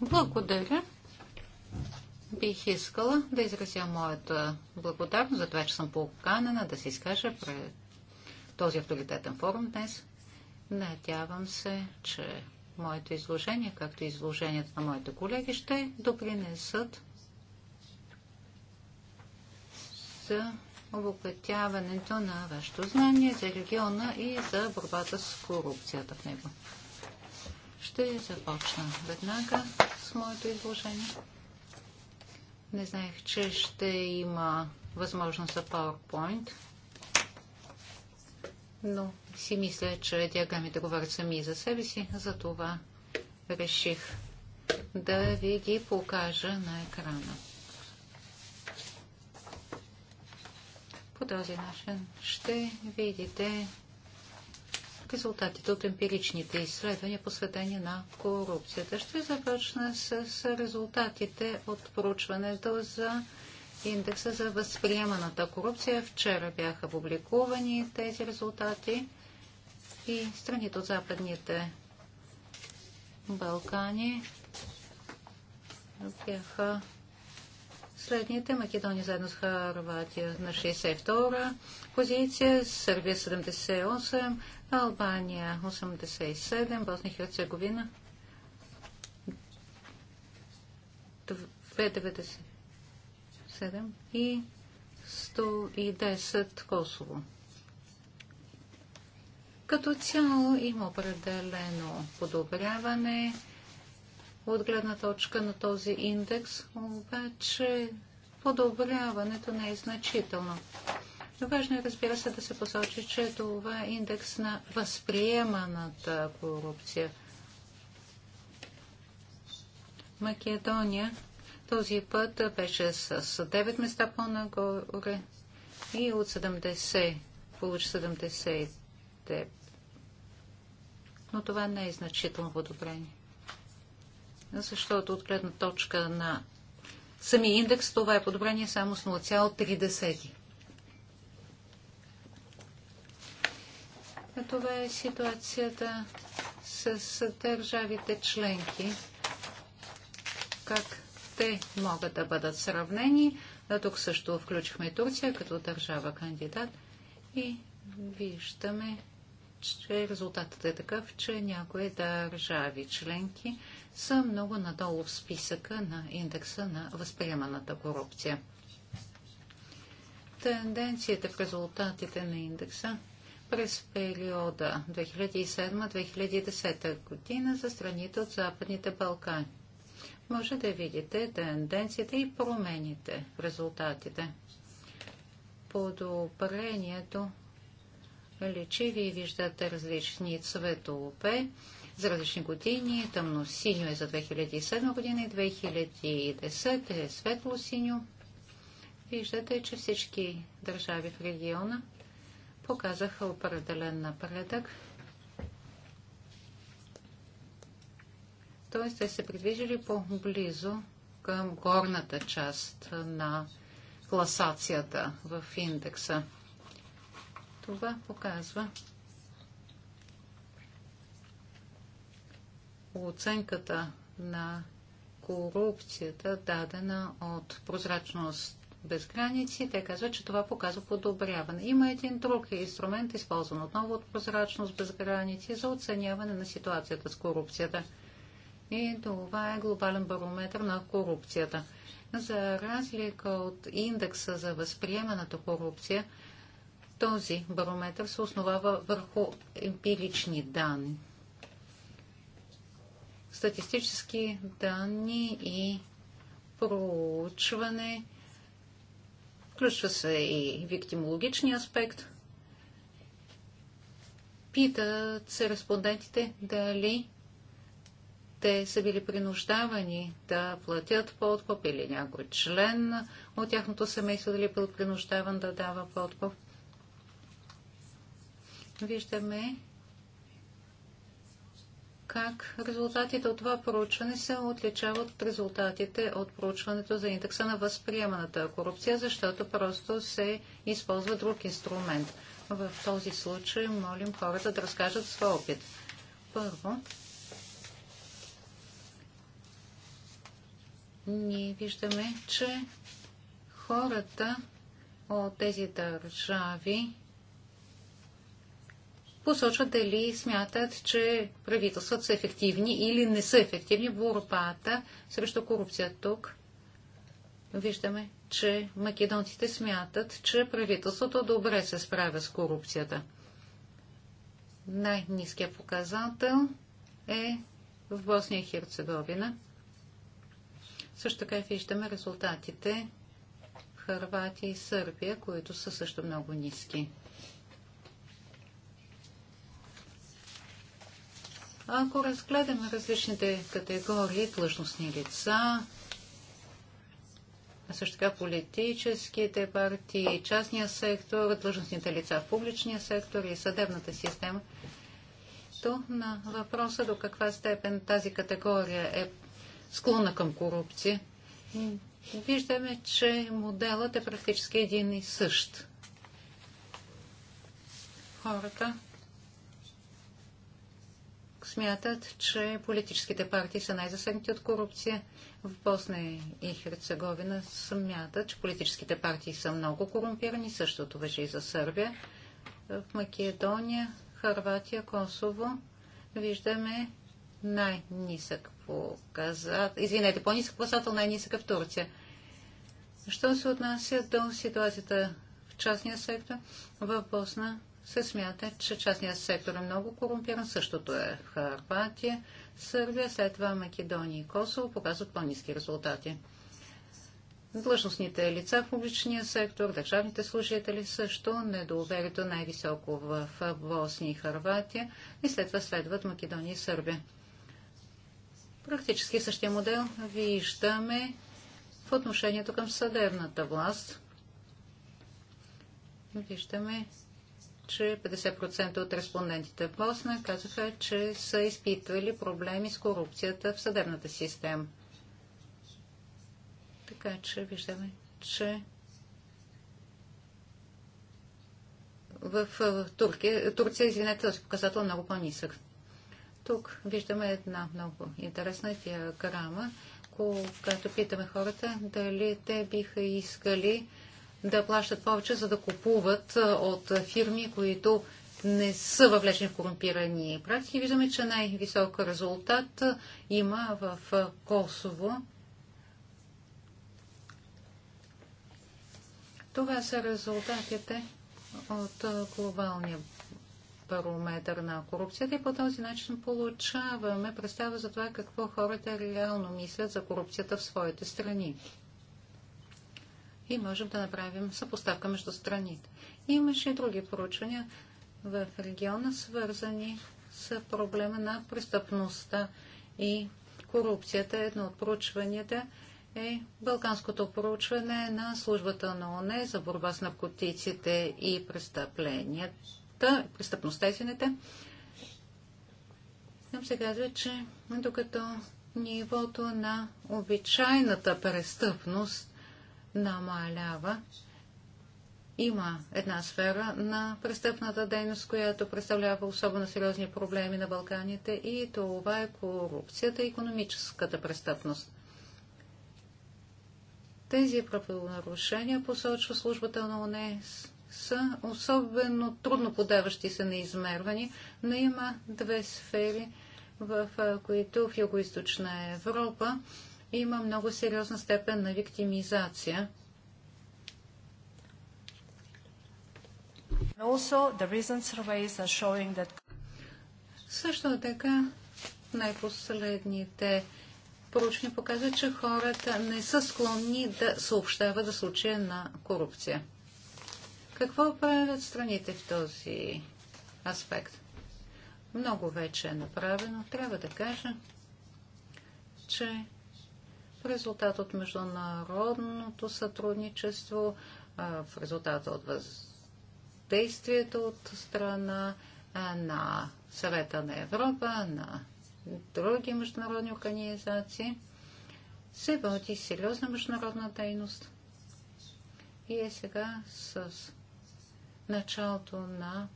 Благодаря бих искала да изразя моята благодарност за това, че съм поканена да се изкажа пред този авторитетен форум днес. Надявам се, че моето изложение, както и изложението на моите колеги, ще допринесат за обогатяването на вашето знание за региона и за борбата с корупцията в него. Ще започна веднага с моето изложение. Не знаех, че ще има възможност за PowerPoint, но си мисля, че диаграмите говорят сами за себе си, затова реших да ви ги покажа на екрана. По този начин ще видите резултатите от емпиричните изследвания, посветени на корупцията. Ще започна с, резултатите от проучването за индекса за възприеманата корупция. Вчера бяха публикувани тези резултати и страните от Западните Балкани бяха следните. Македония заедно с Харватия на 62-а позиция, Сърбия 78, Албания 87, Босния и Херцеговина 297 и 110 Косово. Като цяло има определено подобряване от гледна точка на този индекс, обаче подобряването не е значително важно е, разбира се, да се посочи, че това е индекс на възприеманата корупция. Македония този път беше с 9 места по-нагоре и от 70 получи 79. Но това не е значително подобрение. Защото от гледна точка на самия индекс това е подобрение само с 0,3. това е ситуацията с, държавите членки. Как те могат да бъдат сравнени. А тук също включихме Турция като държава кандидат и виждаме, че резултатът е такъв, че някои държави членки са много надолу в списъка на индекса на възприеманата корупция. Тенденцията в резултатите на индекса през периода 2007-2010 година за страните от Западните Балкани. Може да видите тенденциите и промените в резултатите. Подобрението лечи, вие виждате различни цветове за различни години. Тъмно-синьо е за 2007 година и 2010 е светло-синьо. Виждате, че всички държави в региона показаха определен напредък. Т.е. те се придвижили по-близо към горната част на класацията в индекса. Това показва оценката на корупцията, дадена от прозрачност без граници, те казват, че това показва подобряване. Има един друг инструмент, използван отново от прозрачност без граници, за оценяване на ситуацията с корупцията. И това е глобален барометр на корупцията. За разлика от индекса за възприеманата корупция, този барометр се основава върху емпирични данни. Статистически данни и проучване – Включва се и виктимологичния аспект. Питат се респондентите дали те са били принуждавани да платят подкуп или някой член от тяхното семейство дали е бил принуждаван да дава подкуп. Виждаме, как резултатите от това проучване се отличават от резултатите от проучването за индекса на възприеманата корупция, защото просто се използва друг инструмент. В този случай молим хората да разкажат своя опит. Първо, ние виждаме, че хората от тези държави посочват дали смятат, че правителствата са ефективни или не са ефективни в борбата срещу корупция. Тук виждаме, че македонците смятат, че правителството добре се справя с корупцията. Най-низкият показател е в Босния и Херцеговина. Също така виждаме резултатите в Харватия и Сърбия, които са също много ниски. Ако разгледаме различните категории длъжностни лица, а също така политическите партии, частния сектор, длъжностните лица в публичния сектор и съдебната система, то на въпроса до каква степен тази категория е склонна към корупция, виждаме, че моделът е практически един и същ. Хората смятат, че политическите партии са най-засегнати от корупция. В Босна и Херцеговина смятат, че политическите партии са много корумпирани. Същото въжи и за Сърбия. В Македония, Харватия, Косово виждаме най-нисък показател. Извинете, по-нисък показател, най-нисък е в Турция. Що се отнася до ситуацията в частния сектор в Босна се смята, че частният сектор е много корумпиран. Същото е в Харватия, Сърбия, след това Македония и Косово показват по-низки резултати. Длъжностните лица в публичния сектор, държавните служители също, недоверието е най-високо в Босния и Харватия и след това следват Македония и Сърбия. Практически същия модел виждаме в отношението към съдебната власт. Виждаме че 50% от респондентите в Босна казаха, че са изпитвали проблеми с корупцията в съдебната система. Така че виждаме, че в Турция, Турция, извинете, този показател е много по-нисък. Тук виждаме една много интересна диаграма, когато питаме хората дали те биха искали да плащат повече, за да купуват от фирми, които не са въвлечени в корумпирани практики. Виждаме, че най-висок резултат има в Косово. Това са резултатите от глобалния парометър на корупцията и по този начин получаваме представа за това какво хората реално мислят за корупцията в своите страни и можем да направим съпоставка между страните. Имаше и други проучвания в региона, свързани с проблема на престъпността и корупцията. Едно от проучванията е Балканското проучване на службата на ОНЕ за борба с наркотиците и престъпленията, престъпността, извинете. Нам се казва, че докато нивото на обичайната престъпност намалява. Има една сфера на престъпната дейност, която представлява особено сериозни проблеми на Балканите и това е корупцията и економическата престъпност. Тези правонарушения, посочва службата на ОНЕ, са особено трудно подаващи се на измерване, но има две сфери, в които в Юго-Источна Европа има много сериозна степен на виктимизация. That... Също така, най-последните проучвания показват, че хората не са склонни да съобщават за случая на корупция. Какво правят страните в този аспект? Много вече е направено. Трябва да кажа, че в резултат от международното сътрудничество, в резултат от въздействието от страна на Съвета на Европа, на други международни организации, се води сериозна международна дейност. И е сега с началото на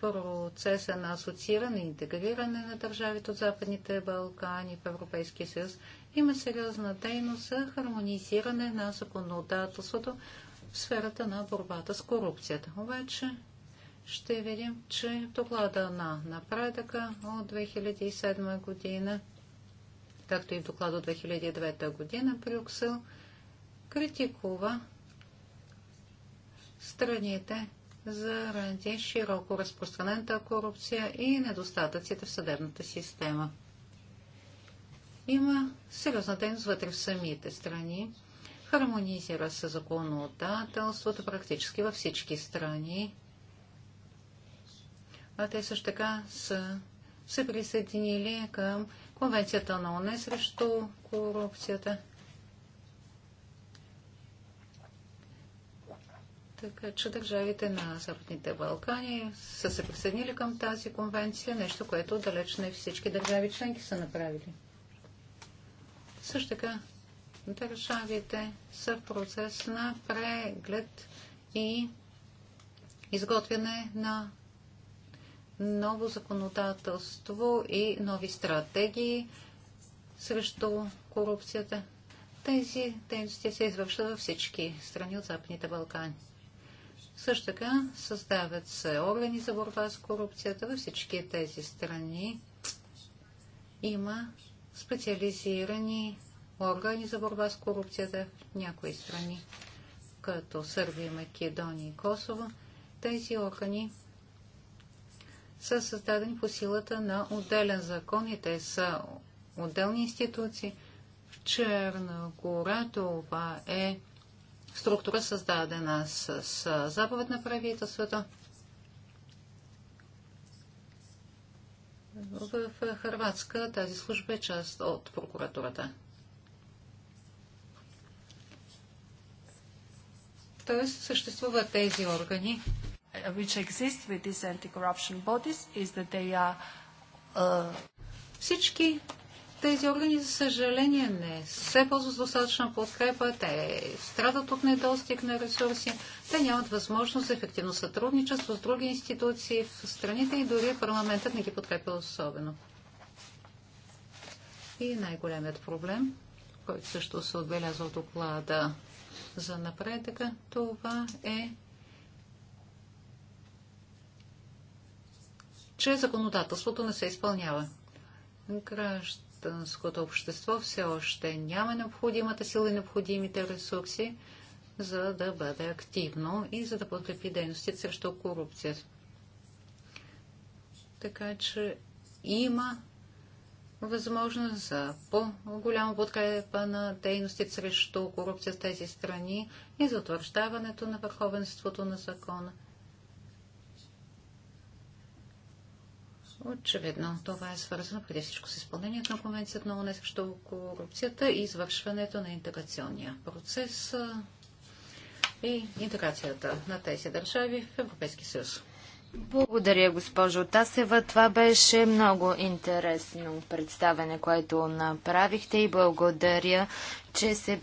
процеса на асоцииране и интегриране на държавите от Западните Балкани в Европейския съюз има сериозна дейност за хармонизиране на законодателството в сферата на борбата с корупцията. Обаче ще видим, че доклада на напредъка от 2007 година, както и в доклада от 2009 година, Брюксел критикува страните заради широко разпространената корупция и недостатъците в съдебната система. Има сериозна дейност вътре в самите страни. Хармонизира се законодателството практически във всички страни. А те също така са се присъединили към Конвенцията на ОНЕ срещу корупцията. Така че държавите на Западните Балкани са се присъединили към тази конвенция, нещо, което далеч не всички държави членки са направили. Също така държавите са в процес на преглед и изготвяне на ново законодателство и нови стратегии срещу корупцията. Тези дейности се извършват във всички страни от Западните Балкани. Също така създават се органи за борба с корупцията във всички тези страни. Има специализирани органи за борба с корупцията в някои страни, като Сърбия, Македония и Косово. Тези органи са създадени по силата на отделен закон и те са отделни институции. В Черна гора това е структура създадена с, заповед на правителството. В Харватска тази служба е част от прокуратурата. Тоест съществуват тези органи. Uh, bodies, are, uh... Всички тези органи, за съжаление, не се ползват достатъчна подкрепа, те страдат от недостиг на ресурси, те нямат възможност за ефективно сътрудничество с други институции в страните и дори парламентът не ги подкрепя особено. И най-големият проблем, който също се отбелязва от доклада за напредъка, това е че законодателството не се изпълнява. Гражд гражданското общество все още няма необходимата сила и необходимите ресурси, за да бъде активно и за да подкрепи дейности срещу корупцията. Така че има възможност за по-голяма подкрепа на дейности срещу корупция в тези страни и за утвърждаването на върховенството на закона – Очевидно, това е свързано преди всичко с изпълнението на Конвенцията на ОНЕ срещу корупцията и извършването на интеграционния процес и интеграцията на тези държави в Европейски съюз. Благодаря, госпожо Тасева. Това беше много интересно представене, което направихте и благодаря, че се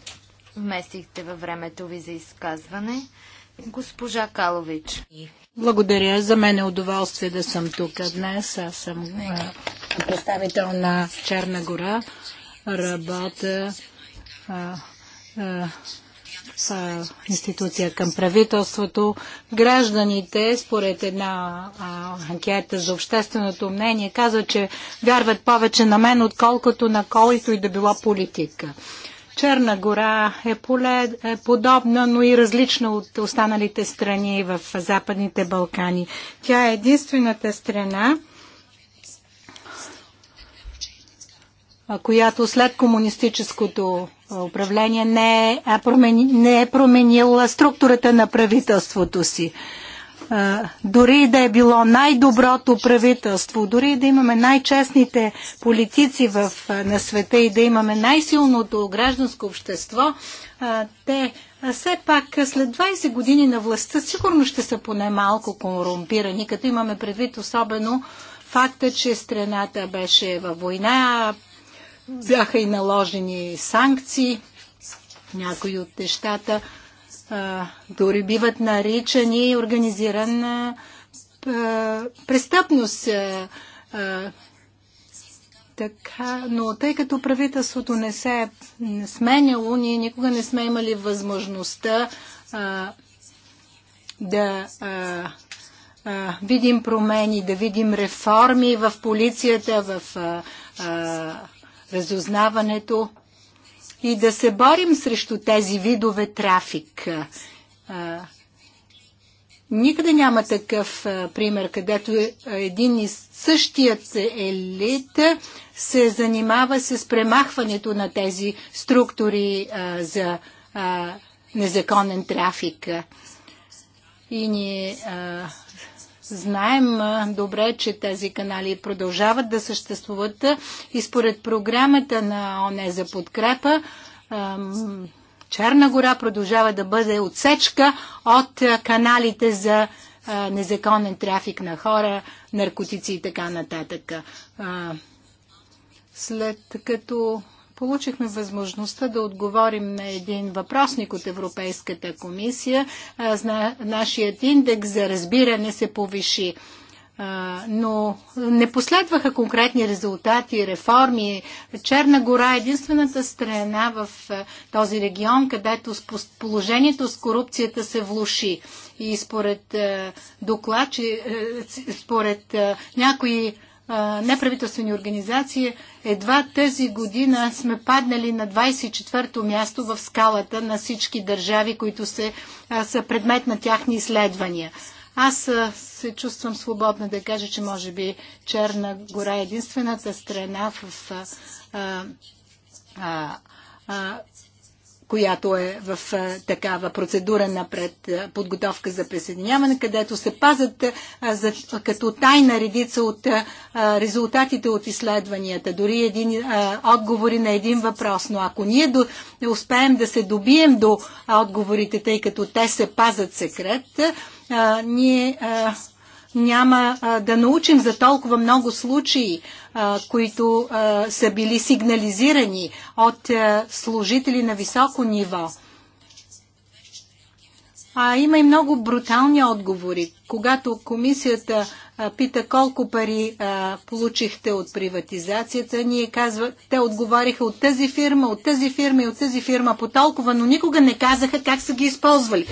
вместихте във времето ви за изказване. Госпожа Калович. Благодаря. За мен е удоволствие да съм тук днес. Аз съм а, е, представител на Черна гора. работа а, а, институция към правителството. Гражданите, според една а, анкета за общественото мнение, казват, че вярват повече на мен, отколкото на който и да била политика. А, Черна гора е, поле, е подобна, но и различна от останалите страни в Западните Балкани. Тя е единствената страна, която след комунистическото управление не е, не е променила структурата на правителството си дори да е било най-доброто правителство, дори да имаме най-честните политици в, на света и да имаме най-силното гражданско общество, те все пак след 20 години на властта сигурно ще са поне малко корумпирани, като имаме предвид особено факта, че страната беше във война, бяха и наложени санкции, някои от нещата, дори биват наричани организирана престъпност. така, но тъй като правителството не се е сменяло, ние никога не сме имали възможността а, да а, а, видим промени, да видим реформи в полицията, в а, а, разузнаването и да се борим срещу тези видове трафик. А, никъде няма такъв а, пример, където един и същият елит се занимава с премахването на тези структури а, за незаконен трафик. И ние Знаем добре, че тези канали продължават да съществуват и според програмата на ОНЕ за подкрепа Черна гора продължава да бъде отсечка от каналите за незаконен трафик на хора, наркотици и така нататък. След като получихме възможността да отговорим на един въпросник от Европейската комисия. Нашият индекс за разбиране се повиши но не последваха конкретни резултати, реформи. Черна гора е единствената страна в този регион, където положението с корупцията се влуши. И според доклад, е, е, според някои неправителствени организации, едва тази година сме паднали на 24-то място в скалата на всички държави, които се, а, са предмет на тяхни изследвания. Аз а, се чувствам свободна да кажа, че може би Черна гора е единствената страна в а, а, а, която е в такава процедура напред подготовка за присъединяване, където се пазят за, като тайна редица от резултатите от изследванията, дори един отговори на един въпрос. Но ако ние до, успеем да се добием до отговорите, тъй като те се пазат секрет, ние няма а, да научим за толкова много случаи, а, които а, са били сигнализирани от а, служители на високо ниво. А има и много брутални отговори. Когато комисията пита колко пари а, получихте от приватизацията. Ние казва, те отговариха от тази фирма, от тази фирма и от тази фирма по толкова, но никога не казаха как са ги използвали.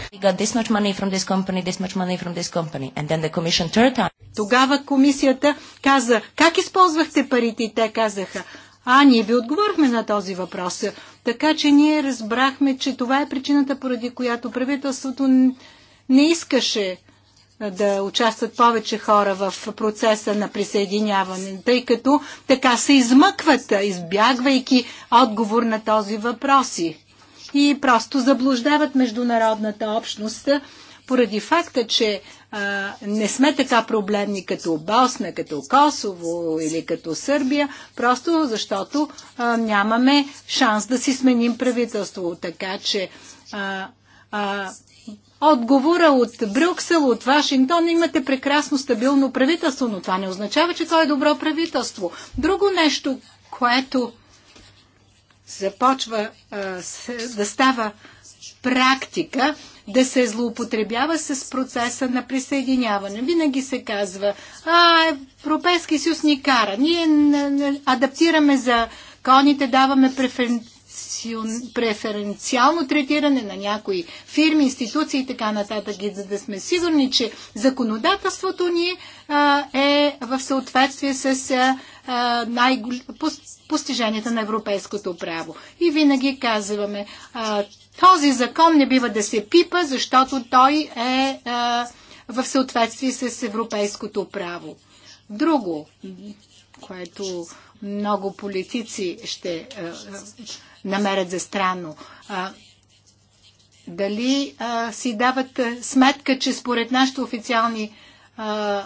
Тогава комисията каза, как използвахте парите и те казаха, а, ние ви отговорихме на този въпрос. Така че ние разбрахме, че това е причината, поради която правителството не искаше да участват повече хора в процеса на присъединяване, тъй като така се измъкват, избягвайки отговор на този въпроси. И просто заблуждават международната общност поради факта, че а, не сме така проблемни като Босна, като Косово или като Сърбия, просто защото а, нямаме шанс да си сменим правителство. Така че а, а, отговора от Брюксел, от Вашингтон. Имате прекрасно стабилно правителство, но това не означава, че то е добро правителство. Друго нещо, което започва а, да става практика, да се злоупотребява с процеса на присъединяване. Винаги се казва, а, Европейски съюз ни кара, ние адаптираме за коните, даваме преференциално третиране на някои фирми, институции и така нататък, за да сме сигурни, че законодателството ни а, е в съответствие с а, най- постиженията на европейското право. И винаги казваме, а, този закон не бива да се пипа, защото той е а, в съответствие с европейското право. Друго, което много политици ще намерят за странно. А, дали а, си дават сметка, че според нашите официални а,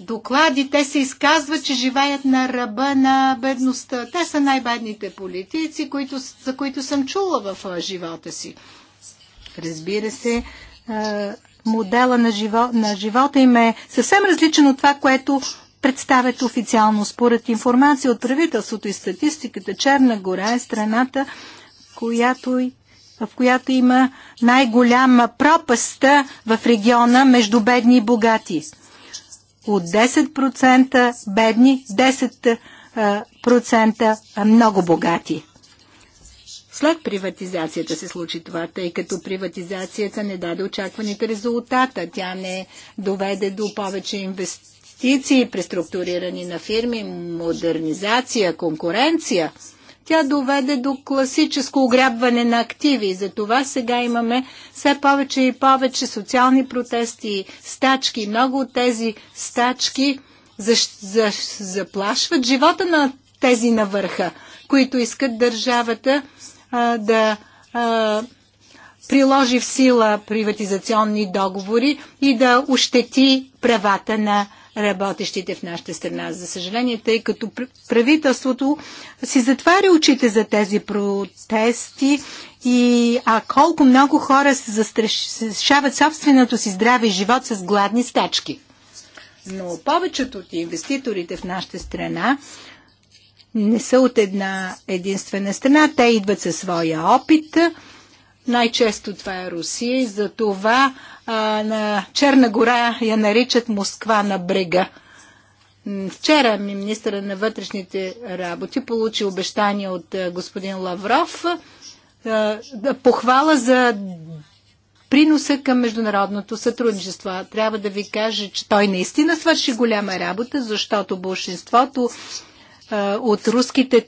доклади те се изказват, че живеят на ръба на бедността. Те са най-бедните политици, които, за които съм чула в а, живота си. Разбира се, а, модела на, живо, на живота им е съвсем различен от това, което представят официално. Според информация от правителството и статистиката, Черна гора е страната, която в която има най-голяма пропаста в региона между бедни и богати. От 10% бедни, 10% много богати. След приватизацията се случи това, тъй като приватизацията не даде очакваните резултата. Тя не доведе до повече инвестиции инвестиции, преструктуриране на фирми, модернизация, конкуренция. Тя доведе до класическо ограбване на активи. за това сега имаме все повече и повече социални протести, стачки. Много от тези стачки за, за, заплашват живота на тези на върха, които искат държавата а, да а, приложи в сила приватизационни договори и да ощети правата на работещите в нашата страна. За съжаление, тъй като правителството си затваря очите за тези протести и а колко много хора се застрашават собственото си здраве и живот с гладни стачки. Но повечето от инвеститорите в нашата страна не са от една единствена страна. Те идват със своя опит, най-често това е Русия и за това а, на Черна гора я наричат Москва на брега. Вчера ми министра на вътрешните работи получи обещание от господин Лавров а, похвала за приноса към международното сътрудничество. Трябва да ви кажа, че той наистина свърши голяма работа, защото большинството от руските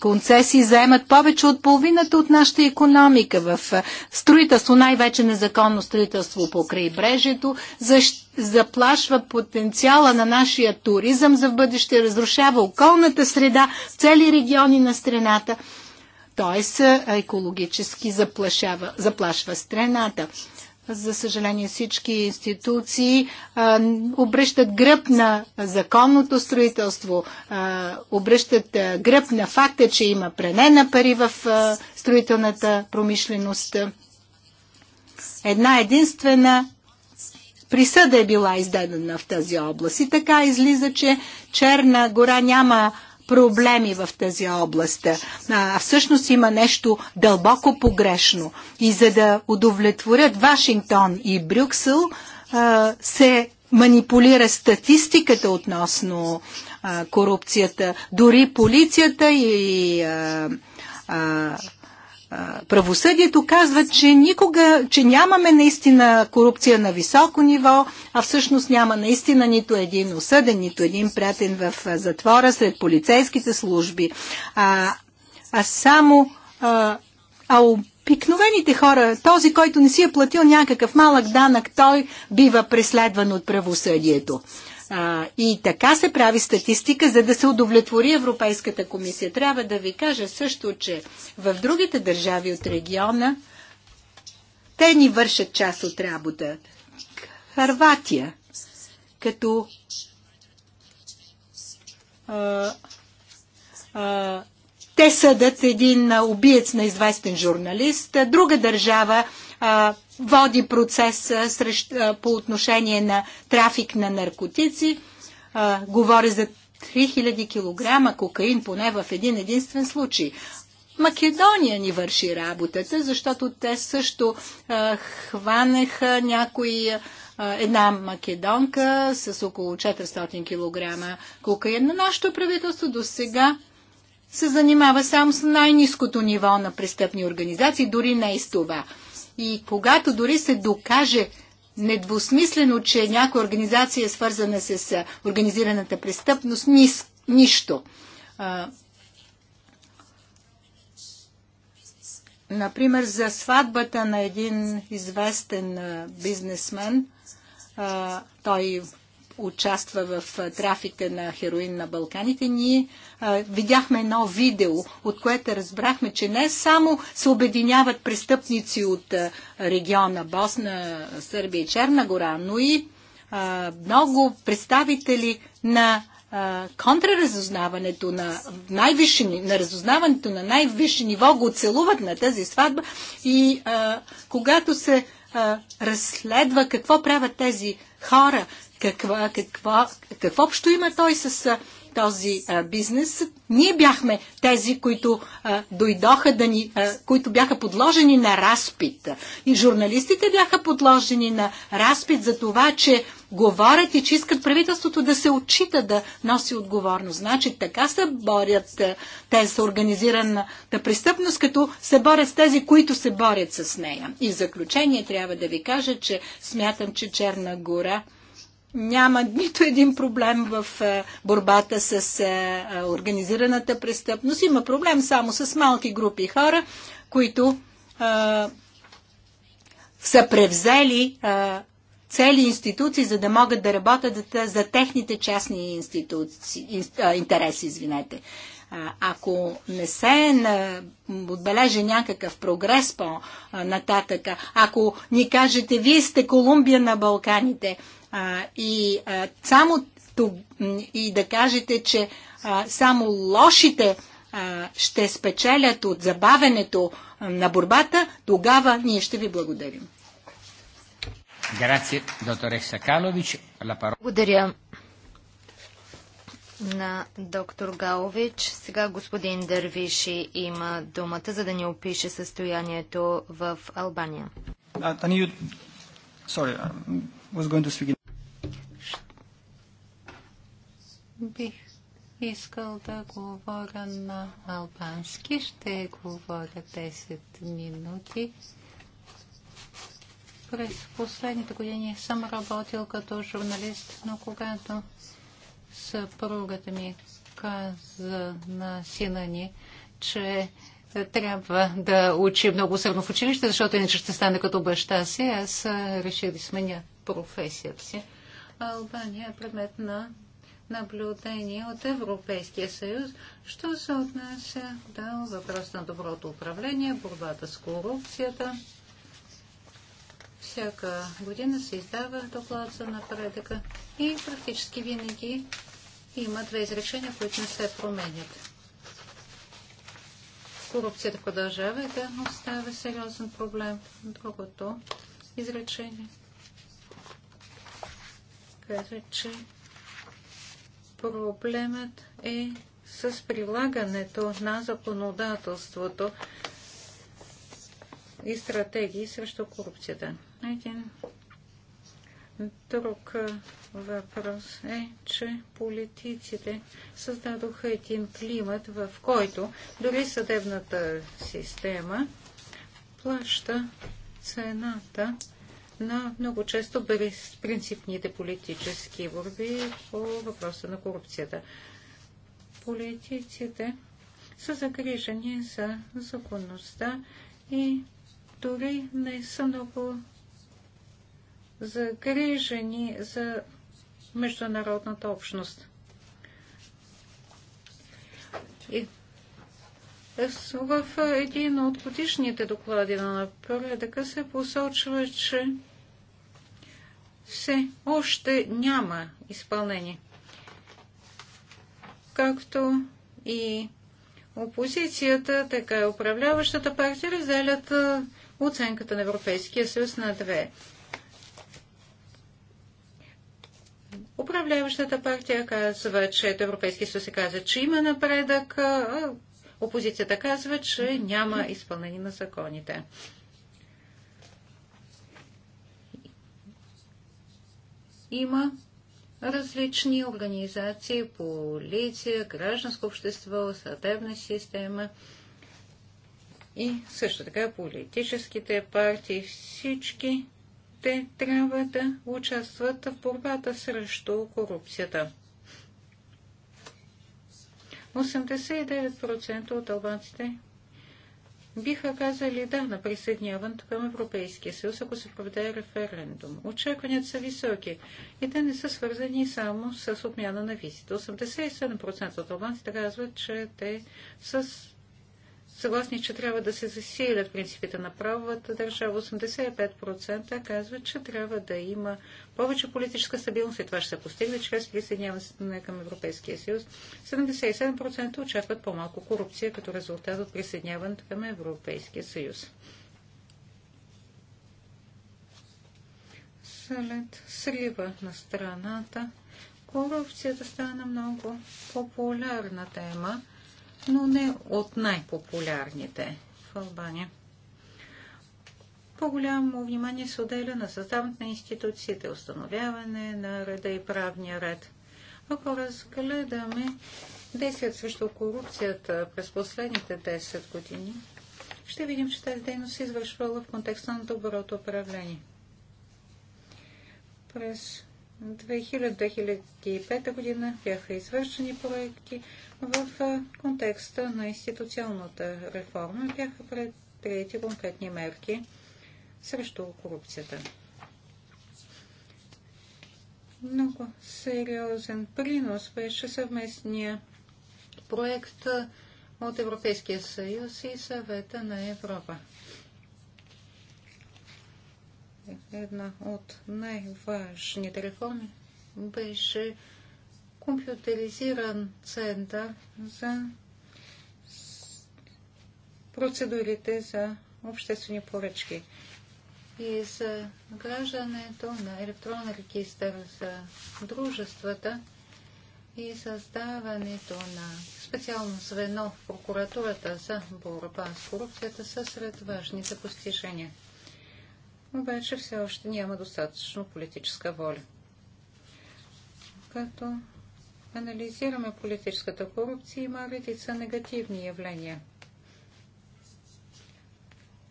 концесии заемат повече от половината от нашата економика в строителство, най-вече незаконно строителство по брежето, заплашва потенциала на нашия туризъм за в бъдеще, разрушава околната среда, цели региони на страната т.е. екологически заплашава, заплашва страната. За съжаление всички институции а, обръщат гръб на законното строителство, а, обръщат а, гръб на факта, че има прене на пари в а, строителната промишленост. Една единствена присъда е била издадена в тази област. И така излиза, че Черна гора няма проблеми в тази област. А всъщност има нещо дълбоко погрешно. И за да удовлетворят Вашингтон и Брюксел, се манипулира статистиката относно а, корупцията. Дори полицията и а, а, правосъдието казва, че никога, че нямаме наистина корупция на високо ниво, а всъщност няма наистина нито един осъден, нито един пратен в затвора сред полицейските служби. А, а само а, а обикновените хора, този, който не си е платил някакъв малък данък, той бива преследван от правосъдието. А, и така се прави статистика, за да се удовлетвори Европейската комисия. Трябва да ви кажа също, че в другите държави от региона те ни вършат част от работа. Харватия, като а, а, те съдат един убиец на известен журналист, друга държава а, води процес срещ, по отношение на трафик на наркотици. Говоря за 3000 кг кокаин поне в един единствен случай. Македония ни върши работата, защото те също хванеха някои една македонка с около 400 кг кокаин. Но нашето правителство до сега се занимава само с най-низкото ниво на престъпни организации, дори не и с това. И когато дори се докаже недвусмислено, че някоя организация е свързана с организираната престъпност, нис, нищо. А, например, за сватбата на един известен бизнесмен, а, той участва в трафика на хероин на Балканите, ние видяхме едно видео, от което разбрахме, че не само се обединяват престъпници от региона Босна, Сърбия и Черна гора, но и много представители на контраразузнаването на най-висше, на разузнаването на най-висше ниво го целуват на тази сватба и а, когато се а, разследва какво правят тези хора, каква, каква, какво общо има той с този а, бизнес. Ние бяхме тези, които а, дойдоха да ни, а, които бяха подложени на разпит. И журналистите бяха подложени на разпит за това, че говорят и че искат правителството да се отчита, да носи отговорност. Значи така се борят те с организираната престъпност, като се борят с тези, които се борят с нея. И в заключение трябва да ви кажа, че смятам, че Черна гора няма нито един проблем в е, борбата с е, е, организираната престъпност. Има проблем само с малки групи хора, които са превзели цели институции, за да могат да работят за техните частни интереси. Извинете. Ако не се отбележи някакъв прогрес по-нататъка, ако ни кажете, вие сте Колумбия на Балканите, и само и да кажете, че само лошите ще спечелят от забавенето на борбата, тогава ние ще ви благодарим. Благодаря на доктор Галович. Сега господин Дървиши има думата, за да ни опише състоянието в Албания. Uh, Sorry, I was going to speak in... Бих искал да говоря на албански. Ще говоря 10 минути. През последните години съм работил като журналист, но когато съпругата ми каза на сина ни, че трябва да учи много усърно в училище, защото иначе ще стане като баща си. Аз реших да сменя професията си. Албания е предмет на наблюдение от Европейския съюз, що се отнася до въпрос на доброто управление, борбата с корупцията. Всяка година се издава доклад за напредъка и практически винаги има две изречения, които не се променят. Корупцията продължава и да оставя сериозен проблем. Другото изречение казва, че Проблемът е с прилагането на законодателството и стратегии срещу корупцията. Един друг въпрос е, че политиците създадоха един климат, в който дори съдебната система плаща цената на много често безпринципните политически борби по въпроса на корупцията. Политиците са загрижени за законността и дори не са много загрижени за международната общност. И в един от годишните доклади на напредъка се посочва, че все още няма изпълнение. Както и опозицията, така и управляващата партия разделят оценката на Европейския съюз на две. Управляващата партия казва, че Европейския съюз се каза, че има напредък, а опозицията казва, че няма изпълнение на законите. има различни организации, полиция, гражданско общество, съдебна система и също така политическите партии, всички те трябва да участват в борбата срещу корупцията. 89% от албанците биха казали да на присъединяването към Европейския съюз, ако се проведе референдум. Очакванията са високи и те не са свързани само с отмяна на визите. 87% от албанците казват, че те с съгласни, че трябва да се засилят принципите на правовата държава. 85% казват, че трябва да има повече политическа стабилност и това ще се постигне чрез присъединяване към Европейския съюз. 77% очакват по-малко корупция като резултат от присъединяването към Европейския съюз. След срива на страната, корупцията стана много популярна тема но не от най-популярните в Албания. По-голямо внимание се отделя на създаването на институциите, установяване на реда и правния ред. Ако разгледаме действият срещу корупцията през последните 10 години, ще видим, че тази дейност се извършвала в контекста на доброто управление. През 2000-2005 година бяха извършени проекти в контекста на институционната реформа. Бяха предприяти конкретни мерки срещу корупцията. Много сериозен принос беше съвместния проект от Европейския съюз и съвета на Европа една от най-важните реформи беше компютеризиран център за процедурите за обществени поръчки и за граждането на електронен регистър за дружествата и създаването на специално звено в прокуратурата за борба с корупцията са сред важните постижения обаче все още няма достатъчно политическа воля. Като анализираме политическата корупция, има редица негативни явления.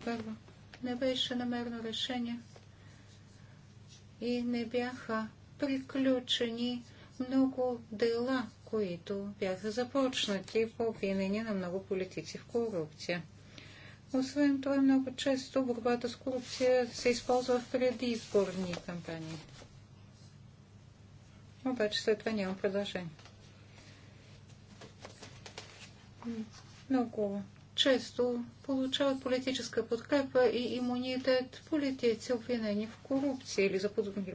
Първо, не беше намерено решение и не бяха приключени много дела, които бяха започнати по обвинение на много политици в корупция. Освен това, много често борбата с корупция се използва в предизборни кампании. Обаче след това няма продължение. Много често получават политическа подкрепа и имунитет политици, обвинени в корупция или,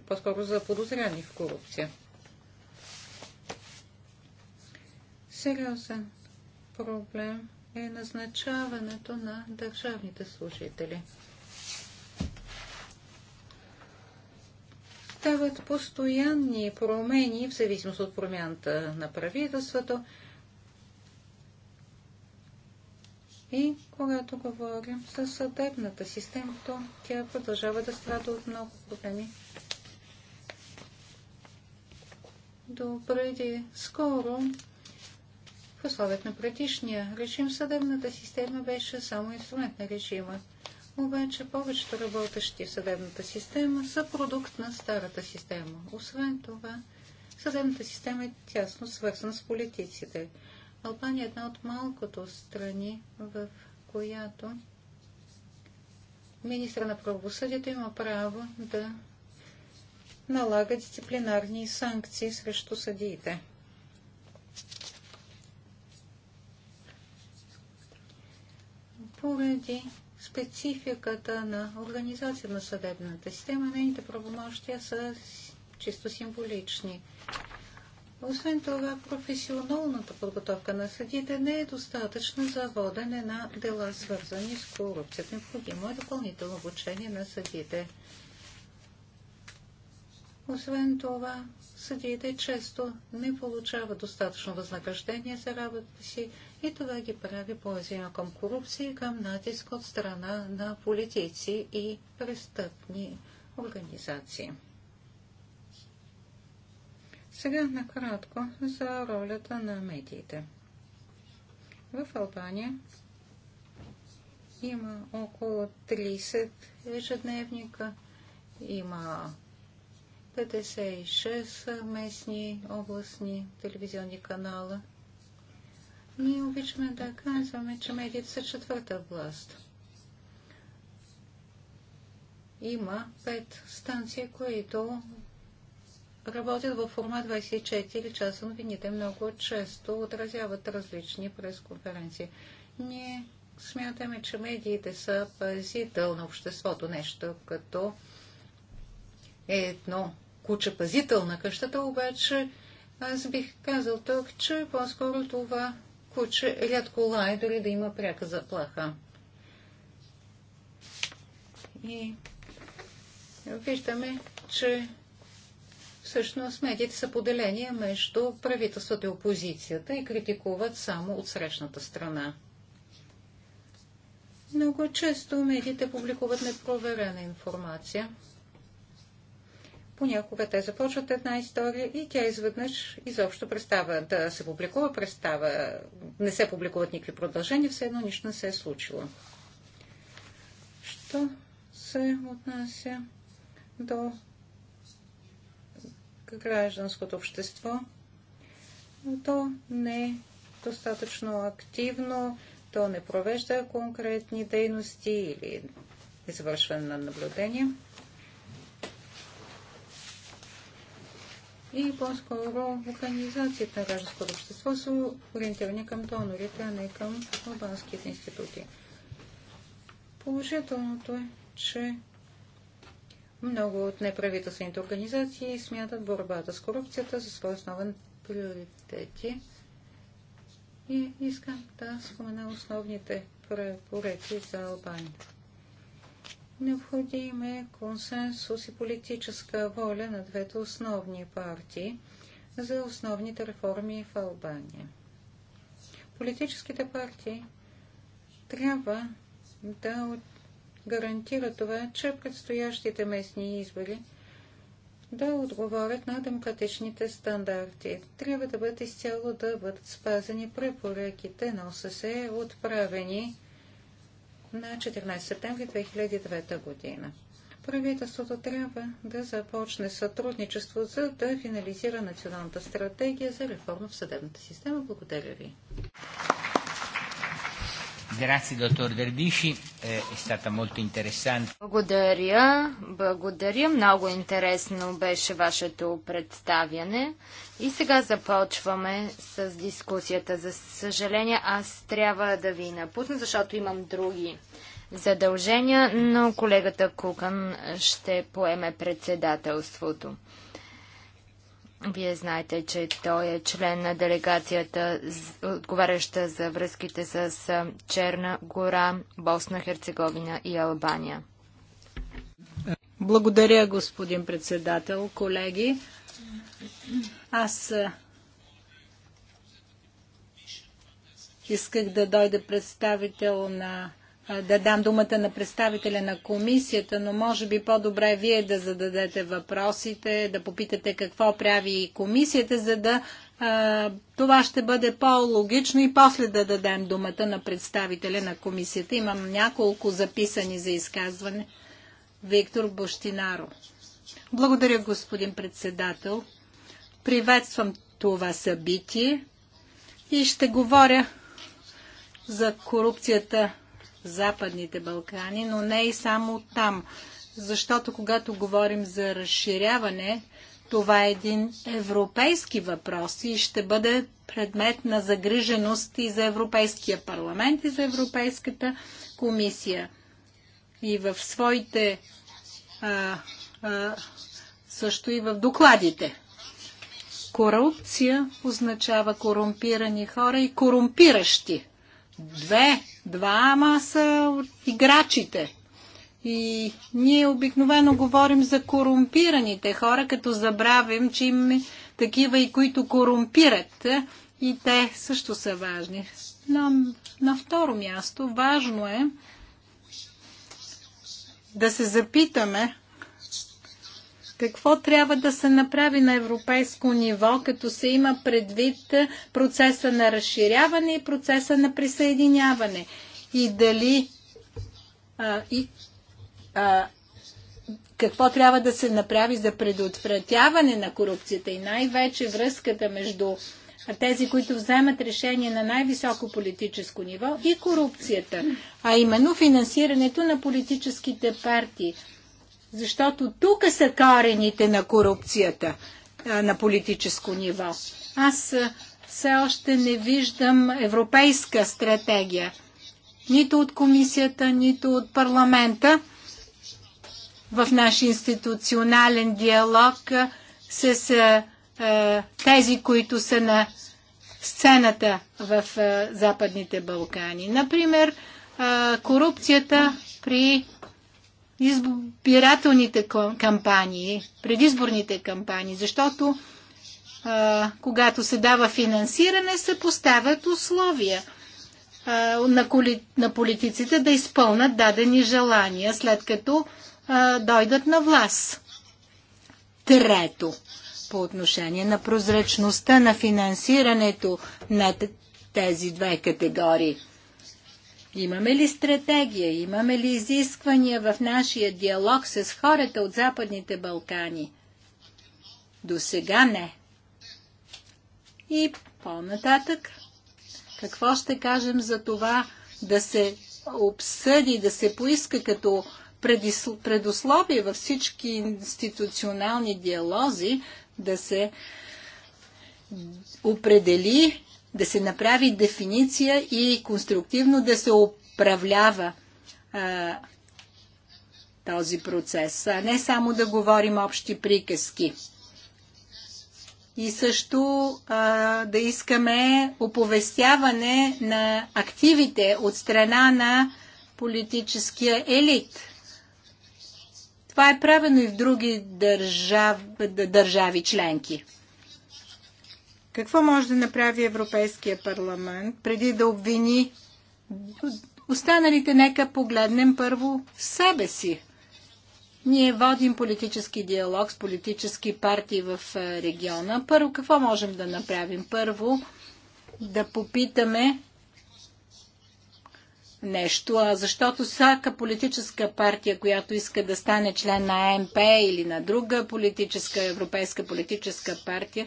по-скоро за подозряни в корупция. Сериозен проблем е назначаването на държавните служители. Стават постоянни промени в зависимост от промяната на правителството. И когато говорим за съдебната система, то тя продължава да страда от много проблеми. До преди скоро условията на предишния режим съдебната система беше само инструмент на режима. Обаче повечето работещи в съдебната система са продукт на старата система. Освен това, съдебната система е тясно свързана с политиците. Албания е една от малкото страни, в която министра на правосъдието има право да налага дисциплинарни санкции срещу съдиите. поради спецификата на организация на съдебната система, нейните правомощия са чисто символични. Освен това, професионалната подготовка на съдите не е достатъчна за водене на дела, свързани с корупцията. Необходимо е допълнително обучение на съдите. Освен това, съдиите често не получават достатъчно възнаграждение за работата си и това ги прави по към корупция и към натиск от страна на политици и престъпни организации. Сега накратко за ролята на медиите. В Албания има около 30 ежедневника, има 56 местни областни телевизионни канала. Ние обичаме да казваме, че медиите са четвърта власт. Има пет станции, които работят в формат 24 часа новините. Много често отразяват различни пресконференции. Ние смятаме, че медиите са пазител на обществото, нещо като едно куча пазител на къщата, обаче аз бих казал тук, че по-скоро това куче е рядко лае, дори да има пряка заплаха. И виждаме, че всъщност медиите са поделения между правителството и опозицията и критикуват само от срещната страна. Много често медиите публикуват непроверена информация понякога те започват една история и тя изведнъж изобщо представа да се публикува престава, Не се публикуват никакви продължения, все едно нищо не се е случило. Що се отнася до гражданското общество, то не е достатъчно активно, то не провежда конкретни дейности или извършване на наблюдения. и по-скоро организацията на гражданското общество са ориентирани към донорите, а не към албанските институти. Положителното е, че много от неправителствените организации смятат борбата с корупцията за свой основен приоритети. И искам да спомена основните препоръки за Албания. Необходим е консенсус и политическа воля на двете основни партии за основните реформи в Албания. Политическите партии трябва да гарантират това, че предстоящите местни избори да отговорят на демократичните стандарти. Трябва да бъдат изцяло да бъдат спазени препоръките на ОССЕ, отправени на 14 септември 2009 година. Правителството трябва да започне сътрудничество, за да финализира националната стратегия за реформа в съдебната система. Благодаря ви. Grazie, доктор Дердиши. Е стата много интересант. Благодаря. Благодаря. Много интересно беше вашето представяне. И сега започваме с дискусията. За съжаление, аз трябва да ви напусна, защото имам други задължения, но колегата Кукан ще поеме председателството. Вие знаете, че той е член на делегацията, отговаряща за връзките с Черна гора, Босна, Херцеговина и Албания. Благодаря, господин председател, колеги. Аз исках да дойде представител на да дам думата на представителя на комисията, но може би по-добре вие да зададете въпросите, да попитате какво прави комисията, за да а, това ще бъде по-логично и после да дадем думата на представителя на комисията. Имам няколко записани за изказване. Виктор Бощинаро. Благодаря, господин председател. Приветствам това събитие и ще говоря за корупцията Западните Балкани, но не и само там. Защото когато говорим за разширяване, това е един европейски въпрос и ще бъде предмет на загриженост и за Европейския парламент и за Европейската комисия. И в своите а, а, също и в докладите. Корупция означава корумпирани хора и корумпиращи две, двама са играчите. И ние обикновено говорим за корумпираните хора, като забравим, че има е такива и които корумпират. И те също са важни. Но на второ място, важно е да се запитаме какво трябва да се направи на европейско ниво, като се има предвид процеса на разширяване и процеса на присъединяване? И дали а, и, а, какво трябва да се направи за предотвратяване на корупцията и най-вече връзката между тези, които вземат решение на най-високо политическо ниво и корупцията, а именно финансирането на политическите партии. Защото тук са корените на корупцията на политическо ниво. Аз все още не виждам европейска стратегия. Нито от комисията, нито от парламента. В наш институционален диалог с е, тези, които са на сцената в е, Западните Балкани. Например, е, корупцията при избирателните кампании, предизборните кампании, защото а, когато се дава финансиране, се поставят условия а, на, коли, на политиците да изпълнат дадени желания, след като а, дойдат на власт. Трето, по отношение на прозрачността на финансирането на тези две категории – Имаме ли стратегия, имаме ли изисквания в нашия диалог с хората от Западните Балкани? До сега не. И по-нататък, какво ще кажем за това да се обсъди, да се поиска като предусловие във всички институционални диалози да се определи да се направи дефиниция и конструктивно да се управлява а, този процес, а не само да говорим общи приказки. И също а, да искаме оповестяване на активите от страна на политическия елит. Това е правено и в други държав, държави членки. Какво може да направи Европейския парламент преди да обвини останалите? Нека погледнем първо себе си. Ние водим политически диалог с политически партии в е, региона. Първо, какво можем да направим? Първо, да попитаме нещо, а защото всяка политическа партия, която иска да стане член на АМП или на друга политическа, европейска политическа партия,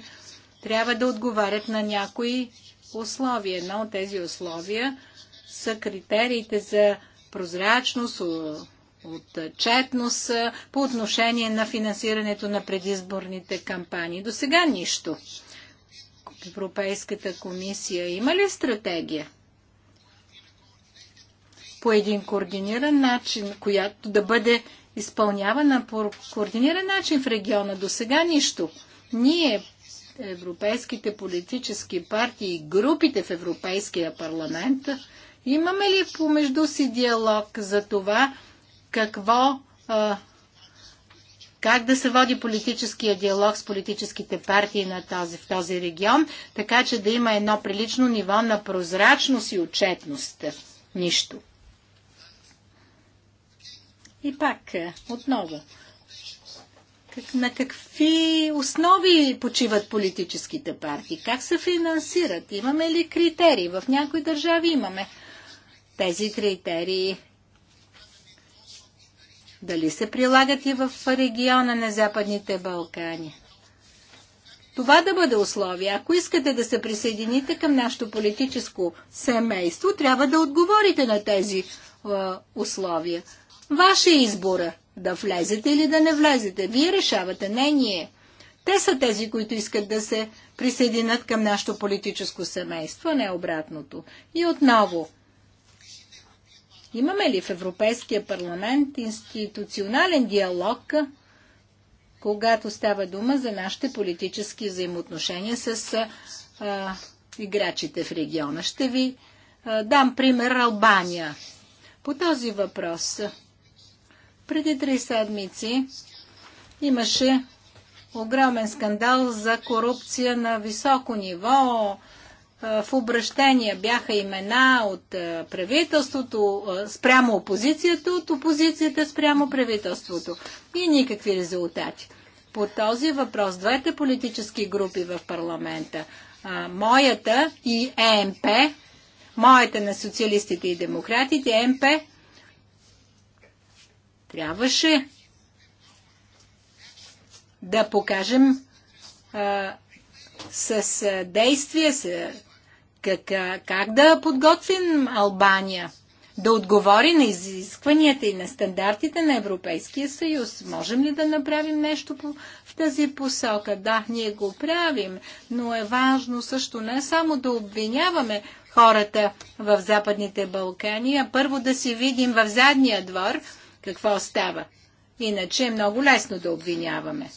трябва да отговарят на някои условия. Едно от тези условия са критериите за прозрачност, отчетност по отношение на финансирането на предизборните кампании. До сега нищо. Европейската комисия има ли стратегия? По един координиран начин, която да бъде изпълнявана по координиран начин в региона. До сега нищо. Ние европейските политически партии и групите в Европейския парламент, имаме ли помежду си диалог за това какво, как да се води политическия диалог с политическите партии на този, в този регион, така че да има едно прилично ниво на прозрачност и отчетност? Нищо. И пак, е, отново, как, на какви основи почиват политическите партии, как се финансират, имаме ли критерии. В някои държави имаме тези критерии. Дали се прилагат и в региона на Западните Балкани? Това да бъде условие. Ако искате да се присъедините към нашето политическо семейство, трябва да отговорите на тези е, условия. Ваше избора. Да влезете или да не влезете. Вие решавате, не ние. Те са тези, които искат да се присъединят към нашето политическо семейство, не обратното. И отново, имаме ли в Европейския парламент институционален диалог, когато става дума за нашите политически взаимоотношения с а, играчите в региона? Ще ви а, дам пример Албания. По този въпрос преди три седмици имаше огромен скандал за корупция на високо ниво. Е, в обращения бяха имена от е, правителството е, спрямо опозицията, от опозицията спрямо правителството. И никакви резултати. По този въпрос двете политически групи в парламента, моята и ЕМП, моята на социалистите и демократите, ЕМП, Трябваше да покажем а, с действие с, как, как да подготвим Албания да отговори на изискванията и на стандартите на Европейския съюз. Можем ли да направим нещо по, в тази посока? Да, ние го правим, но е важно също не само да обвиняваме хората в Западните Балкани, а първо да си видим в задния двор – какво става. Иначе е много лесно да обвиняваме.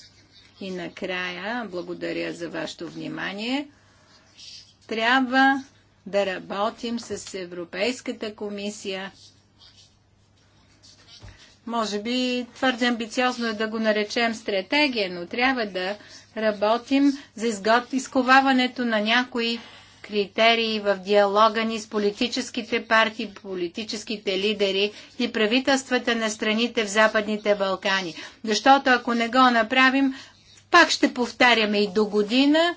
И накрая, благодаря за вашето внимание. Трябва да работим с Европейската комисия. Може би твърде амбициозно е да го наречем стратегия, но трябва да работим за изковаването на някои критерии в диалога ни с политическите партии, политическите лидери и правителствата на страните в Западните Балкани. Защото ако не го направим, пак ще повтаряме и до година,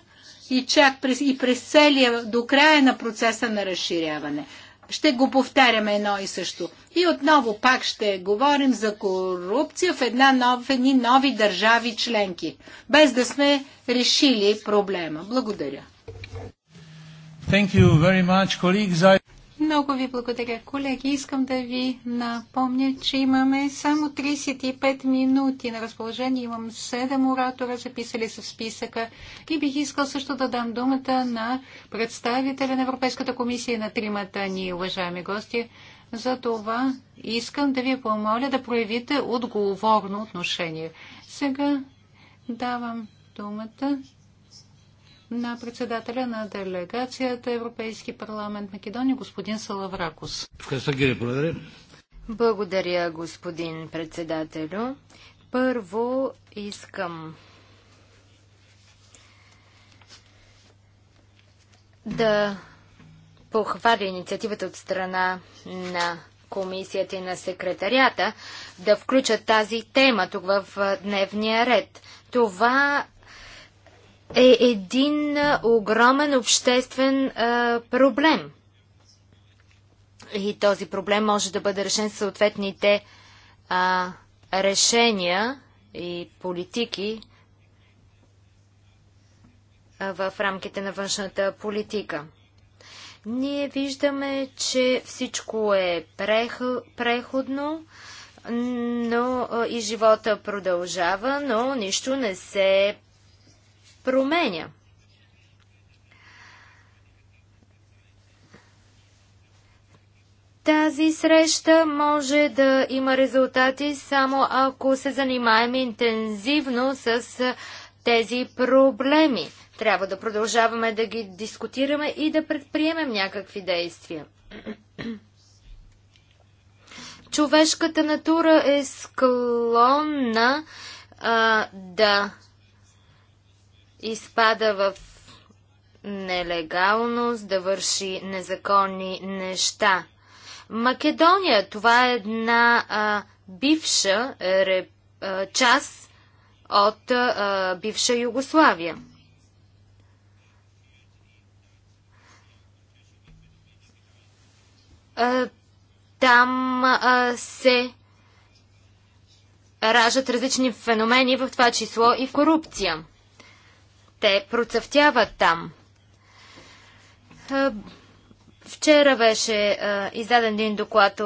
и чак през, и през целия, до края на процеса на разширяване. Ще го повтаряме едно и също. И отново пак ще говорим за корупция в, една нов, в едни нови държави членки, без да сме решили проблема. Благодаря. Much, Много ви благодаря, колеги. Искам да ви напомня, че имаме само 35 минути на разположение. Имам 7 оратора, записали се в списъка. И бих искал също да дам думата на представителя на Европейската комисия и на тримата ни, уважаеми гости. За това искам да ви помоля да проявите отговорно отношение. Сега давам думата на председателя на делегацията Европейски парламент Македония, господин Салавракус. Благодаря, господин председателю. Първо искам да похваля инициативата от страна на комисията и на секретарията да включат тази тема тук в дневния ред. Това е един огромен обществен а, проблем. И този проблем може да бъде решен с съответните а, решения и политики в рамките на външната политика. Ние виждаме, че всичко е прех, преходно но и живота продължава, но нищо не се променя. Тази среща може да има резултати само ако се занимаем интензивно с тези проблеми. Трябва да продължаваме да ги дискутираме и да предприемем някакви действия. Човешката натура е склонна а, да изпада в нелегалност, да върши незаконни неща. Македония, това е една а, бивша а, част от а, бивша Югославия. А, там а, се раждат различни феномени, в това число и корупция те процъфтяват там. Вчера беше издаден един доклад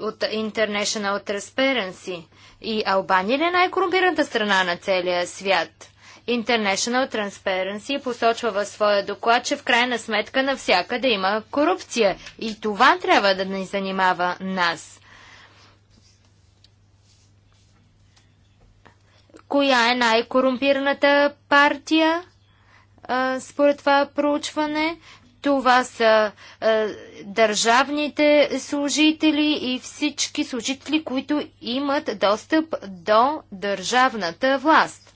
от International Transparency и Албания е най-корумпираната страна на целия свят. International Transparency посочва в своя доклад, че в крайна сметка навсякъде има корупция. И това трябва да ни занимава нас. Коя е най-корумпираната партия? според това проучване. Това са а, държавните служители и всички служители, които имат достъп до държавната власт.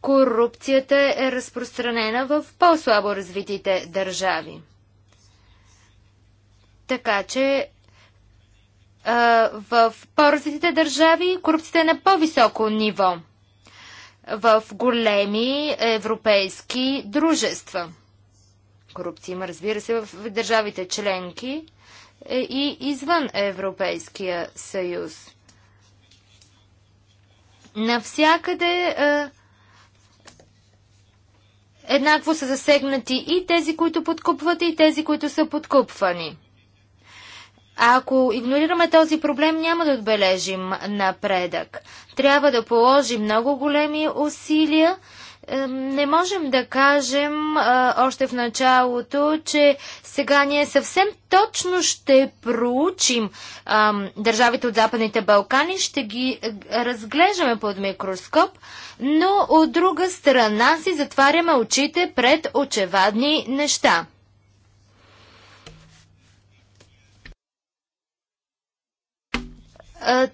Корупцията е разпространена в по-слабо развитите държави. Така че а, в по-развитите държави корупцията е на по-високо ниво в големи европейски дружества. Корупция има, разбира се, в държавите членки е, и извън Европейския съюз. Навсякъде е, еднакво са засегнати и тези, които подкупват, и тези, които са подкупвани. А ако игнорираме този проблем, няма да отбележим напредък. Трябва да положим много големи усилия. Не можем да кажем още в началото, че сега ние съвсем точно ще проучим държавите от Западните Балкани, ще ги е, разглеждаме под микроскоп, но от друга страна си затваряме очите пред очевадни неща.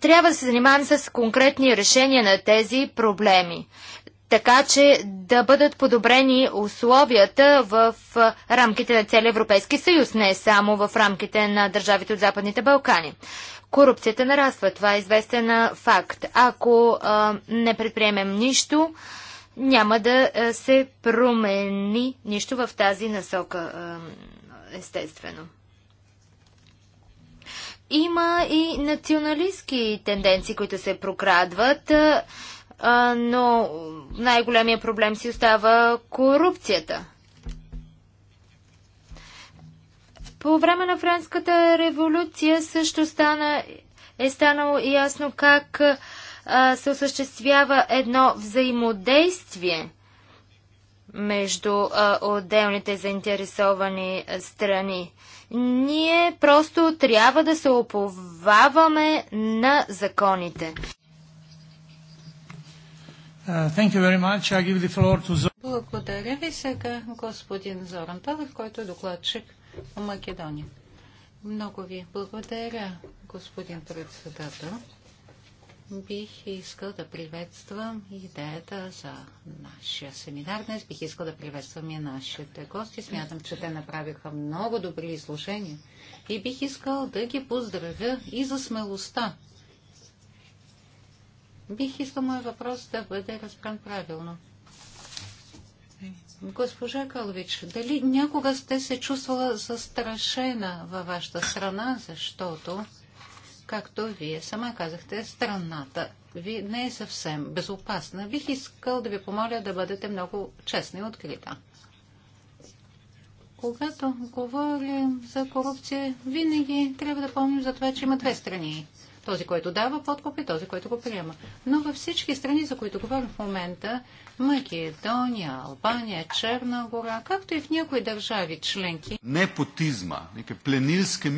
трябва да се занимаваме с конкретни решения на тези проблеми, така че да бъдат подобрени условията в рамките на целия Европейски съюз, не само в рамките на държавите от Западните Балкани. Корупцията нараства, това е известен факт. Ако а, не предприемем нищо, няма да се промени нищо в тази насока, естествено. Има и националистски тенденции, които се прокрадват, но най-големия проблем си остава корупцията. По време на Френската революция също стана, е станало ясно как се осъществява едно взаимодействие между отделните заинтересовани страни. Ние просто трябва да се оповаваме на законите. Uh, благодаря ви сега, господин Зоран Павлов, който е докладчик в Македония. Много ви благодаря, господин председател бих искал да приветствам идеята за нашия семинар днес. Бих искал да приветствам и нашите гости. Смятам, че те направиха много добри изложения. И бих искал да ги поздравя и за смелостта. Бих искал моят въпрос да бъде разбран правилно. Госпожа Калович, дали някога сте се чувствала застрашена във вашата страна, защото Както вие сама казахте, страната ви не е съвсем безопасна. Бих искал да ви помоля да бъдете много честни и открита. Когато говорим за корупция, винаги трябва да помним за това, че има две страни. Този, който дава подкуп и този, който го приема. Но във всички страни, за които говорим в момента, Македония, Албания, Черна гора, както и в някои държави членки. Непотизма, нека пленилска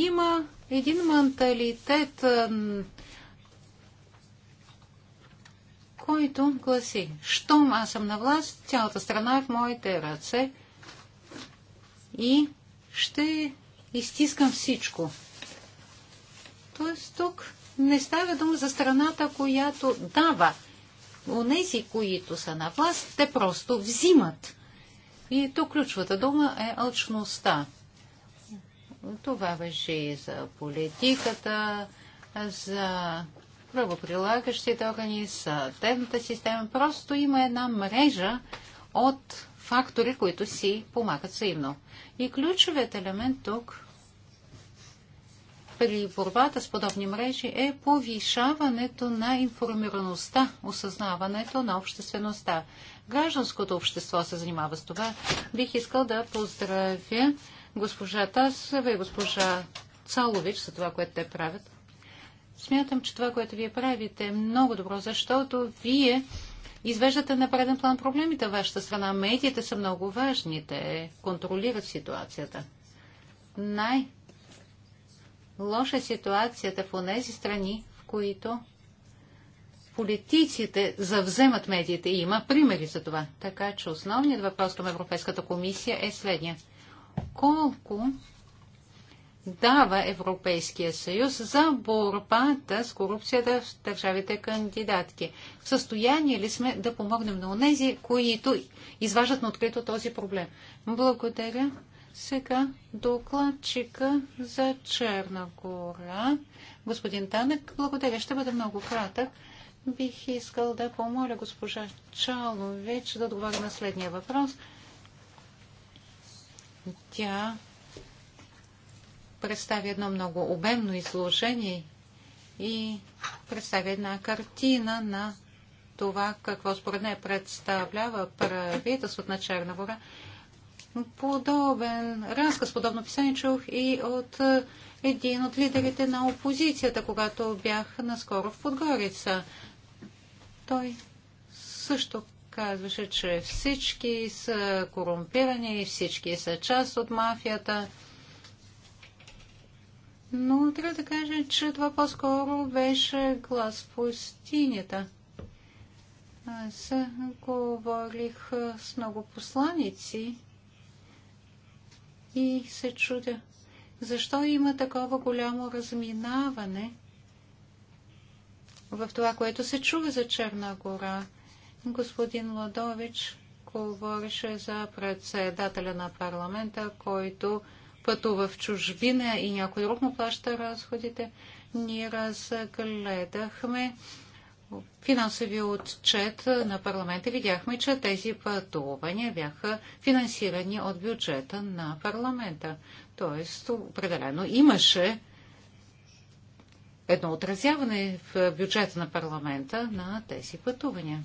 има един менталитет, който гласи, щом аз съм на власт, цялата страна е в моите ръце и ще изтискам всичко. Тоест тук не става дума за страната, която дава. Онези, които са на власт, те просто взимат. И тук ключвата дума е алчността. Това беше и за политиката, за правоприлагащите органи, за съдебната система. Просто има една мрежа от фактори, които си помагат взаимно. И ключовият елемент тук при борбата с подобни мрежи е повишаването на информираността, осъзнаването на обществеността. Гражданското общество се занимава с това. Бих искал да поздравя госпожа Тасова и госпожа Цалович за това, което те правят. Смятам, че това, което вие правите е много добро, защото вие извеждате на преден план проблемите в вашата страна. Медиите са много важни, те контролират ситуацията. Най- лоша е ситуацията в тези страни, в които политиците завземат медиите. И има примери за това. Така че основният въпрос към Европейската комисия е следния колко дава Европейския съюз за борбата с корупцията в държавите кандидатки. В състояние ли сме да помогнем на онези, които изваждат на открито този проблем? Благодаря. Сега докладчика за Черна гора. Господин Танък, благодаря. Ще бъде много кратък. Бих искал да помоля госпожа Чалович да отговаря на следния въпрос – тя представи едно много обемно изложение и представи една картина на това, какво според нея представлява правителството на Черна гора. Подобен разказ, подобно писание чух и от е, един от лидерите на опозицията, когато бях наскоро в Подгорица. Той също казваше, че всички са корумпирани, всички са част от мафията. Но трябва да кажа, че това по-скоро беше глас в пустинята. Аз говорих с много посланици и се чудя, защо има такова голямо разминаване в това, което се чува за Черна гора – Господин Лодович говореше за председателя на парламента, който пътува в чужбина и някой друг му плаща разходите. Ние разгледахме финансови отчет на парламента видяхме, че тези пътувания бяха финансирани от бюджета на парламента. Тоест, определено имаше едно отразяване в бюджета на парламента на тези пътувания.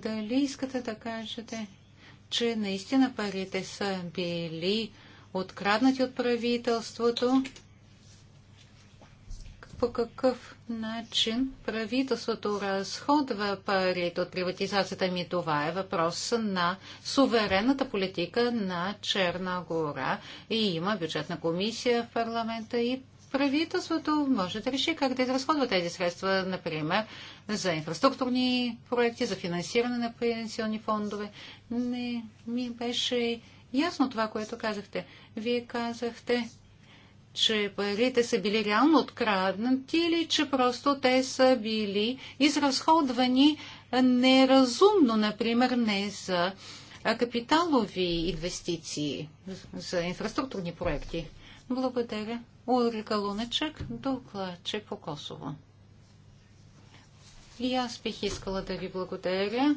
Дали искате да кажете, че наистина парите са били откраднати от правителството? По какъв начин правителството разходва парите от приватизацията ми? Това е въпрос на суверенната политика на Черна гора и има бюджетна комисия в парламента и правителството може да реши как да изразходва тези средства, например, за инфраструктурни проекти, за финансиране на пенсионни фондове. Не ми беше ясно това, което казахте. Вие казахте, че парите са били реално откраднати или че просто те са били изразходвани неразумно, например, не за капиталови инвестиции, за инфраструктурни проекти. Благодаря. Улрика Луначек, докладчик по Косово. И аз бих искала да ви благодаря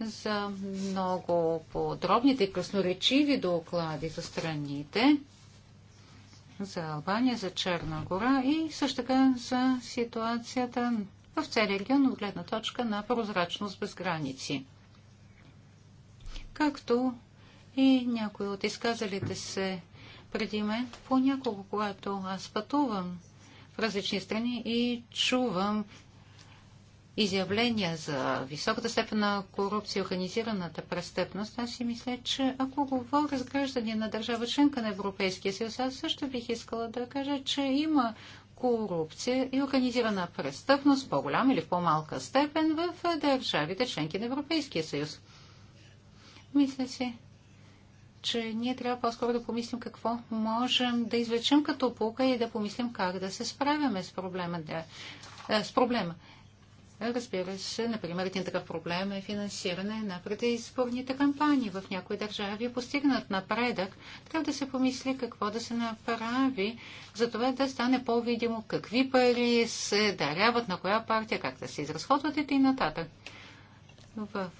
за много подробните и красноречиви доклади за страните, за Албания, за Черна гора и също така за ситуацията в целия регион от гледна точка на прозрачност без граници. Както и някои от изказалите се преди мен. Понякога, когато аз пътувам в различни страни и чувам изявления за високата степен на корупция и организираната престъпност, аз си мисля, че ако говоря с граждани на държава членка на Европейския съюз, аз също бих искала да кажа, че има корупция и организирана престъпност в по-голяма или в по-малка степен в държавите членки на Европейския съюз. Мисля си, че ние трябва по-скоро да помислим какво можем да извлечем като опука и да помислим как да се справяме с проблема. Да, е, с проблема. Разбира се, например, един такъв проблем е финансиране на предизборните кампании. В някои държави е постигнат напредък. Трябва да се помисли какво да се направи, за това да стане по-видимо какви пари се даряват на коя партия, как да се изразходват и нататък. В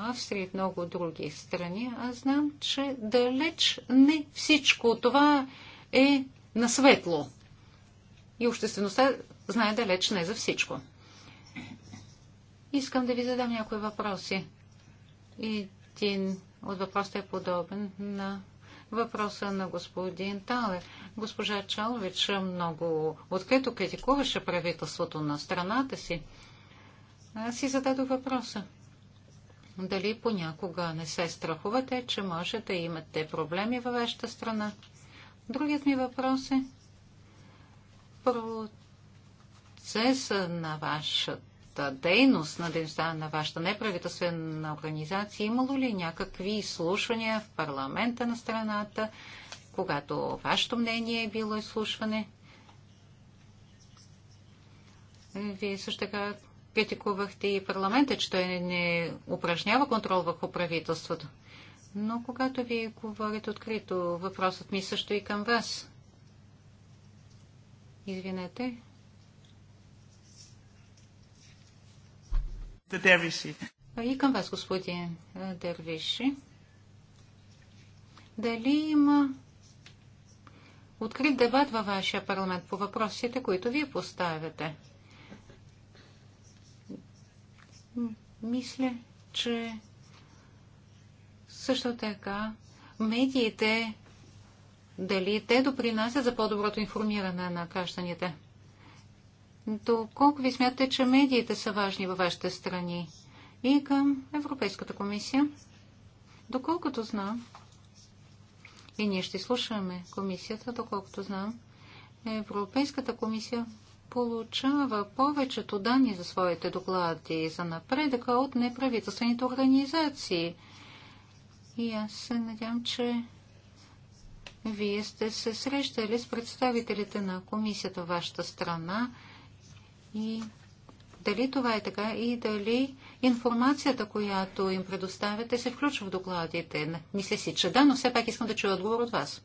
Австрия и в много други страни, аз знам, че далеч не всичко това е на светло. И обществеността знае далеч не за всичко. Искам да ви задам някои въпроси. Един от въпросите е подобен на въпроса на господин Талер. Госпожа Чалович много открито критикуваше правителството на страната си. Аз си зададох въпроса дали понякога не се страхувате, че може да имате проблеми във вашата страна. Другият ми въпрос е процеса на вашата дейност, на дейността на вашата неправителствена организация. Имало ли някакви изслушвания в парламента на страната, когато вашето мнение е било изслушване? Вие също така критикувахте и парламента, че той не упражнява контрол върху правителството. Но когато ви говорите открито, въпросът ми е също и към вас. Извинете. И към вас, господин Дервиши. Дали има открит дебат във вашия парламент по въпросите, които вие поставяте? Мисля, че също така медиите, дали те допринасят за по-доброто информиране на гражданите? Доколко ви смятате, че медиите са важни във вашите страни и към Европейската комисия? Доколкото знам, и ние ще слушаме комисията, доколкото знам, Европейската комисия получава повечето данни за своите доклади за напредъка от неправителствените организации. И аз се надявам, че вие сте се срещали с представителите на комисията в вашата страна и дали това е така и дали информацията, която им предоставяте, се включва в докладите. Мисля си, че да, но все пак искам да чуя отговор от вас.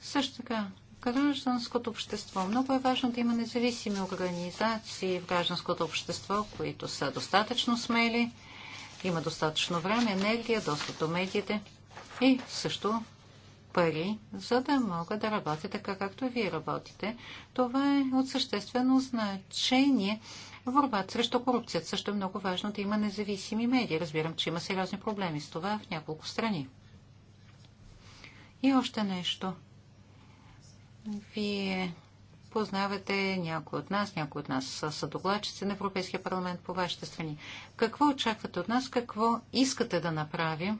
Също така, гражданското общество. Много е важно да има независими организации в гражданското общество, които са достатъчно смели, има достатъчно време, енергия, достъп до медиите и също пари, за да могат да работят така, както вие работите. Това е от съществено значение в срещу корупцията. Също е много важно да има независими медии. Разбирам, че има сериозни проблеми с това в няколко страни. И още нещо – вие познавате някои от нас, някои от нас са, съдоглачици докладчици на Европейския парламент по вашите страни. Какво очаквате от нас? Какво искате да направим,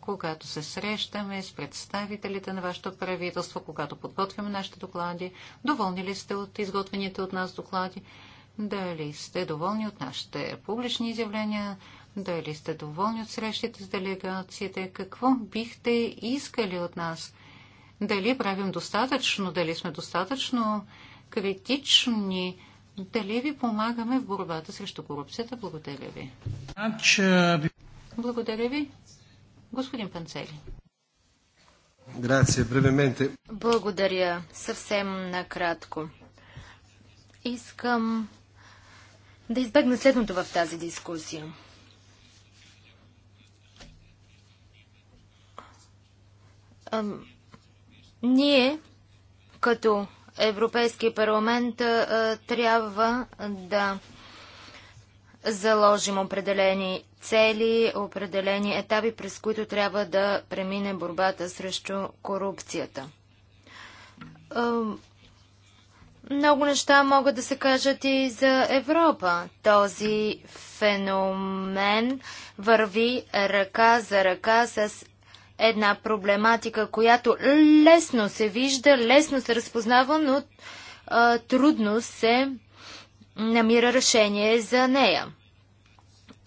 когато се срещаме с представителите на вашето правителство, когато подготвяме нашите доклади? Доволни ли сте от изготвените от нас доклади? Дали сте доволни от нашите публични изявления? Дали сте доволни от срещите с делегациите? Какво бихте искали от нас? Дали правим достатъчно, дали сме достатъчно критични, дали ви помагаме в борбата срещу корупцията. Благодаря ви. Благодаря ви. Господин Панцели. Благодаря. Съвсем накратко. Искам да избегна следното в тази дискусия. Ам, ние, като Европейски парламент, трябва да заложим определени цели, определени етапи, през които трябва да премине борбата срещу корупцията. Много неща могат да се кажат и за Европа. Този феномен върви ръка за ръка с една проблематика, която лесно се вижда, лесно се разпознава, но а, трудно се намира решение за нея.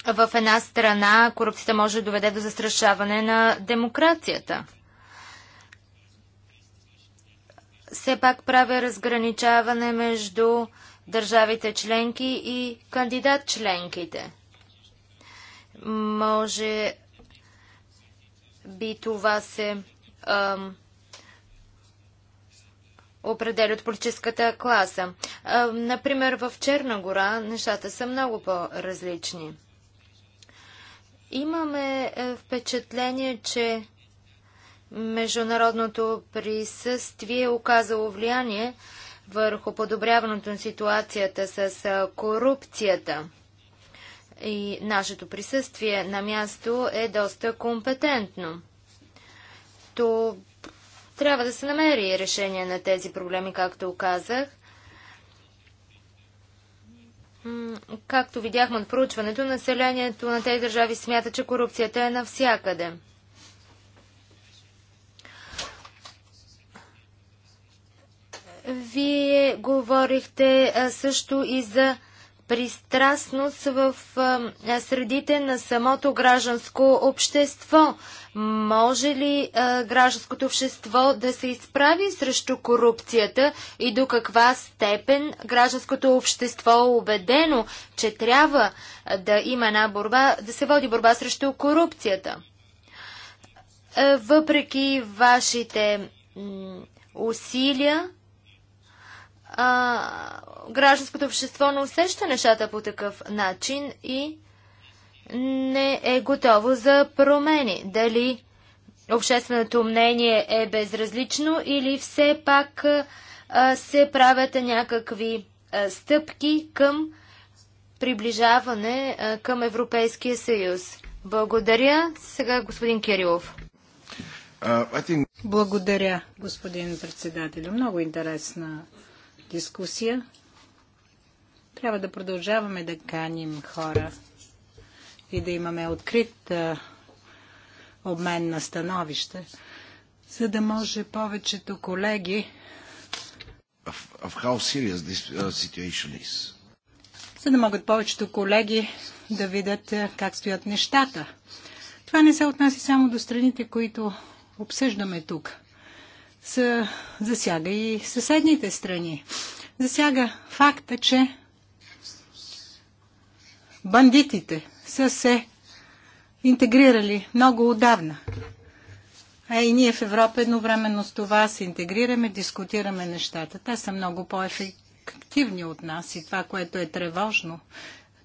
В една страна корупцията може да доведе до застрашаване на демокрацията. Все пак правя разграничаване между държавите членки и кандидат членките. Може би това се ам, определя от политическата класа. например, в Черна гора нещата са много по-различни. Имаме е, впечатление, че международното присъствие е оказало влияние върху подобряването на ситуацията с е, корупцията. И нашето присъствие на място е доста компетентно. То трябва да се намери решение на тези проблеми, както казах. Както видяхме от проучването, населението на тези държави смята, че корупцията е навсякъде. Вие говорихте също и за пристрастност в средите на самото гражданско общество. Може ли гражданското общество да се изправи срещу корупцията и до каква степен гражданското общество е убедено, че трябва да има една борба, да се води борба срещу корупцията? Въпреки вашите усилия, а, гражданското общество не усеща нещата по такъв начин и не е готово за промени. Дали общественото мнение е безразлично или все пак а, се правят някакви а, стъпки към приближаване а, към Европейския съюз. Благодаря. Сега господин Кирилов. Благодаря, господин председател. Много интересна дискусия. Трябва да продължаваме да каним хора и да имаме открит а, обмен на становище, за да може повечето колеги uh, за да могат повечето колеги да видят как стоят нещата. Това не се отнася само до страните, които обсъждаме тук са, засяга и съседните страни. Засяга факта, че бандитите са се интегрирали много отдавна. А и ние в Европа едновременно с това се интегрираме, дискутираме нещата. Те са много по-ефективни от нас и това, което е тревожно,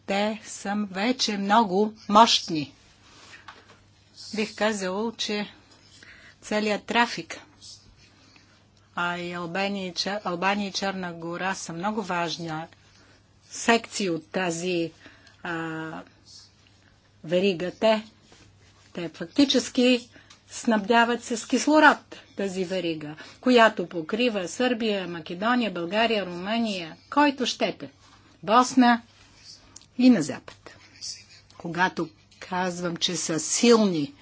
те са вече много мощни. Бих казал, че целият трафик а и Албания, Албания и Черна гора са много важни секции от тази а, верига. Те, те фактически снабдяват се с кислород тази верига, която покрива Сърбия, Македония, България, Румъния, който щете. Босна и на Запад. Когато казвам, че са силни,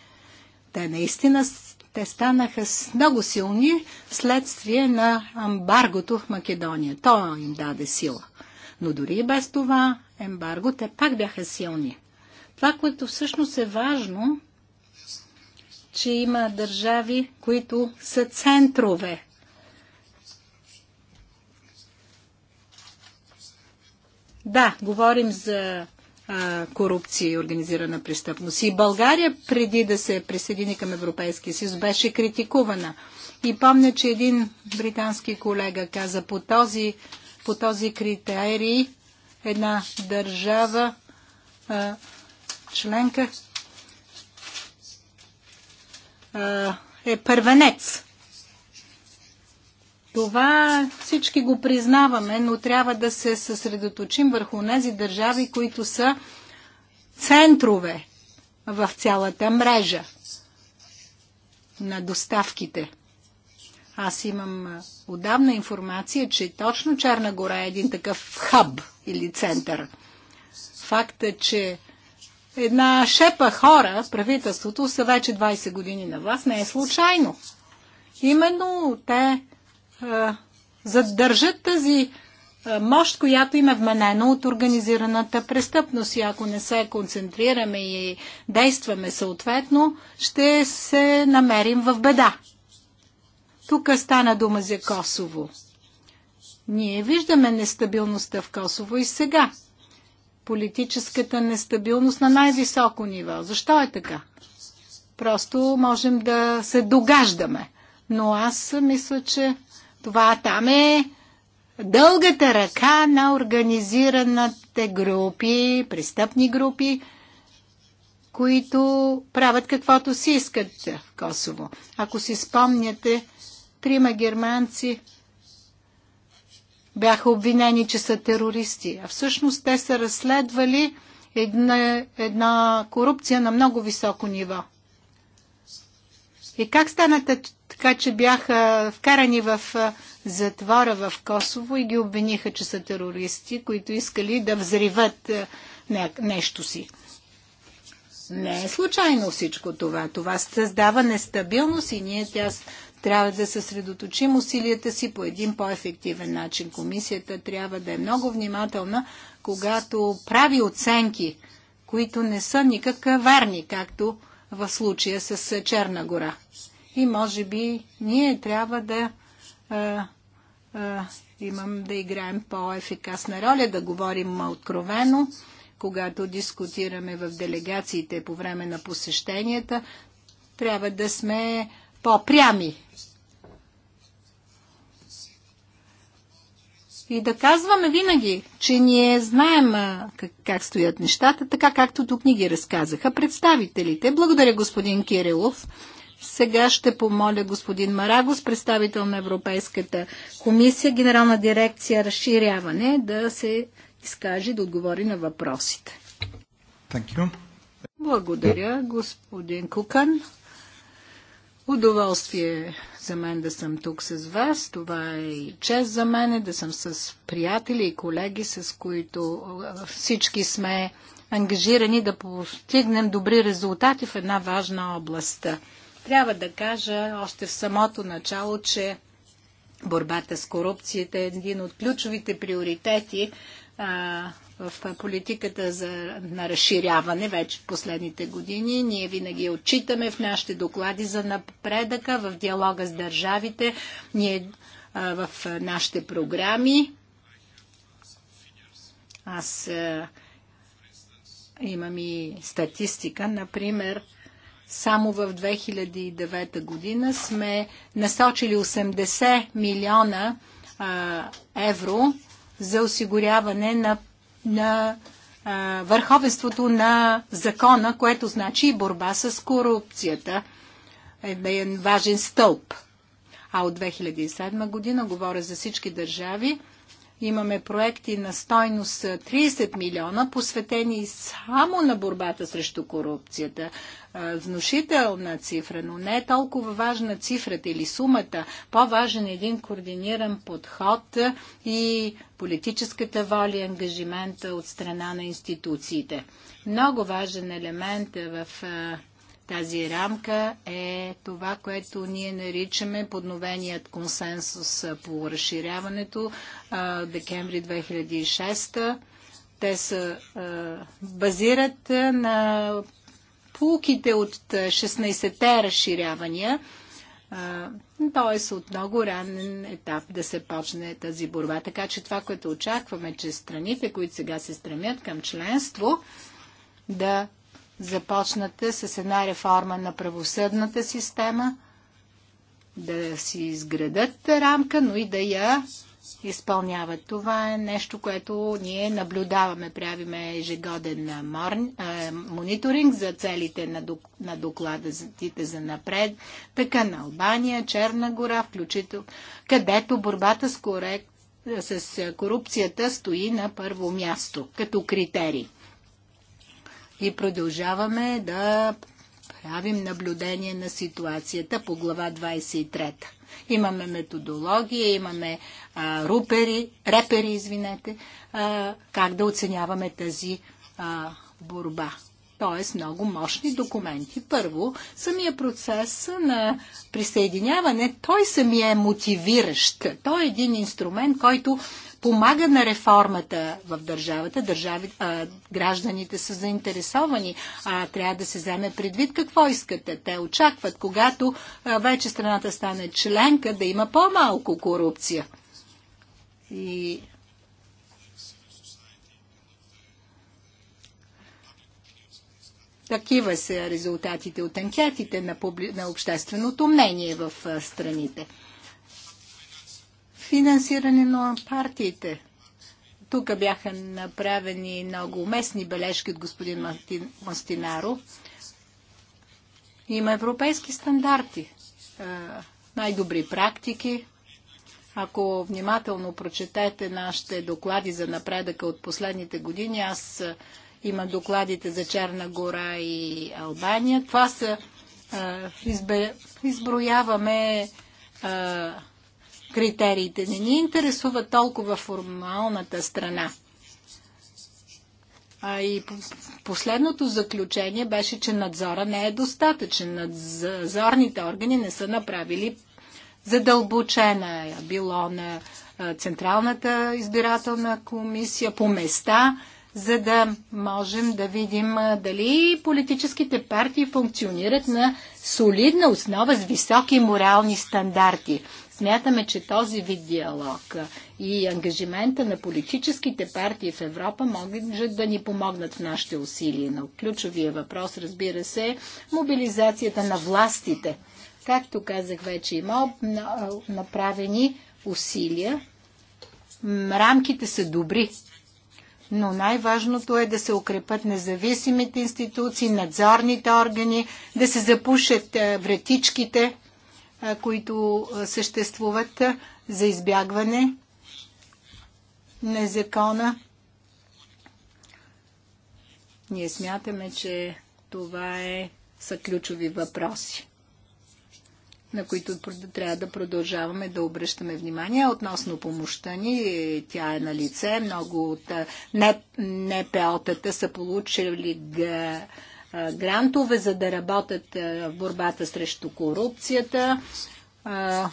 те наистина те станаха много силни вследствие на ембаргото в Македония. То им даде сила. Но дори и без това ембарго, те пак бяха силни. Това, което всъщност е важно, че има държави, които са центрове. Да, говорим за корупция и организирана престъпност. И България, преди да се присъедини към Европейския съюз, беше критикувана. И помня, че един британски колега каза по този, по този критерий една държава а, членка а, е първенец това всички го признаваме, но трябва да се съсредоточим върху тези държави, които са центрове в цялата мрежа на доставките. Аз имам отдавна информация, че точно Черна гора е един такъв хъб или център. Факта, е, че една шепа хора, правителството, са вече 20 години на власт, не е случайно. Именно те задържат тази мощ, която им е вменена от организираната престъпност. И ако не се концентрираме и действаме съответно, ще се намерим в беда. Тук стана дума за Косово. Ние виждаме нестабилността в Косово и сега. Политическата нестабилност на най-високо ниво. Защо е така? Просто можем да се догаждаме. Но аз мисля, че това там е дългата ръка на организираните групи, престъпни групи, които правят каквото си искат в Косово. Ако си спомняте, трима германци бяха обвинени, че са терористи. А всъщност те са разследвали една, една корупция на много високо ниво. И как станаха така че бяха вкарани в затвора в Косово и ги обвиниха, че са терористи, които искали да взриват нещо си. Не е случайно всичко това. Това създава нестабилност и ние тя трябва да съсредоточим усилията си по един по-ефективен начин. Комисията трябва да е много внимателна, когато прави оценки, които не са никак варни, както в случая с Черна гора и може би ние трябва да а, а, имам да играем по-ефикасна роля, да говорим откровено, когато дискутираме в делегациите по време на посещенията, трябва да сме по-прями. И да казваме винаги, че ние знаем как, как стоят нещата, така както тук ни ги разказаха представителите. Благодаря, господин Кирилов. Сега ще помоля господин Марагос, представител на Европейската комисия, генерална дирекция разширяване, да се изкаже, да отговори на въпросите. Благодаря, господин Кукан. Удоволствие за мен да съм тук с вас. Това е и чест за мен е да съм с приятели и колеги, с които всички сме ангажирани да постигнем добри резултати в една важна област. Трябва да кажа още в самото начало, че борбата с корупцията е един от ключовите приоритети а, в политиката за, на разширяване вече в последните години. Ние винаги отчитаме в нашите доклади за напредъка, в диалога с държавите, ние а, в нашите програми. Аз а, имам и статистика, например, само в 2009 година сме насочили 80 милиона а, евро за осигуряване на, на а, върховенството на закона, което значи и борба с корупцията. Един важен стълб. А от 2007 година, говоря за всички държави, Имаме проекти на стойност 30 милиона, посветени само на борбата срещу корупцията. Внушителна цифра, но не е толкова важна цифрата или сумата. По-важен е един координиран подход и политическата воля и ангажимента от страна на институциите. Много важен елемент е в тази рамка е това, което ние наричаме подновеният консенсус по разширяването декември 2006. Те се базират на пулките от 16-те разширявания, т.е. от много ранен етап да се почне тази борба. Така че това, което очакваме, че страните, които сега се стремят към членство, да започната с една реформа на правосъдната система, да си изградат рамка, но и да я изпълняват. Това е нещо, което ние наблюдаваме. Правиме ежегоден е, мониторинг за целите на, док... на докладите за напред, така на Албания, Черна гора, включително, където борбата с, корек... с корупцията стои на първо място като критерий и продължаваме да правим наблюдение на ситуацията по глава 23. Имаме методология, имаме а, рупери, репери, извинете, а, как да оценяваме тази а, борба. Тоест много мощни документи. Първо, самия процес на присъединяване, той самия е мотивиращ. Той е един инструмент, който помага на реформата в държавата. Държави, а, гражданите са заинтересовани, а трябва да се вземе предвид какво искате. Те очакват, когато а, вече страната стане членка, да има по-малко корупция. И Такива са резултатите от анкетите на, публи... на общественото мнение в страните финансиране на партиите. Тук бяха направени много уместни бележки от господин Мастинаро. Има европейски стандарти, най-добри практики. Ако внимателно прочетете нашите доклади за напредъка от последните години, аз има докладите за Черна гора и Албания. Това са избе, изброяваме а, критериите. Не ни интересува толкова формалната страна. А и последното заключение беше, че надзора не е достатъчен. Надзорните органи не са направили задълбочена било на Централната избирателна комисия по места, за да можем да видим дали политическите партии функционират на солидна основа с високи морални стандарти. Смятаме, че този вид диалог и ангажимента на политическите партии в Европа могат да ни помогнат в нашите усилия. Но ключовия въпрос, разбира се, е мобилизацията на властите. Както казах вече, има направени усилия. Рамките са добри, но най-важното е да се укрепат независимите институции, надзорните органи, да се запушат е, вратичките които съществуват за избягване на закона. Ние смятаме, че това е, са ключови въпроси, на които трябва да продължаваме да обръщаме внимание. Относно помощта ни, тя е на лице. Много от НПО-тата са получили грантове, за да работят в борбата срещу корупцията,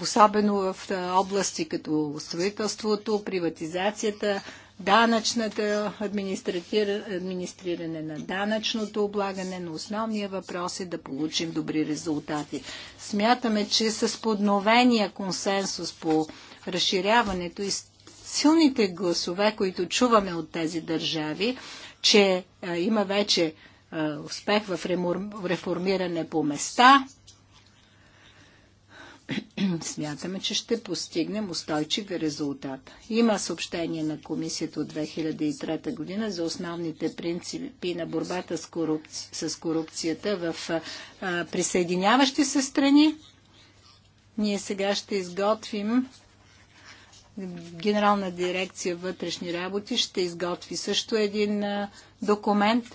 особено в области като строителството, приватизацията, данъчната администриране на данъчното облагане, но основния въпрос е да получим добри резултати. Смятаме, че с подновения консенсус по разширяването и силните гласове, които чуваме от тези държави, че има вече успех в реформиране по места. *clears throat* Смятаме, че ще постигнем устойчив резултат. Има съобщение на комисията от 2003 година за основните принципи на борбата с, корупци... с корупцията в а, присъединяващи се страни. Ние сега ще изготвим Генерална дирекция вътрешни работи ще изготви също един документ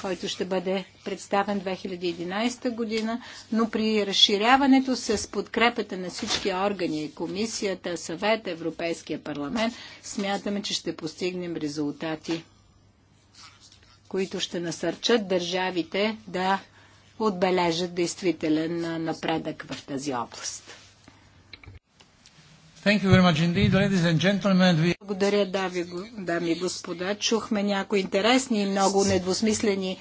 който ще бъде представен 2011 година, но при разширяването с подкрепата на всички органи, Комисията, Съвет, Европейския парламент, смятаме, че ще постигнем резултати, които ще насърчат държавите да отбележат действителен напредък в тази област. Благодаря, дами и господа. Чухме някои интересни и много недвусмислени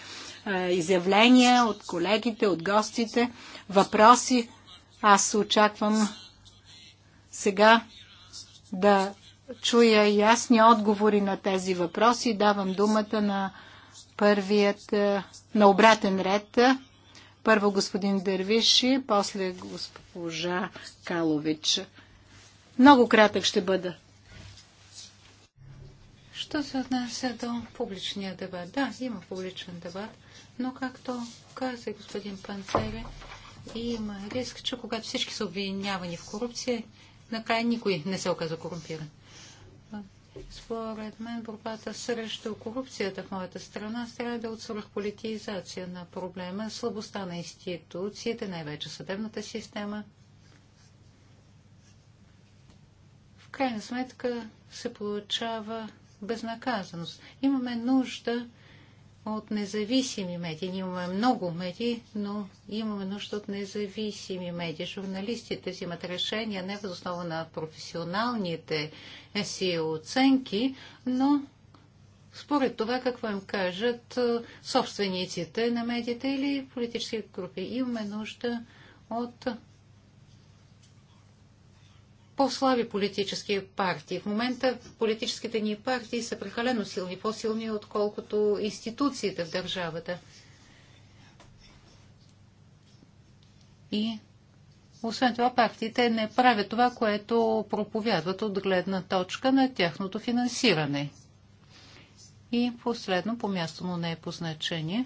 изявления от колегите, от гостите, въпроси. Аз очаквам сега да чуя ясни отговори на тези въпроси. Давам думата на първият, на обратен ред. Първо господин Дервиши, после госпожа Калович. Много кратък ще бъда. Що се отнася до публичния дебат? Да, има публичен дебат, но както каза господин Панцеве, има риск, че когато всички са обвинявани в корупция, накрая никой не се оказа корумпиран. Според мен борбата срещу корупцията в моята страна страда от свръхполитизация на проблема, слабостта на институциите, най-вече съдебната система – крайна сметка се получава безнаказаност. Имаме нужда от независими медии. Ние имаме много медии, но имаме нужда от независими медии. Журналистите взимат решения не въз основа на професионалните си оценки, но според това какво им кажат собствениците на медиите или политически групи. Имаме нужда от по-слаби политически партии. В момента политическите ни партии са прекалено силни, по-силни, отколкото институциите в държавата. И освен това, партиите не правят това, което проповядват от гледна точка на тяхното финансиране. И последно, по място, но не е по значение,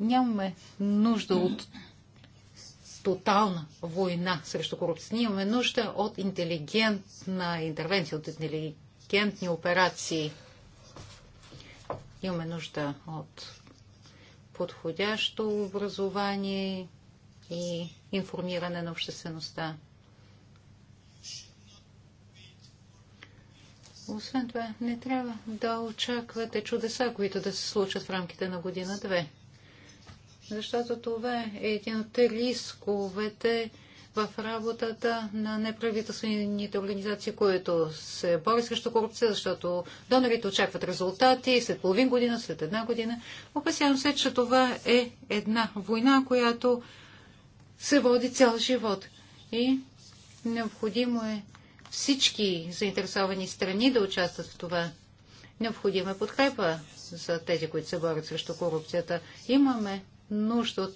нямаме нужда от тотална война срещу корупция. Ние имаме нужда от интелигентна интервенция, от интелигентни операции. Имаме нужда от подходящо образование и информиране на обществеността. Освен това, не трябва да очаквате чудеса, които да се случат в рамките на година-две защото това е един от рисковете в работата на неправителствените организации, които се борят срещу корупция, защото донорите очакват резултати след половин година, след една година. Опасявам се, че това е една война, която се води цял живот. И необходимо е всички заинтересовани страни да участват в това. Необходима е подкрепа за тези, които се борят срещу корупцията. Имаме нужда от